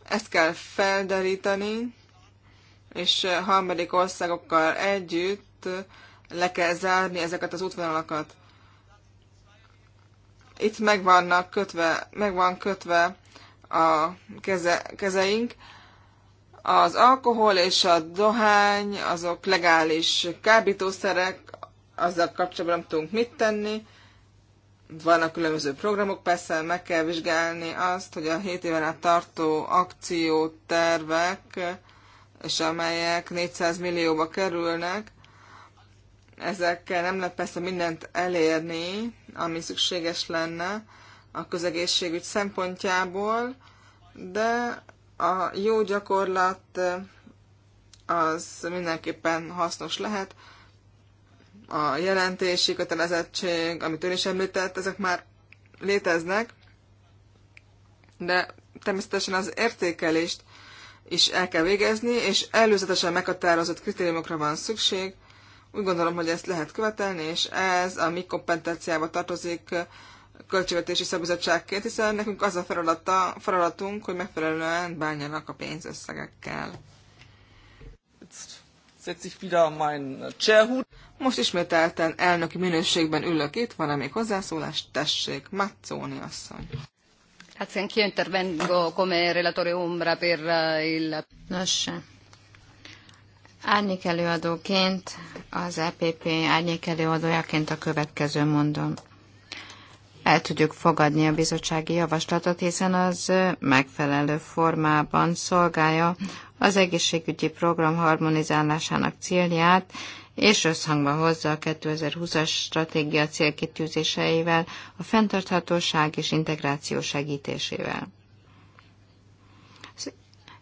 ezt kell felderíteni, és harmadik országokkal együtt le kell zárni ezeket az útvonalakat itt megvannak kötve, megvan kötve a keze, kezeink. Az alkohol és a dohány, azok legális kábítószerek, azzal kapcsolatban nem tudunk mit tenni. Vannak különböző programok, persze meg kell vizsgálni azt, hogy a 7 éven át tartó akciótervek, és amelyek 400 millióba kerülnek, ezekkel nem lehet persze mindent elérni, ami szükséges lenne a közegészségügy szempontjából, de a jó gyakorlat eh, az mindenképpen hasznos lehet. A jelentési kötelezettség, amit ön is említett, ezek már léteznek, de természetesen az értékelést is el kell végezni, és előzetesen meghatározott kritériumokra van szükség, úgy gondolom, hogy ezt lehet követelni, és ez a mi kompetenciába tartozik költségvetési szabizottságként, hiszen nekünk az a feladata, feladatunk, hogy megfelelően bánjanak a pénzösszegekkel. Most ismételten elnöki minőségben ülök itt, van-e még hozzászólás? Tessék, Mazzoni asszony. Grazie, anch'io intervengo come relatore ombra per eh, il... Nos, Árnyék előadóként, az EPP árnyék előadójaként a következő mondom. El tudjuk fogadni a bizottsági javaslatot, hiszen az megfelelő formában szolgálja az egészségügyi program harmonizálásának célját, és összhangba hozza a 2020-as stratégia célkitűzéseivel, a fenntarthatóság és integráció segítésével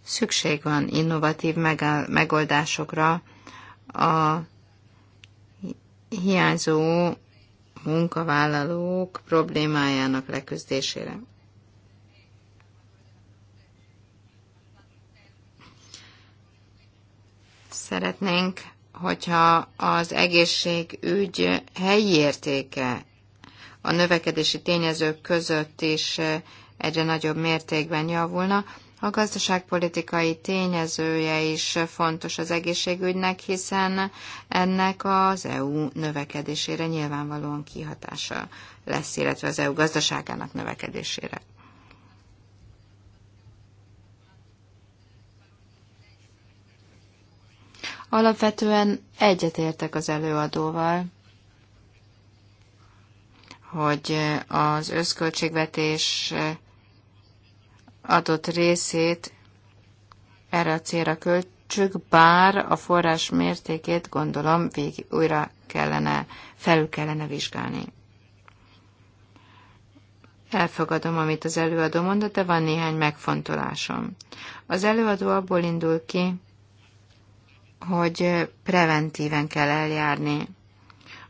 szükség van innovatív megoldásokra a hiányzó munkavállalók problémájának leküzdésére. Szeretnénk, hogyha az egészségügy helyi értéke a növekedési tényezők között is egyre nagyobb mértékben javulna, a gazdaságpolitikai tényezője is fontos az egészségügynek, hiszen ennek az EU növekedésére nyilvánvalóan kihatása lesz, illetve az EU gazdaságának növekedésére. Alapvetően egyetértek az előadóval, hogy az összköltségvetés adott részét erre a célra költsük, bár a forrás mértékét gondolom végig újra kellene, felül kellene vizsgálni. Elfogadom, amit az előadó mondott, de van néhány megfontolásom. Az előadó abból indul ki, hogy preventíven kell eljárni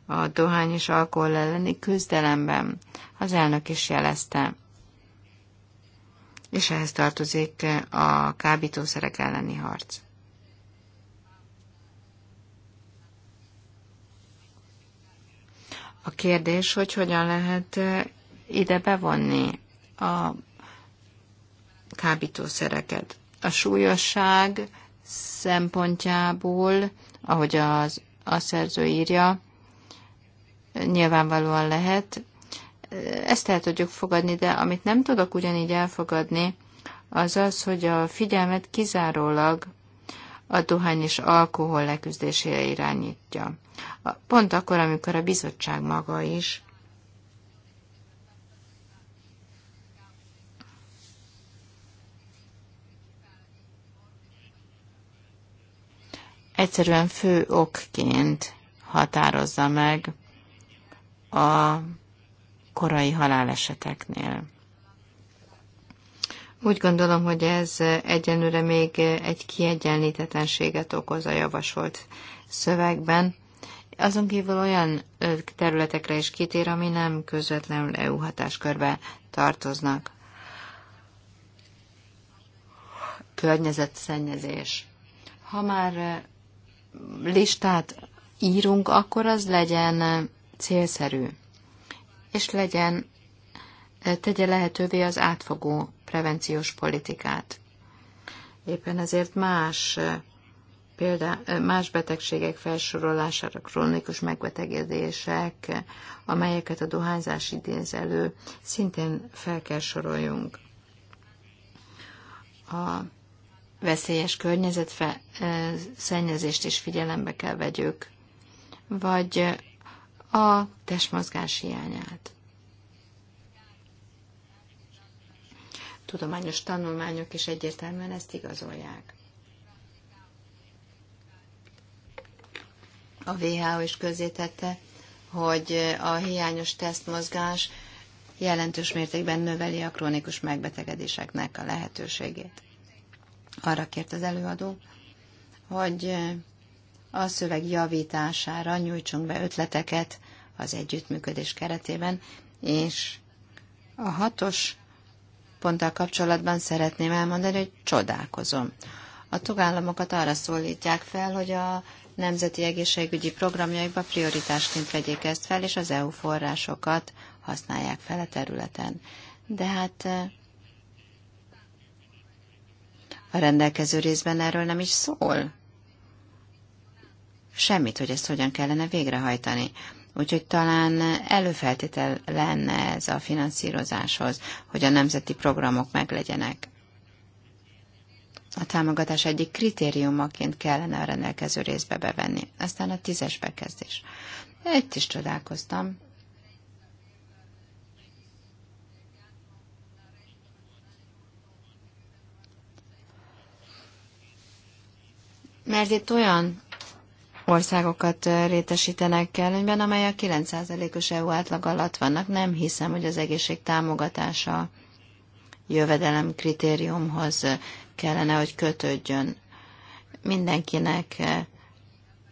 a dohány és alkohol elleni küzdelemben. Az elnök is jelezte és ehhez tartozik a kábítószerek elleni harc. A kérdés, hogy hogyan lehet ide bevonni a kábítószereket. A súlyosság szempontjából, ahogy az, a szerző írja, nyilvánvalóan lehet, ezt el tudjuk fogadni, de amit nem tudok ugyanígy elfogadni, az az, hogy a figyelmet kizárólag a dohány és alkohol leküzdésére irányítja. Pont akkor, amikor a bizottság maga is egyszerűen fő okként határozza meg a korai haláleseteknél. Úgy gondolom, hogy ez egyenlőre még egy kiegyenlítetlenséget okoz a javasolt szövegben. Azon kívül olyan területekre is kitér, ami nem közvetlenül EU hatáskörbe tartoznak. Környezetszennyezés. Ha már listát írunk, akkor az legyen célszerű és legyen, tegye lehetővé az átfogó prevenciós politikát. Éppen ezért más Példa, más betegségek felsorolására, krónikus megbetegedések, amelyeket a dohányzás idéz elő, szintén fel kell soroljunk. A veszélyes szennyezést is figyelembe kell vegyük, vagy a testmozgás hiányát. Tudományos tanulmányok is egyértelműen ezt igazolják. A WHO is közzétette, hogy a hiányos tesztmozgás jelentős mértékben növeli a krónikus megbetegedéseknek a lehetőségét. Arra kért az előadó, hogy a szöveg javítására nyújtsunk be ötleteket az együttműködés keretében, és a hatos ponttal kapcsolatban szeretném elmondani, hogy csodálkozom. A tagállamokat arra szólítják fel, hogy a nemzeti egészségügyi programjaikba prioritásként vegyék ezt fel, és az EU forrásokat használják fel a területen. De hát eh, a rendelkező részben erről nem is szól. Semmit, hogy ezt hogyan kellene végrehajtani. Úgyhogy talán előfeltétel lenne ez a finanszírozáshoz, hogy a nemzeti programok meglegyenek. A támogatás egyik kritériumaként kellene a rendelkező részbe bevenni. Aztán a tízes bekezdés. Itt is csodálkoztam. Mert itt olyan országokat rétesítenek előnyben, amely a 9%-os EU átlag alatt vannak. Nem hiszem, hogy az egészség támogatása jövedelem kritériumhoz kellene, hogy kötődjön. Mindenkinek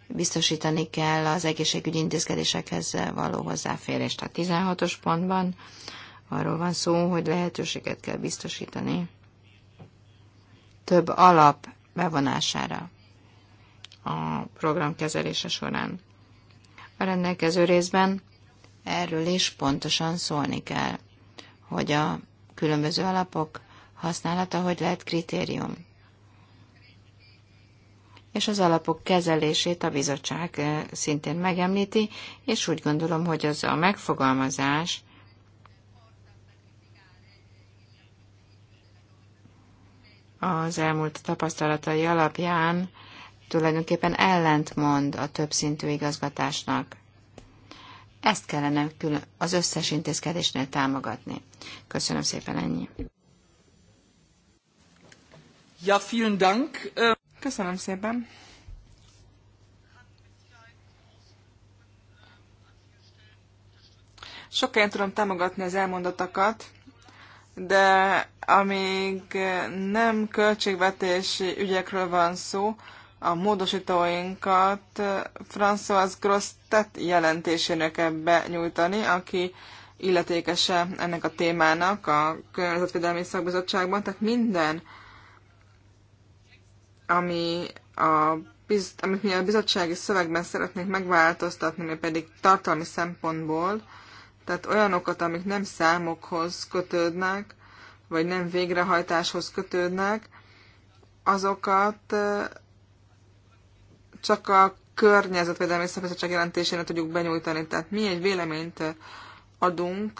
biztosítani kell az egészségügyi intézkedésekhez való hozzáférést. A 16-os pontban arról van szó, hogy lehetőséget kell biztosítani több alap bevonására a program kezelése során. A rendelkező részben erről is pontosan szólni kell, hogy a különböző alapok használata hogy lehet kritérium. És az alapok kezelését a bizottság szintén megemlíti, és úgy gondolom, hogy az a megfogalmazás az elmúlt tapasztalatai alapján tulajdonképpen ellentmond a többszintű igazgatásnak. Ezt kellene külön az összes intézkedésnél támogatni. Köszönöm szépen ennyi. Ja, vielen Dank. Köszönöm szépen. Sok helyen tudom támogatni az elmondatokat, de amíg nem költségvetési ügyekről van szó, a módosítóinkat François Grosztet jelentésének ebbe nyújtani, aki illetékese ennek a témának a Környezetvédelmi Szakbizottságban, tehát minden, ami a biz, amit mi a bizottsági szövegben szeretnénk megváltoztatni, mi pedig tartalmi szempontból, tehát olyanokat, amik nem számokhoz kötődnek, vagy nem végrehajtáshoz kötődnek, azokat csak a környezetvédelmi szabadság jelentésére tudjuk benyújtani. Tehát mi egy véleményt adunk,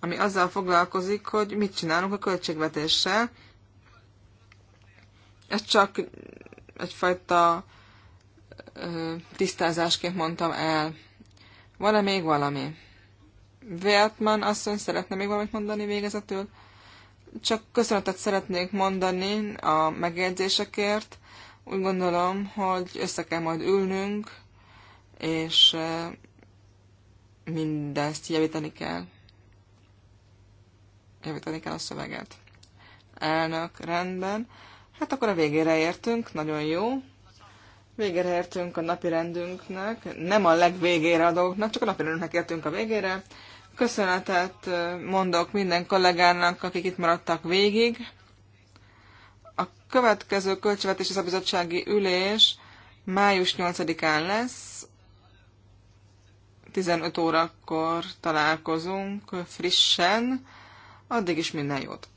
ami azzal foglalkozik, hogy mit csinálunk a költségvetéssel. Ez csak egyfajta tisztázásként mondtam el. Van-e még valami? Wertmann asszony szeretne még valamit mondani végezetül? Csak köszönetet szeretnék mondani a megjegyzésekért, úgy gondolom, hogy össze kell majd ülnünk, és mindezt javítani kell. Javítani kell a szöveget. Elnök, rendben. Hát akkor a végére értünk, nagyon jó. Végére értünk a napi rendünknek, nem a legvégére a dolgoknak, csak a napi rendünknek értünk a végére. Köszönetet mondok minden kollégának, akik itt maradtak végig következő költségvetési szabizottsági ülés május 8-án lesz. 15 órakor találkozunk frissen. Addig is minden jót!